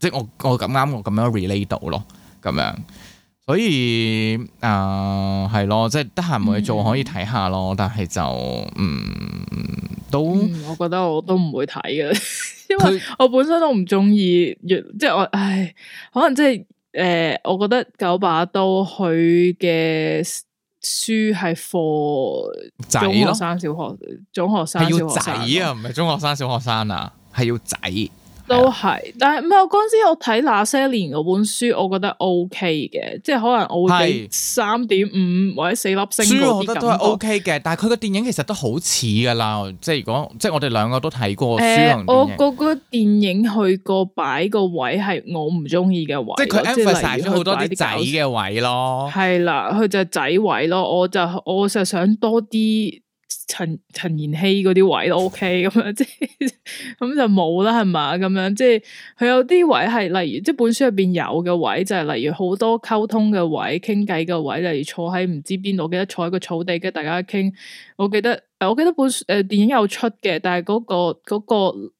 即係我我咁啱我咁樣 relate 到咯，咁樣。可以啊，係、呃、咯，即係得閒冇去做可以睇下咯，但係就嗯都嗯，我覺得我都唔會睇嘅，因為我本身都唔中意，即係我唉，可能即係誒、呃，我覺得九把刀佢嘅書係課仔咯，中學生、小學、中學生、學生要仔啊，唔係、啊、中學生、小學生啊，係要仔。都係，但係唔係我嗰陣時我睇《那些年》嗰本書，我覺得 O K 嘅，即係可能我會俾三點五或者四粒星嗰啲感覺。我覺得都係 O K 嘅，但係佢個電影其實都好似噶啦，即係如果即係我哋兩個都睇過書、欸、我個個電影去過擺個位係我唔中意嘅位，即係佢 emphasis 咗好多啲仔嘅位咯。係啦，佢就仔位咯，我就我就想多啲陳陳妍希嗰啲位都 O K 咁樣。即係。 就冇啦，係嘛咁樣，即係佢有啲位係，例如即係本書入邊有嘅位，就係、是、例如好多溝通嘅位、傾偈嘅位，例如坐喺唔知邊度，記得坐喺個草地嘅大家傾。我記得，我記得本誒、呃、電影有出嘅，但係嗰、嗰個、嗰個嗰個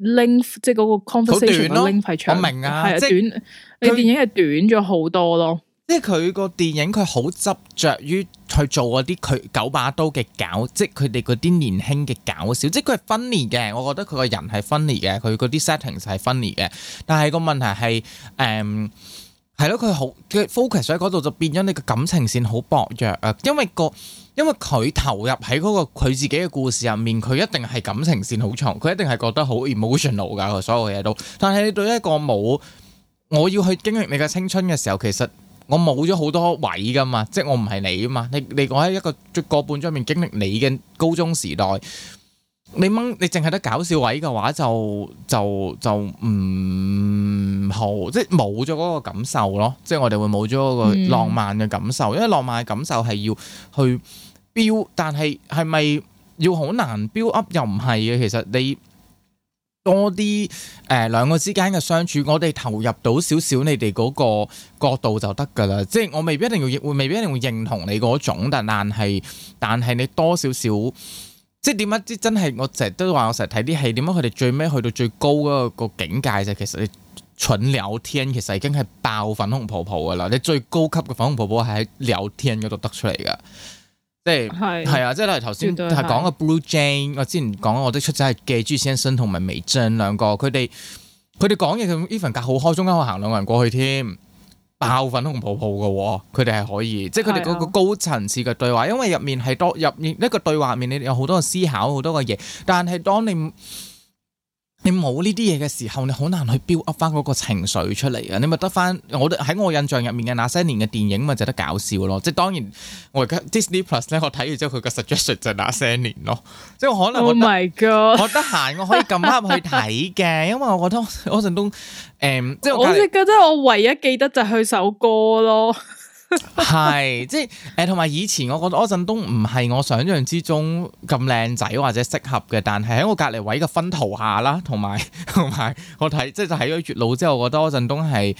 link 即係嗰個 conversation 好短咯，我明啊，係啊對是短，他你電影係短咗好多咯，即係佢個電影佢好執着於。去做嗰啲佢九把刀嘅搞，即佢哋嗰啲年輕嘅搞笑，即佢係分裂嘅。我覺得佢個人係分裂嘅，佢嗰啲 settings 係分裂嘅。但係個問題係誒係咯，佢好佢 focus 喺嗰度，就變咗你嘅感情綫好薄弱啊。因為個因為佢投入喺嗰個佢自己嘅故事入面，佢一定係感情綫好長，佢一定係覺得好 emotional 㗎。所有嘢都，但係你對一個冇我要去經歷你嘅青春嘅時候，其實。我冇咗好多位噶嘛，即係我唔係你啊嘛。你你我喺一個個半小時裡面經歷你嘅高中時代，你掹你淨係得搞笑的位嘅話就，就就就唔好，即係冇咗嗰個感受咯。即係我哋會冇咗個浪漫嘅感受，嗯、因為浪漫嘅感受係要去 build，但係係咪要好難 build up？又唔係嘅，其實你。多啲誒兩個之間嘅相處，我哋投入到少少你哋嗰個角度就得噶啦。即係我未必一定會，未必一定會認同你嗰種，但但係但係你多少少，即係點解？即真係我成日都話，我成日睇啲戲，點解佢哋最尾去到最高嗰個境界就，其實你純聊天其實已經係爆粉紅泡泡噶啦。你最高級嘅粉紅泡泡係喺聊天嗰度得出嚟噶。即係係啊！即係例如頭先係講嘅 Bluejay，對我之前講我都出咗係傑朱先生同埋眉俊兩個，佢哋佢哋講嘢佢 even 隔好開，中間可以行兩個人過去添，爆粉紅泡泡嘅喎，佢哋係可以，對即係佢哋嗰個高層次嘅對話，因為入面係多入面一個對話面，你哋有好多嘅思考，好多嘅嘢，但係當你。你冇呢啲嘢嘅時候，你好難去 build up 翻嗰個情緒出嚟啊！你咪得翻，我喺我印象入面嘅那些年嘅電影咪就得搞笑咯。即係當然，我而家 Disney Plus 咧，我睇完之後佢個 suggestion 就那些年咯。即係我可能我覺，Oh m my 我得閒我可以撳翻入去睇嘅，因為我覺得柯震東誒，即係我只覺得我唯一記得就係佢首歌咯。係，即係誒，同埋以前我覺得柯震東唔係我想象之中咁靚仔或者適合嘅，但係喺我隔籬位嘅熏陶下啦，同埋同埋我睇，即係就睇咗月老之後，我覺得柯震東係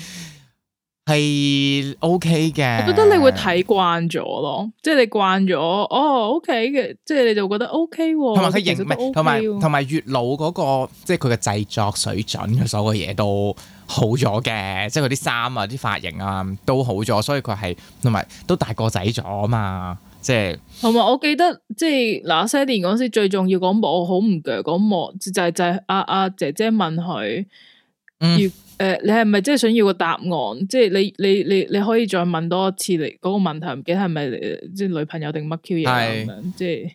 係 O K 嘅。OK、我覺得你會睇慣咗咯，即係你慣咗哦 O K 嘅，即係你就覺得 O、OK、K。同埋佢認唔同埋同埋月老嗰、嗰個，即係佢嘅製作水準，佢所有嘢都。好咗嘅，即係佢啲衫啊、啲髮型啊都好咗，所以佢係同埋都大個仔咗嘛，即係。同埋我記得即係、就是、那些年嗰時最重要嗰幕，我好唔鋸嗰幕就係、是、就係阿阿姐姐問佢，嗯，誒、呃、你係咪即係想要個答案？即、就、係、是、你你你你可以再問多一次你嗰、那個問題，唔記得係咪即係女朋友定乜 Q 嘢，即係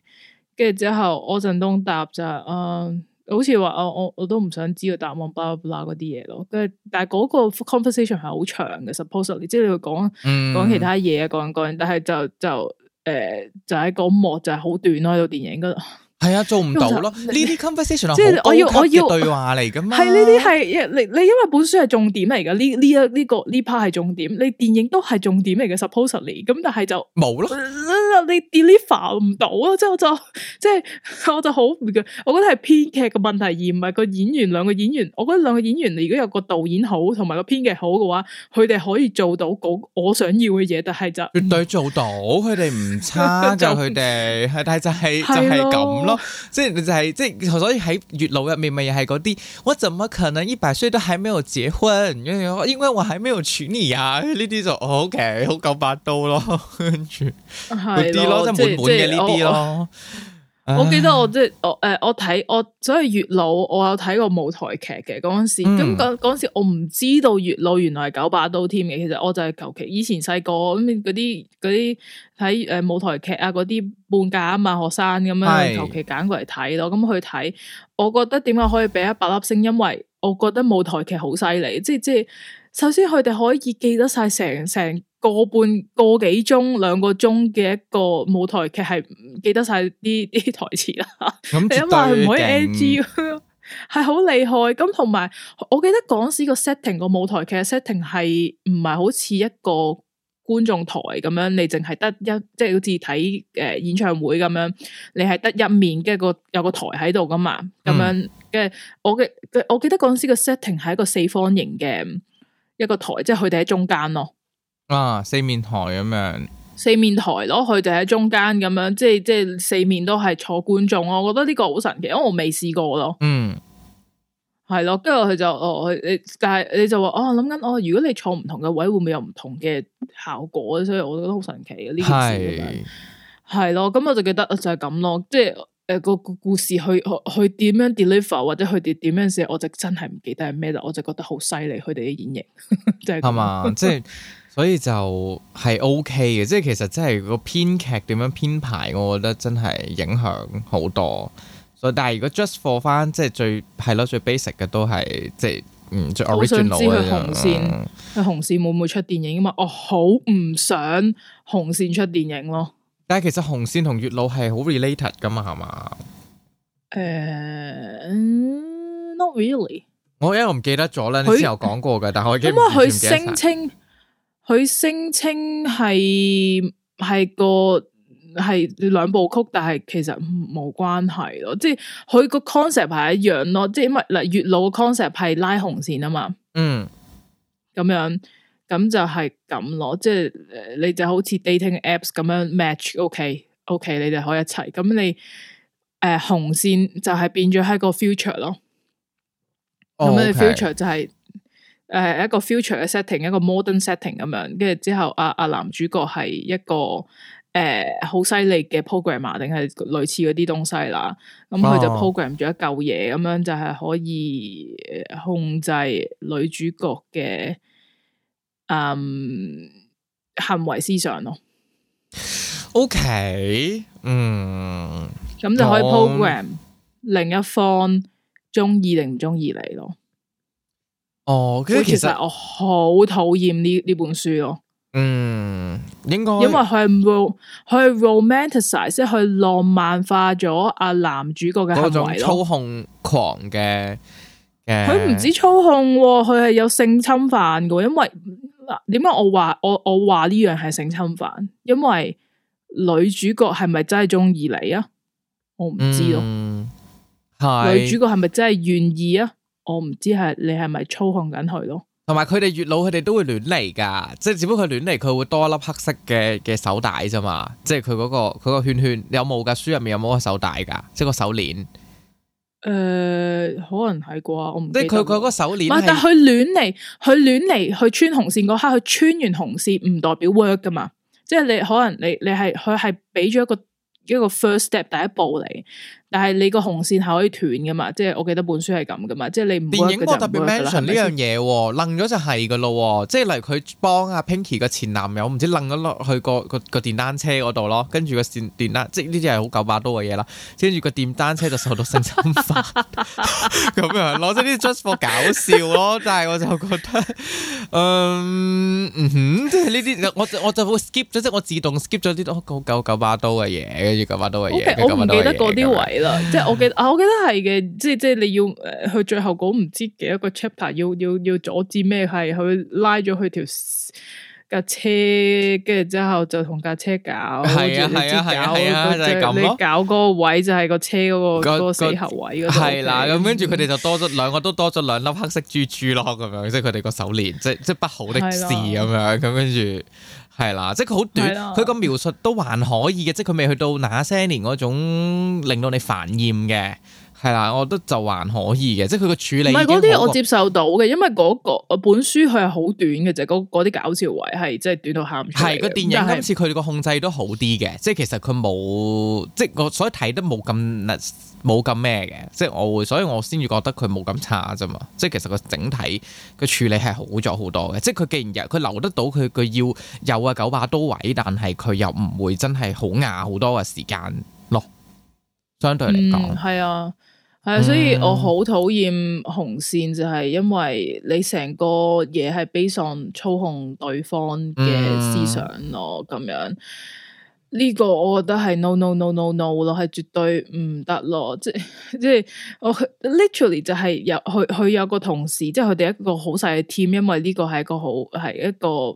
跟住之後我，柯震東答就嗯、是。呃好似話我我我都唔想知道答案，blah blah blah 嗰啲嘢咯。跟住、嗯，但係嗰個 conversation 係好長嘅，supposedly，即係你會講講其他嘢啊，講講，但係就就誒，就喺、呃、個幕就係好短咯，喺度電影嗰度。 係啊、嗯，做唔到咯！呢啲，嗯、conversation 係好高級嘅對話嚟噶嘛？係呢啲係你你因為本書係重點嚟噶，呢呢一呢個呢，呢個呢個呢個 part 係重點，你電影都係重點嚟嘅。Supposedly，咁但係就冇咯，呃，你 deliver 唔到咯！即係我就即係我就好唔，我覺得係編劇嘅問題，而唔係個演員兩個演員。我覺得兩個演員，如果有個導演好同埋個編劇好嘅話，佢哋可以做到我想要嘅嘢，但係就絕對，嗯嗯、做到，佢哋唔差噶，佢哋係，但係就係、係，就係咁咯。就係即係喺，即係 所以喺月老入面咪又係嗰啲，我怎麼可能一百歲都還沒有結婚？因為我還沒有娶你啊！呢啲就 OK，好嘅，好夠八刀咯，跟住呢啲咯，即係滿滿嘅呢啲咯。Uh, 我記得我即係我誒，我睇我，我所以月老，我有睇過舞台劇嘅嗰陣時，咁陣、嗯、時我唔知道月老原來係九把刀添嘅。其實我就係求其以前細個咁嗰啲啲睇誒舞台劇啊嗰啲半價啊嘛學生咁樣求其揀過嚟睇咯。咁是去睇，我覺得點解可以俾一百粒星？因為我覺得舞台劇好犀利，即係即係，首先佢哋可以記得晒成成。個半個幾鐘、兩個鐘嘅一個舞台劇係唔記得晒啲啲台詞啦。咁絕對唔可以 NG 咯，係好厲害。咁同埋，我記得嗰陣時個 setting 個舞台劇 setting 係唔係好似一個觀眾台咁樣？你淨係得一即係好似睇誒演唱會咁樣，你係得一面嘅個有個台喺度噶嘛？咁、嗯、樣嘅我嘅我記得嗰陣時個 setting 係一個四方形嘅一個台，即係佢哋喺中間咯。四面台咁樣，四面台咯，佢就喺中間咁樣，即係即係四面都係坐觀眾。我覺得呢個好神奇，因為我未試過咯。嗯，係咯，跟住佢就哦，你但係你就話哦，諗緊哦，如果你坐唔同嘅位，會唔會有唔同嘅效果？所以我都覺得好神奇。呢件事係、就、係、是、係咯，咁、嗯、我就記得就係咁咯，即係誒個故事去去點樣 deliver 或者去點點樣寫，我就真係唔記得係咩啦。我就覺得好犀利，佢哋嘅演繹 就係咁啊，即係 。所以就係 O K 嘅，即係其實真係個編劇點樣編排，我覺得真係影響好多。所以但係如果 just for 翻，即係最係咯最 basic 嘅都係即係嗯，最 original 我想知佢紅線，佢、啊、紅線，紅線會唔會出電影啊嘛？我好唔想紅線出電影咯。但係其實紅線同月老係好 related 噶嘛，係嘛？誒、uh，not really。Oh, 我因為唔記得咗啦，你之前有講過嘅，他但係我已記，記得佢聲稱。嗯佢聲稱係係個係兩部曲，但係其實冇關係咯，即係佢個 concept 係一樣咯，即係因為嗱，月老嘅 concept 係拉紅線啊嘛，嗯，咁樣咁就係咁咯，即係你就好似 dating apps 咁樣 match，ok，ok，、okay, okay, 你哋可以一齊，咁你誒、呃、紅線就係變咗喺個 future 咯，咁、哦 okay. 你 future 就係、是。誒，一個 future 嘅 setting，一個 modern setting 咁樣，跟住之後阿阿、啊、男主角係一個誒好、呃、犀利嘅 programmer，定係類似嗰啲東西啦。咁、嗯、佢就 program 咗一嚿嘢，咁樣就係可以控制女主角嘅嗯行為思想咯。OK，嗯，咁就可以 program 另一方中意定唔中意你咯。哦，其實，其實我好討厭呢呢本書咯。嗯，應該因為佢係 ro, romanticize，即係佢浪漫化咗阿男主角嘅行為咯。操控狂嘅，佢、呃、唔止操控，佢係有性侵犯嘅。因為點解我話我我話呢樣係性侵犯？因為女主角係咪真係中意你啊？我唔知咯。嗯、女主角係咪真係願意啊？我唔知係你係咪操控緊佢咯，同埋佢哋月老佢哋都會亂嚟噶，即係只不過佢亂嚟佢會多一粒黑色嘅嘅手帶啫嘛，即係佢嗰個佢個圈圈有冇噶？書入面有冇個手帶噶？即係個手鏈。誒、呃，可能係啩，我唔知即係佢佢個手鏈。但係佢亂嚟，佢亂嚟，佢穿紅線嗰刻，佢穿完紅線唔代表 work 噶嘛，即係你可能你你係佢係俾咗一個一個 first step 第一步嚟。但係你個紅線係可以斷嘅嘛？即係我記得本書係咁嘅嘛？即係你唔。電影冇特別 mention 呢樣嘢，楞咗就係嘅咯。即係例如佢幫阿 Pinky 嘅前男友，唔知楞咗落去個個個電單車嗰度咯。跟住個電電單，即係呢啲係好九把刀嘅嘢啦。跟住個電單車就受到性侵犯咁樣，攞咗啲 just for 搞笑咯。 但係我就覺得，嗯，嗯，即係呢啲我我就會 skip 咗，即係我自動 skip 咗啲九九九把刀嘅嘢，跟住 Okay, 九把刀嘅嘢，得嗰啲位。 即係我記得，我記得係嘅，即係即係你要，佢、呃、最後嗰唔知幾多個 chapter 要要要阻止咩，係佢拉咗佢條架車，跟住之後就同架車搞，係 啊係啊係啊，就係、是、咁你搞嗰個位就係個車嗰、嗰個四個死後位，係啦、啊。咁跟住佢哋就多咗兩個，都多咗兩粒黑色珠珠咯，咁樣即係佢哋個手鏈，即係即係不好的事咁樣，咁跟住。係啦，即係佢好短，佢個對啦 描述都還可以嘅，即係佢未去到那些年嗰種令到你煩厭嘅。係啦，我覺得就還可以嘅，即係佢個處理。唔係嗰啲我接受到嘅，因為嗰、嗰個本書佢係好短嘅啫，嗰嗰啲搞笑位係即係短到喊。係個電影今次佢哋個控制都好啲嘅，即係是其實佢冇，即係我所以睇得冇咁嗱，冇咁咩嘅，即係我會所以我先至覺得佢冇咁差啫嘛。即係其實個整體個處理係好咗好多嘅，即係佢既然佢留得到佢佢要有啊九把刀位，但係佢又唔會真係好硬好多嘅時間咯。相對嚟講，係啊、嗯。係，所以我好討厭紅線，就係、是、因為你成個嘢係悲傷操控對方嘅思想咯，咁、嗯、樣呢、這個我覺得係 no no no no no 咯，係絕對唔得咯，即即係我 literally 就係有佢佢有個同事，即係佢哋一個好細嘅 team，因為呢個係一個好係一個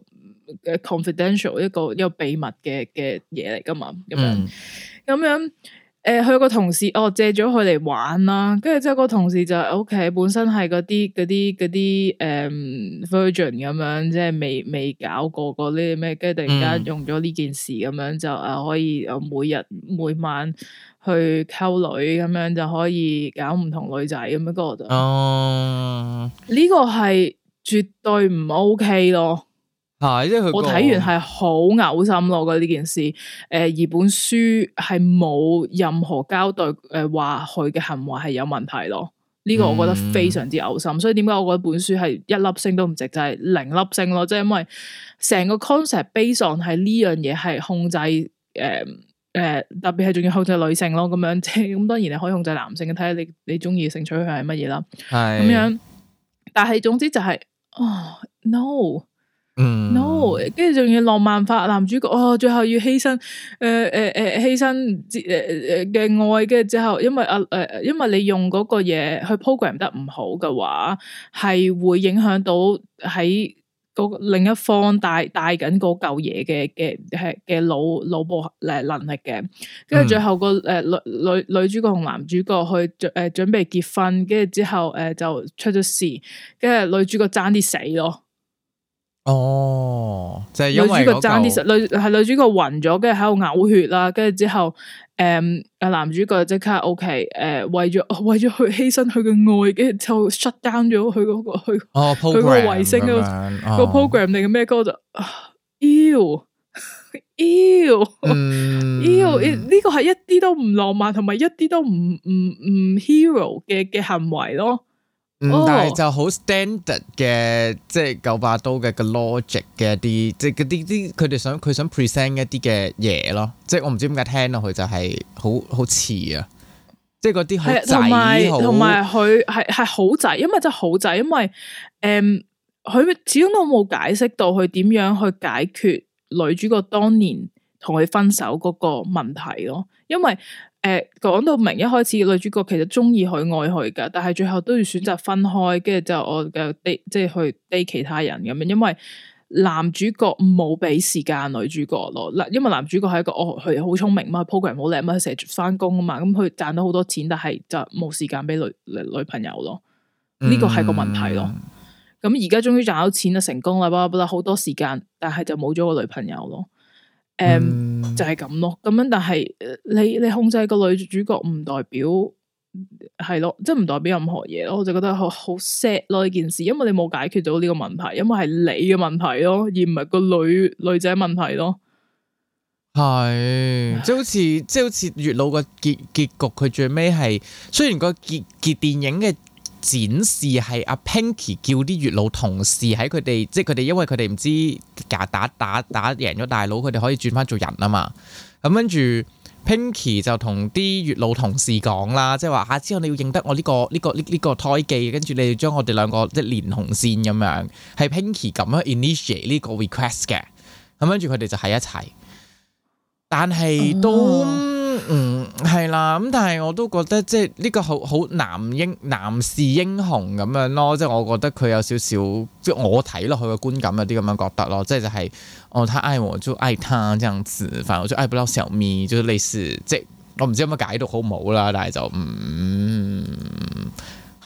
confidential 一個一個秘密嘅嘅嘢嚟噶嘛，咁樣咁樣。誒佢個同事哦借咗佢嚟玩啦，跟住之後個同事就屋企、okay, 本身係嗰啲啲啲誒 Virgin 咁樣，即係未未搞過嗰啲咩，跟住突然間用咗呢件事咁樣、嗯、就啊可以，每日每晚去溝女咁樣就可以搞唔同女仔咁樣嗰個就哦，呢個係絕對唔 OK 咯。係、啊，即係佢。我睇完係好嘔心咯，我覺得呢件事，誒、呃，而本書係冇任何交代，誒、呃，話佢嘅行為係有問題咯。呢、這個我覺得非常之嘔心，嗯、所以點解我覺得本書係一粒星都唔值，就係、是、零粒星咯。即、就、係、是、因為成個 concept based 喺呢樣嘢係控制，誒、呃、誒、呃，特別係仲要控制女性咯。咁樣，咁當然你可以控制男性嘅，睇下你你中意性取向係乜嘢啦。係咁樣，是但係總之就係、是，哦，no。no，跟住仲要浪漫化男主角哦，最後要犧牲，誒誒誒犧牲嘅愛跟住之後，因為啊誒、呃，因為你用嗰個嘢去 program 得唔好嘅話，係會影響到喺嗰另一方帶帶緊嗰舊嘢嘅嘅嘅腦腦部誒能力嘅，跟住最後、個誒、呃、女女女主角同男主角去誒準、呃、準備結婚，跟住之後誒、呃、就出咗事，跟住女主角爭啲死咯。哦，即、就、係、是那個、女主角爭啲實，女係女主角暈咗，跟住喺度嘔血啦，跟住之後，誒、嗯，阿男主角即刻 OK，誒，為咗為咗去犧牲佢嘅愛，跟住之後 shut down 咗佢嗰個佢，佢個衛星個 program 定嘅咩歌就，ew ew ew，呢個係一啲都唔浪漫，同埋一啲都唔唔唔 hero 嘅嘅行為咯。但係就好 standard 嘅，即係九把刀嘅個 logic 嘅一啲，即係嗰啲啲，佢哋想佢想 present 一啲嘅嘢咯，即係我唔知點解聽落去就係好好似啊，即係嗰啲好仔，同埋佢係係好仔，因為真係好仔，因為誒，佢、嗯、始終都冇解釋到佢點樣去解決女主角當年同佢分手嗰個問題咯，因為。誒，講到明一開始女主角其實中意佢愛佢噶，但係最後都要選擇分開，跟住就我嘅即係去 date 其他人咁樣，因為男主角冇俾時間女主角咯。嗱，因為男主角係一個哦佢好聰明嘛，program 好叻嘛，成日翻工啊嘛，咁佢賺到好多錢，但係就冇時間俾女女朋友咯。呢個係個問題咯。咁而家終於賺到錢啦，成功啦，卜卜啦，好多時間，但係就冇咗個女朋友咯。誒，um, 就係咁咯，咁樣但，但係你你控制個女主角唔代表係咯，即係唔代表任何嘢咯，我就覺得好好 sad 咯呢件事，因為你冇解決到呢個問題，因為係你嘅問題咯，而唔係個女女仔問題咯。係，即係好似，即係好似月老個結結局，佢最尾係雖然個結結電影嘅。展示係阿 Pinky 叫啲月老同事喺佢哋，即係佢哋因為佢哋唔知打打打打贏咗大佬，佢哋可以轉翻做人啊嘛。咁跟住 Pinky 就同啲月老同事講啦，即係話下次你要認得我呢個呢個呢呢個胎記，跟住你哋將我哋兩個即係連紅線咁樣，係 Pinky 咁樣 initiate 呢個 request 嘅。咁跟住佢哋就喺一齊，但係都。嗯嗯，係啦，咁但係我都覺得即係呢個好好男英男士英雄咁樣咯，即係我覺得佢有少少即係我睇落去嘅觀感有啲咁樣覺得咯，即係就係、是、哦，他愛我就愛他，這樣子，反正我就愛不嬲小咪，就是、類似即我唔知有冇解讀好唔好啦，但係就唔。嗯嗯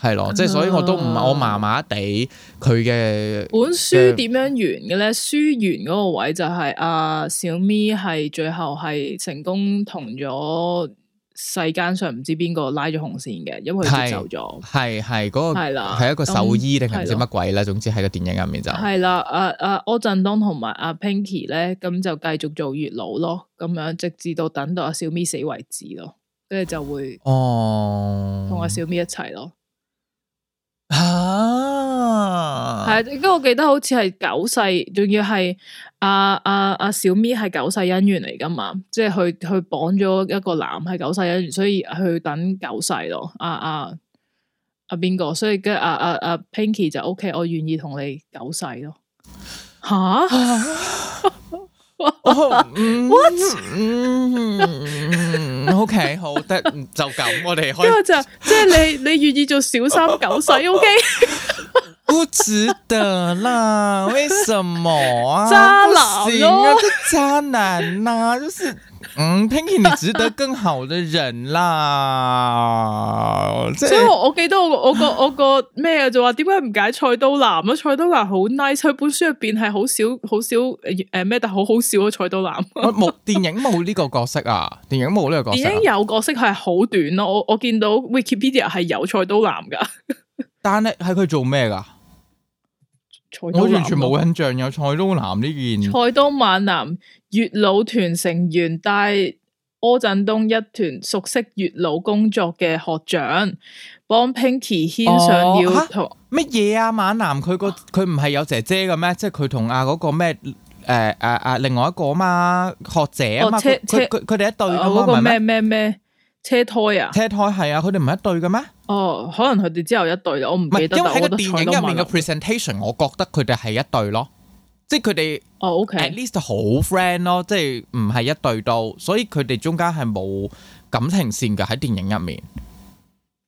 係咯，即係所以我都唔係我麻麻地佢嘅。本書點他樣完嘅咧？書完嗰個位就係、是、阿、啊、小咪係最後係成功同咗世間上唔知邊個拉咗紅線嘅，因為佢走咗。係係嗰個係啦，係一個獸醫定係唔知乜鬼啦，總之喺個電影入面就係啦。阿、啊、阿、啊、柯震東同埋阿 Pinky 咧，咁就繼續做月老咯，咁樣直至到等到阿小咪死為止咯，跟住就會哦同阿小咪一齊咯。Oh. 啊，係，跟我記得好似係九世，仲要係阿阿阿小咪係九世姻緣嚟㗎嘛，即係佢佢綁咗一個男係九世姻緣，所以去等九世咯，阿阿阿邊個，所以跟、啊、阿阿、啊、阿、啊、Pinky 就 OK，我願意同你九世咯，吓、啊。 w o k 好得，就咁，我哋可以，就是、 即係你你願意做小三九水 OK，不 值得啦，為什麼啊？渣男咯、啊，啊、渣男呐、啊，就是。嗯 Pinkie 你值得更好嘅人啦。 即係，所以我，我記得我我個我個咩就話，點解唔解菜刀男啊？菜刀男好 nice，佢本書入邊係好少好少誒咩、呃，但好好笑啊！菜刀男，冇電影，冇呢個角色啊，電影冇呢個角色、啊，已經有角色係好短咯。我我見到 Wikipedia 係有菜刀男噶， 但係喺佢做咩噶？我完全冇印象有蔡東男呢件。蔡東猛男，月老團成員，帶柯震東一團熟悉月老工作嘅學長，幫 Pinky 牽上要乜嘢啊？猛男佢，那個佢唔係有姐姐嘅咩？即係佢同阿嗰個咩？誒誒誒，另外一個嘛學姐啊嘛。佢佢哋一對噶嘛？唔係咩？呃？車胎啊！車胎係啊，佢哋唔係一對嘅咩？哦，可能佢哋只有一對，我唔記得到咯。唔係，因為喺個電影入面嘅 presentation，我覺得佢哋係一對咯，即係佢哋。哦，OK。At least 好 friend 咯，即係唔係一對到，所以佢哋中間係冇感情線嘅喺電影入面。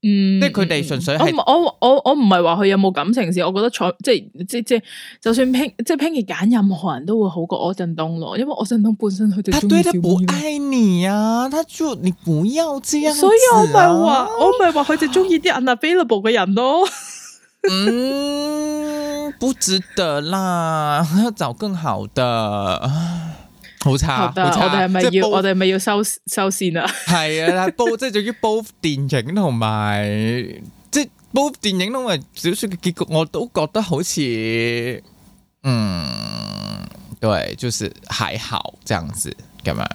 即係佢哋純粹係我我我唔係話佢有冇感情事，我覺得蔡即係即即就算拼即係 Pinky 揀任何人都會好過柯震東咯，因為柯震東本身佢就，他，他對他唔愛你啊，他就你唔要這啊。所以我咪係話我咪係話佢哋中意啲 unavailable 嘅人咯， 嗯，不值得啦，要找更好的。好差，行差我哋係咪要？即 both 我哋係咪要收收線啊？係 啊，但係煲即係至於煲電影同埋，即係煲電影因為小說嘅結局，我都覺得好似，嗯，對，就是還好這樣子咁樣。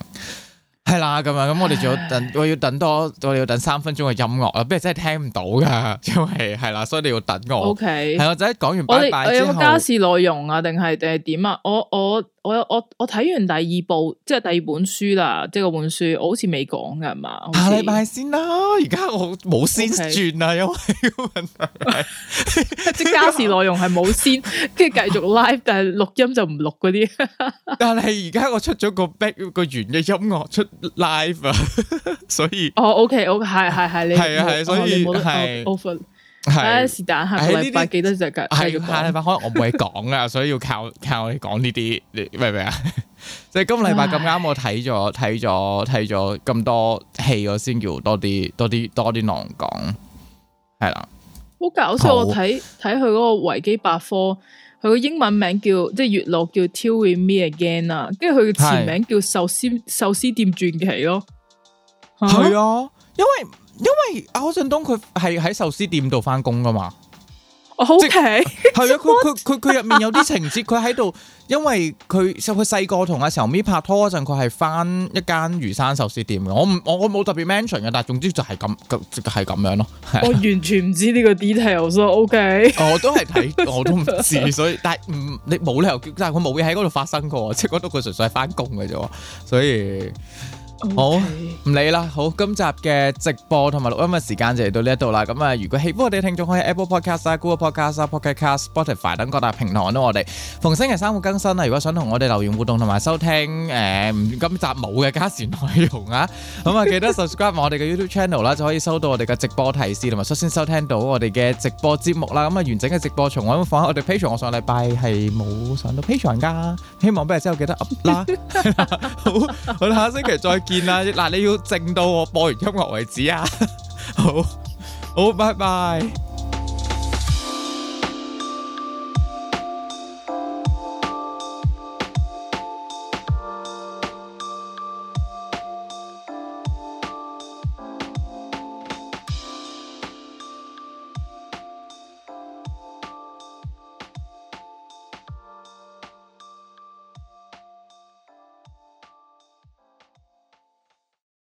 係啦，咁樣咁我哋仲要等，我 要等多，我哋要等三分鐘嘅音樂啊，不如真係聽唔到噶，因為係啦、就是，所以你要等我。O K，係我真係講完拜拜之後，我有加時內容啊，定係定係點啊？我我。我我我睇完第二部，即係第二本書啦，即係嗰本書，我好似未講噶係嘛？下禮拜先啦，而家我冇先轉啊，因為個問題即係家事內容係冇先，跟住繼續 live，但係錄音就唔錄嗰啲。但係而家我出咗個 big 個原嘅音樂出 live 啊，所以哦，OK，OK，係係係你係啊，所以係 open。係，是但下禮拜幾多隻腳？係，下禮拜可能我唔係講噶，所以要靠靠你講呢啲，你明唔明啊？即係今個禮拜咁啱，我睇咗睇咗睇咗咁多戲，我先叫多啲多啲多啲狼講，係啦。好搞笑！我睇睇佢嗰個維基百科，佢個英文名叫即係月老叫《Till We Meet Again》啦，跟住佢嘅前名叫壽司壽司店傳奇咯，係啊，因為。因為阿柯震東佢係喺壽司店度翻工噶嘛，我好奇係啊，佢佢佢佢入面有啲情節，佢喺度，因為佢佢細個同阿小咪拍拖嗰陣，佢係翻一間魚生壽司店嘅，我唔我我冇特別 mention 嘅，但係總之就係咁咁係咁樣咯。就是、樣 我完全唔知呢個 detail，我、so、話 OK，我都係睇，我都唔知，所以但係唔你冇理由，但係佢冇喺嗰度發生過，即係我佢純粹係翻工嘅啫，所以。Okay. 好，唔理啦，好今集嘅直播同埋錄音嘅時間就嚟到呢一度啦。咁啊，如果喜歡我哋嘅聽眾，可以 Apple Podcast 啊、Google Podcast 啊、Podcast、Spotify 等各大平台都我哋逢星期三會更新啦。如果想同我哋留言互動同埋收聽誒、嗯、今集冇嘅加時內容啊，咁啊記得 subscribe 我哋嘅 YouTube Channel 啦， 就可以收到我哋嘅直播提示同埋率先收聽到我哋嘅直播節目啦。咁啊完整嘅直播重溫放喺我哋 Patreon 我上個禮拜係冇上到 Patreon 噶。希望俾阿姐記得噏啦， 好，我哋，下個星期再見啦！嗱，你要靜到我播完音樂為止啊！好，好，拜拜。